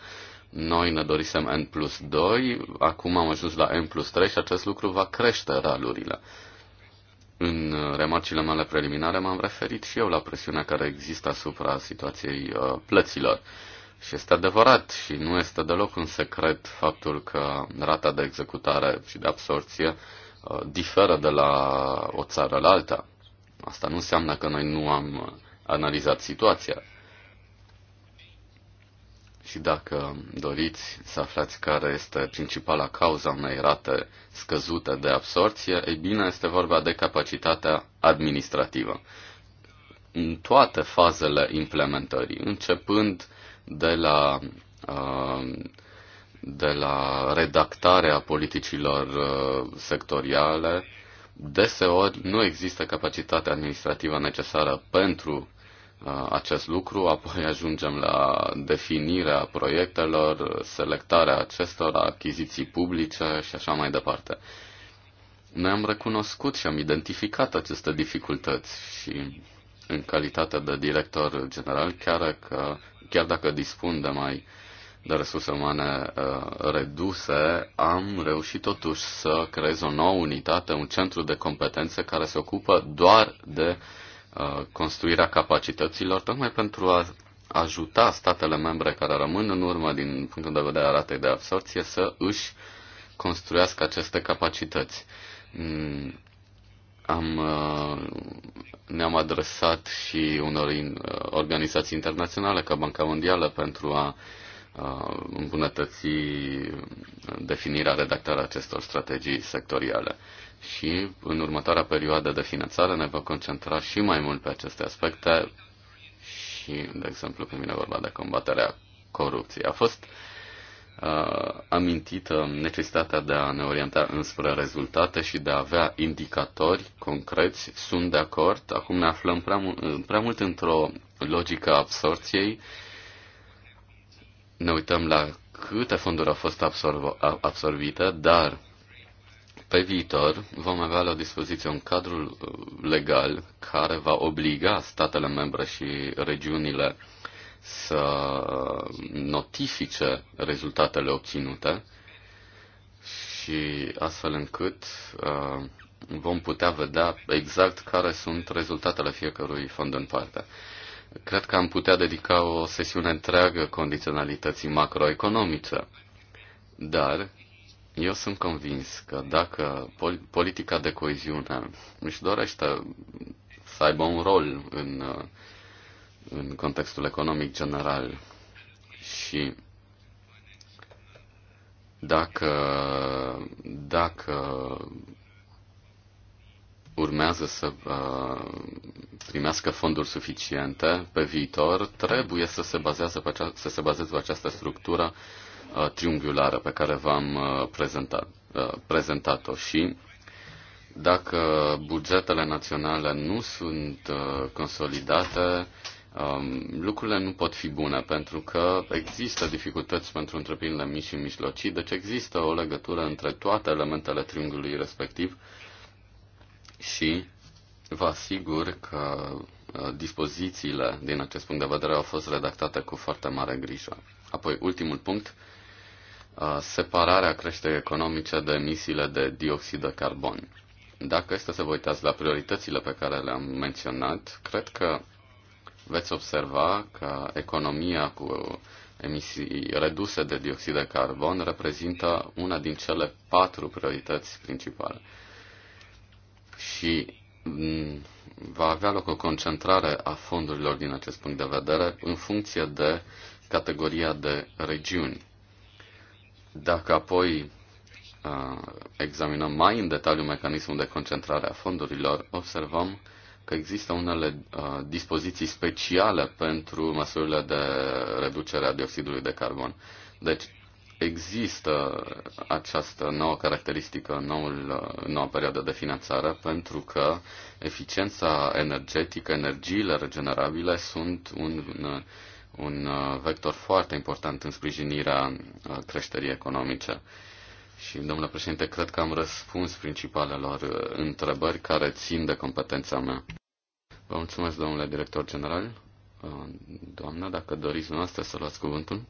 [SPEAKER 2] Noi ne dorisem N plus 2, acum am ajuns la N plus 3 și acest lucru va crește ralurile. În remarcile mele preliminare m-am referit și eu la presiunea care există asupra situației uh, plăților. Și este adevărat și nu este deloc un secret faptul că rata de executare și de absorție uh, diferă de la o țară la alta. Asta nu înseamnă că noi nu am uh, analizat situația. Și dacă doriți să aflați care este principala cauza unei rate scăzute de absorție, ei bine, este vorba de capacitatea administrativă. În toate fazele implementării, începând uh, de la, uh, de la redactarea politicilor uh, sectoriale. Deseori nu există capacitatea administrativă necesară pentru uh, acest lucru, apoi ajungem la definirea proiectelor, selectarea acestora, achiziții publice și așa mai departe. Noi am recunoscut și am identificat aceste dificultăți și în calitate de director general, chiar, că, chiar dacă dispun de mai de resurse umane uh, reduse, am reușit totuși să creez o nouă unitate, un centru de competențe care se ocupă doar de uh, construirea capacităților, tocmai pentru a ajuta statele membre care rămân în urmă din punctul de vedere a ratei de absorție să își construiască aceste capacități. Mm, am, uh, ne-am adresat și unor uh, organizații internaționale, ca Banca Mondială, pentru a uh, îmbunătăți definirea, redactarea acestor strategii sectoriale. Și în următoarea perioadă de finanțare ne vom concentra și mai mult pe aceste aspecte și, de exemplu, când vine vorba de combaterea corupției. A fost uh, uh, amintită necesitatea de a ne orienta înspre rezultate și de a avea indicatori concreți. Sunt de acord. Acum ne aflăm prea, mu- prea mult într-o logică a absorției. Ne uităm la câte fonduri au fost absorb- absorbite, dar pe viitor vom avea la dispoziție un cadru legal care va obliga statele membre și regiunile să notifice rezultatele obținute și astfel încât uh, vom putea vedea exact care sunt rezultatele fiecărui fond în parte. Cred că am putea dedica o sesiune întreagă condiționalității macroeconomice, dar eu sunt convins că dacă politica de coeziune își dorește să aibă un rol în uh, în contextul economic general și dacă, dacă urmează să uh, primească fonduri suficiente pe viitor, trebuie să se, bazează pe acea, să se bazeze pe această structură uh, triunghiulară pe care v-am uh, prezentat, uh, prezentat-o și dacă bugetele naționale nu sunt uh, consolidate, um, lucrurile nu pot fi bune pentru că există dificultăți pentru întreprinderile mici și mijlocii, deci există o legătură între toate elementele triunghiului respectiv și vă asigur că uh, dispozițiile din acest punct de vedere au fost redactate cu foarte mare grijă. Apoi, ultimul punct, uh, separarea creșterii economice de emisiile de dioxid de carbon. Dacă este să vă uitați la prioritățile pe care le-am menționat, cred că veți observa că economia cu emisii reduse de dioxid de carbon reprezintă una din cele patru priorități principale. Și mm, va avea loc o concentrare a fondurilor din acest punct de vedere în funcție de categoria de regiuni. Dacă apoi uh, examinăm mai în detaliu mecanismul de concentrare a fondurilor, observăm că există unele uh, dispoziții speciale pentru măsurile de reducere a dioxidului de carbon. Deci există această nouă caracteristică, noul, uh, noua perioadă de finanțare, pentru că eficiența energetică, energiile regenerabile sunt un, un uh, vector foarte important în sprijinirea uh, creșterii economice și, domnule președinte, cred că am răspuns principalelor uh, întrebări care țin de competența mea. Vă mulțumesc, domnule director general. Uh, doamna, dacă doriți dumneavoastră să luați cuvântul.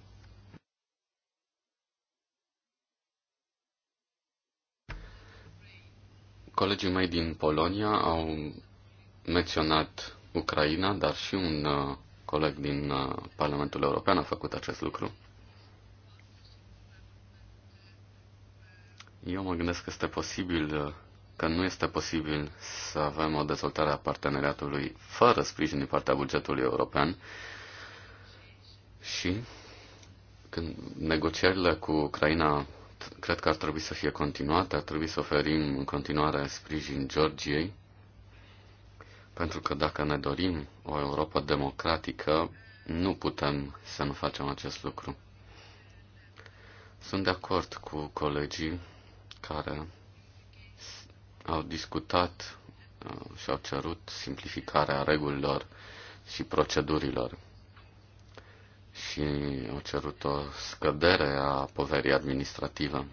[SPEAKER 2] Colegii mei din Polonia au menționat Ucraina, dar și un uh, coleg din Parlamentul European a făcut acest lucru. Eu mă gândesc că este posibil că nu este posibil să avem o dezvoltare a parteneriatului fără sprijin din partea bugetului european și când negocierile cu Ucraina cred că ar trebui să fie continuate, ar trebui să oferim în continuare sprijin Georgiei, pentru că dacă ne dorim o Europa democratică, nu putem să nu facem acest lucru. Sunt de acord cu colegii care au discutat uh, și au cerut simplificarea regulilor și procedurilor și au cerut o scădere a poverii administrative.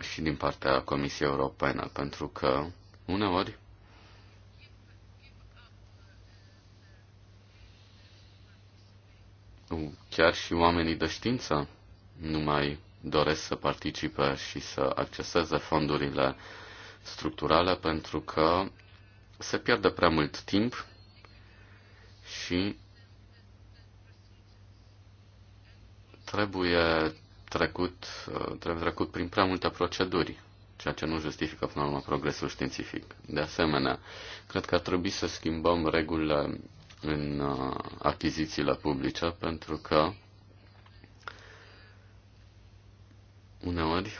[SPEAKER 2] Și din partea Comisiei Europene, pentru că uneori chiar și oamenii de știință nu mai doresc să participe și să acceseze fondurile structurale pentru că se pierde prea mult timp și trebuie trecut, trebuie trecut prin prea multe proceduri, ceea ce nu justifică până la urmă progresul științific. De asemenea, cred că ar trebui să schimbăm regulile în uh, achizițiile publice, pentru că uneori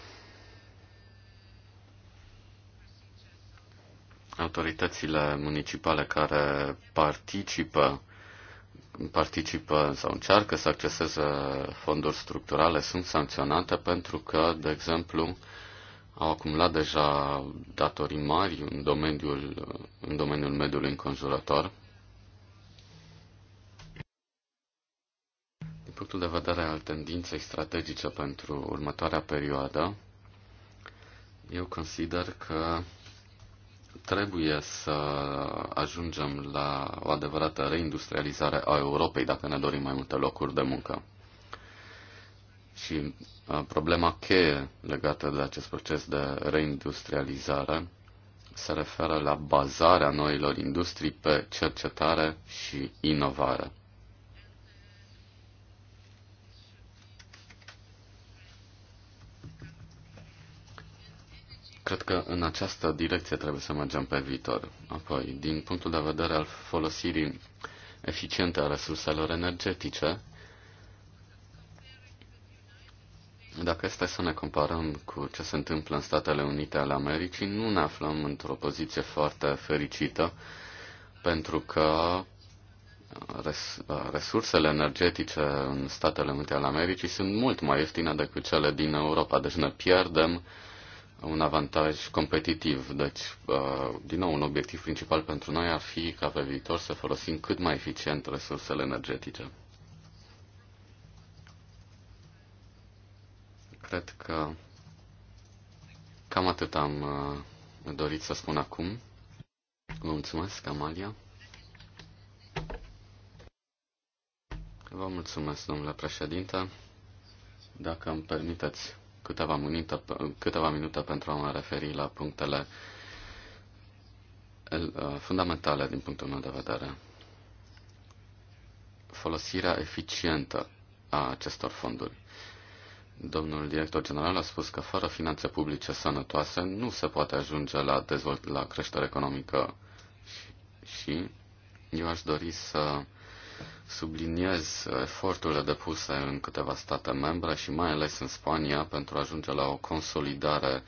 [SPEAKER 2] autoritățile municipale care participă participă sau încearcă să acceseze fonduri structurale sunt sancționate pentru că, de exemplu, au acumulat deja datorii mari în domeniul, în domeniul mediului înconjurător punctul de vedere al tendinței strategice pentru următoarea perioadă, eu consider că trebuie să ajungem la o adevărată reindustrializare a Europei dacă ne dorim mai multe locuri de muncă. Și problema cheie legată de acest proces de reindustrializare se referă la bazarea noilor industrii pe cercetare și inovare. Cred că în această direcție trebuie să mergem pe viitor. Apoi, din punctul de vedere al folosirii eficiente a resurselor energetice, dacă este să ne comparăm cu ce se întâmplă în Statele Unite ale Americii, nu ne aflăm într-o poziție foarte fericită, pentru că res- resursele energetice în Statele Unite ale Americii sunt mult mai ieftine decât cele din Europa, deci ne pierdem uh, un avantaj competitiv. Deci, uh, din nou, un obiectiv principal pentru noi ar fi ca pe viitor să folosim cât mai eficient resursele energetice. Cred că cam atât am uh, dorit să spun acum. Vă mulțumesc, Amalia. Vă mulțumesc, domnule președinte. Dacă îmi permiteți câteva minute, câteva minute pentru a mă referi la punctele uh, fundamentale din punctul meu de vedere. Folosirea eficientă a acestor fonduri. Domnul director general a spus că fără finanțe publice sănătoase nu se poate ajunge la, dezvolt, la creștere economică și, și eu aș dori să subliniez eforturile depuse în câteva state membre și mai ales în Spania pentru a ajunge la o consolidare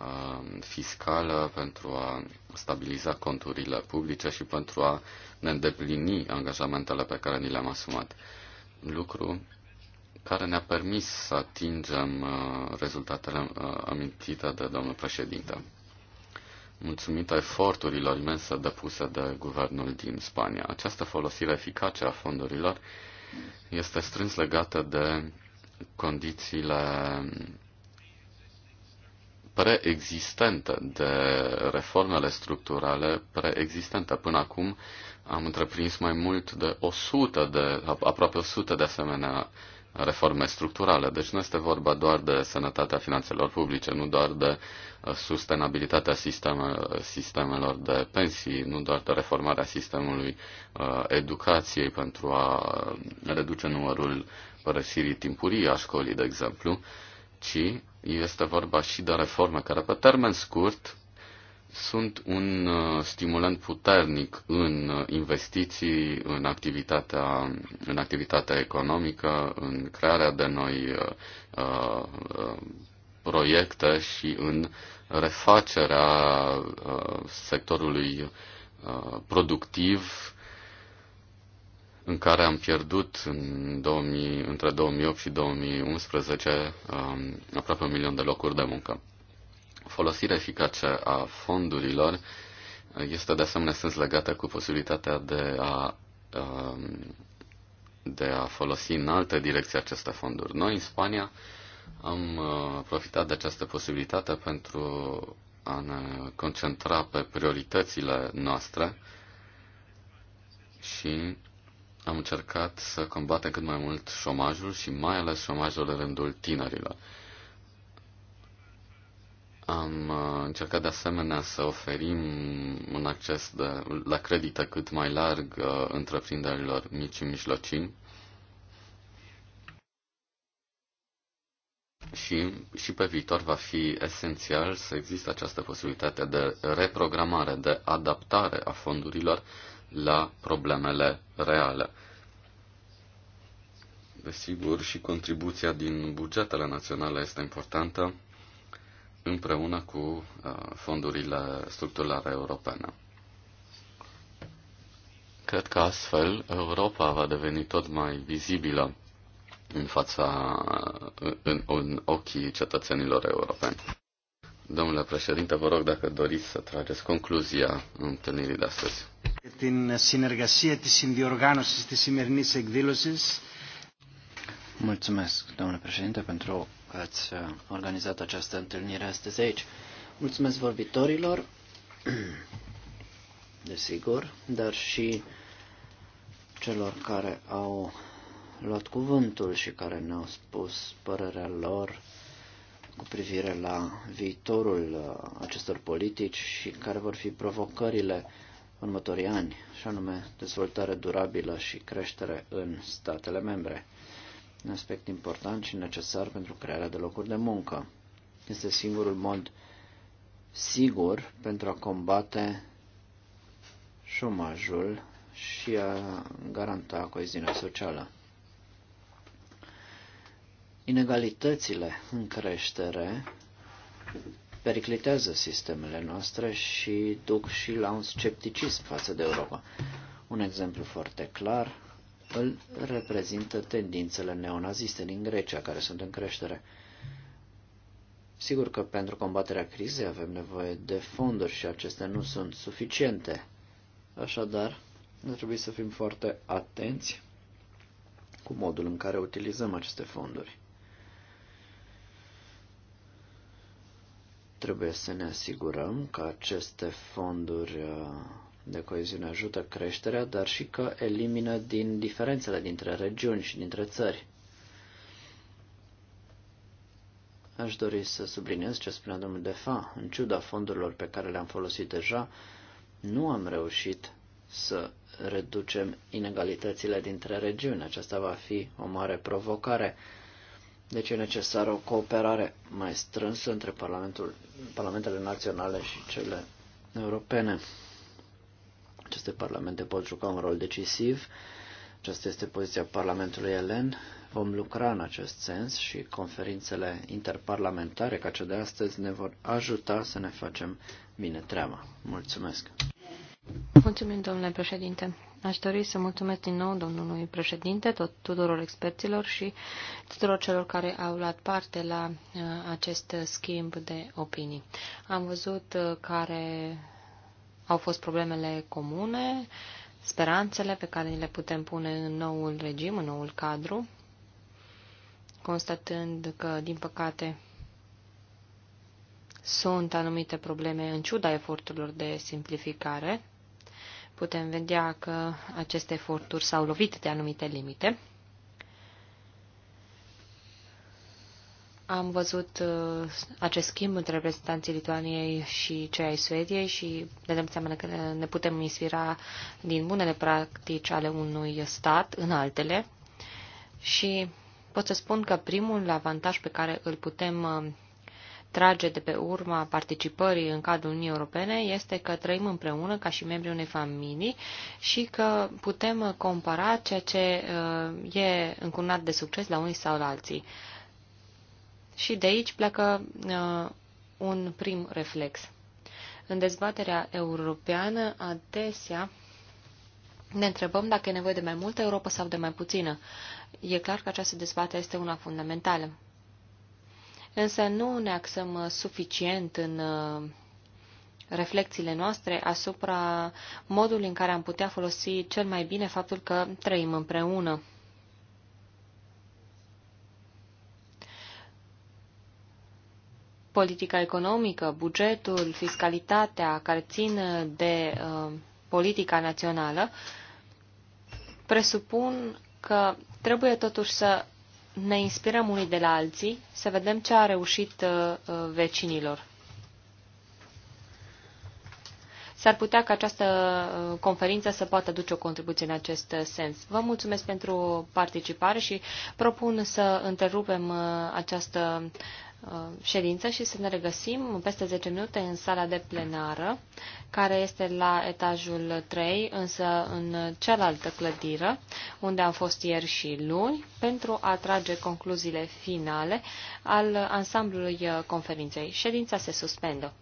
[SPEAKER 2] uh, fiscală, pentru a stabiliza conturile publice și pentru a ne îndeplini angajamentele pe care ni le-am asumat. Lucru care ne-a permis să atingem uh, rezultatele uh, amintite de domnul președinte mulțumită eforturilor imense depuse de guvernul din Spania. Această folosire eficace a fondurilor este strâns legată de condițiile preexistente, de reformele structurale preexistente. Până acum am întreprins mai mult de 100 de, aproape 100 de asemenea reforme structurale. Deci nu este vorba doar de sănătatea finanțelor publice, nu doar de uh, sustenabilitatea sistemelor de pensii, nu doar de reformarea sistemului uh, educației pentru a reduce numărul părăsirii timpurii a școlii, de exemplu, ci este vorba și de reforme care pe termen scurt sunt un uh, stimulant puternic în uh, investiții, în activitatea, în activitatea economică, în crearea de noi uh, uh, proiecte și în refacerea uh, sectorului uh, productiv în care am pierdut în 2000, între 2008 și 2011 uh, um, aproape un milion de locuri de muncă. Folosirea eficace a fondurilor este de asemenea sens legată cu posibilitatea de a, um, de a folosi în alte direcții aceste fonduri. Noi, în Spania, am uh, profitat de această posibilitate pentru a ne concentra pe prioritățile noastre și am încercat să combatem cât mai mult șomajul și mai ales șomajul în rândul tinerilor. Am uh, încercat de asemenea să oferim un acces de, la credită cât mai larg uh, întreprinderilor mici și mijlocii. Și, și pe viitor va fi esențial să existe această posibilitate de reprogramare, de adaptare a fondurilor la problemele reale. Desigur, și contribuția din bugetele naționale este importantă împreună cu uh, fondurile structurale europene. Cred că astfel Europa va deveni tot mai vizibilă în fața, în, în ochii cetățenilor europeni. Domnule președinte, vă rog dacă doriți să trageți concluzia întâlnirii de astăzi.
[SPEAKER 3] Την συνεργασία της συνδιοργάνωσης της σημερινής Mulțumesc, domnule președinte, pentru că ați uh, organizat această întâlnire astăzi aici. Mulțumesc vorbitorilor, desigur, dar și celor care au luat cuvântul și care ne-au spus părerea lor cu privire la viitorul uh, acestor politici și care vor fi provocările următorii ani, și anume dezvoltare durabilă și creștere în statele membre un aspect important și necesar pentru crearea de locuri de muncă. Este singurul mod sigur pentru a combate șomajul și a garanta coeziunea socială. Inegalitățile în creștere periclitează sistemele noastre și duc și la un scepticism față de Europa. Un exemplu foarte clar îl reprezintă tendințele neonaziste din Grecia, care sunt în creștere. Sigur că pentru combaterea crizei avem nevoie de fonduri și acestea nu sunt suficiente. Așadar, trebuie să fim foarte atenți cu modul în care utilizăm aceste fonduri. Trebuie să ne asigurăm că aceste fonduri uh, de coeziune ajută creșterea, dar și că elimină din diferențele dintre regiuni și dintre țări. Aș dori să subliniez ce spunea domnul Defa. În ciuda fondurilor pe care le-am folosit deja, nu am reușit să reducem inegalitățile dintre regiuni. Aceasta va fi o mare provocare. Deci e necesară o cooperare mai strânsă între Parlamentul, Parlamentele naționale și cele europene. Aceste parlamente pot juca un rol decisiv. Aceasta este poziția Parlamentului Elen. Vom lucra în acest sens și conferințele interparlamentare ca cea de astăzi ne vor ajuta să ne facem bine treaba. Mulțumesc!
[SPEAKER 1] Mulțumim, domnule președinte. Aș dori să mulțumesc din nou domnului președinte, tot tuturor experților și tuturor celor care au luat parte la uh, acest schimb de opinii. Am văzut uh, care au fost problemele comune, speranțele pe care ni le putem pune în noul regim, în noul cadru, constatând că, din păcate, sunt anumite probleme în ciuda eforturilor de simplificare. Putem vedea că aceste eforturi s-au lovit de anumite limite. Am văzut uh, acest schimb între reprezentanții Lituaniei și cei ai Suediei și ne dăm seama că ne putem inspira din bunele practici ale unui stat în altele. Și pot să spun că primul avantaj pe care îl putem uh, trage de pe urma participării în cadrul Uniunii Europene este că trăim împreună ca și membrii unei familii și că putem compara ceea ce uh, e încunat de succes la unii sau la alții. Și de aici pleacă uh, un prim reflex. În dezbaterea europeană, adesea ne întrebăm dacă e nevoie de mai multă Europa sau de mai puțină. E clar că această dezbatere este una fundamentală. Însă nu ne axăm uh, suficient în uh, reflexiile noastre asupra modului în care am putea folosi cel mai bine faptul că trăim împreună. politica economică, bugetul, fiscalitatea care țin de uh, politica națională, presupun că trebuie totuși să ne inspirăm unii de la alții, să vedem ce a reușit uh, vecinilor. S-ar putea ca această uh, conferință să poată duce o contribuție în acest uh, sens. Vă mulțumesc pentru participare și propun să întrerupem uh, această Uh, ședință și să ne regăsim peste 10 minute în sala de plenară, care este la etajul 3, însă în cealaltă clădiră, unde am fost ieri și luni, pentru a trage concluziile finale al ansamblului uh, conferinței. Ședința se suspendă.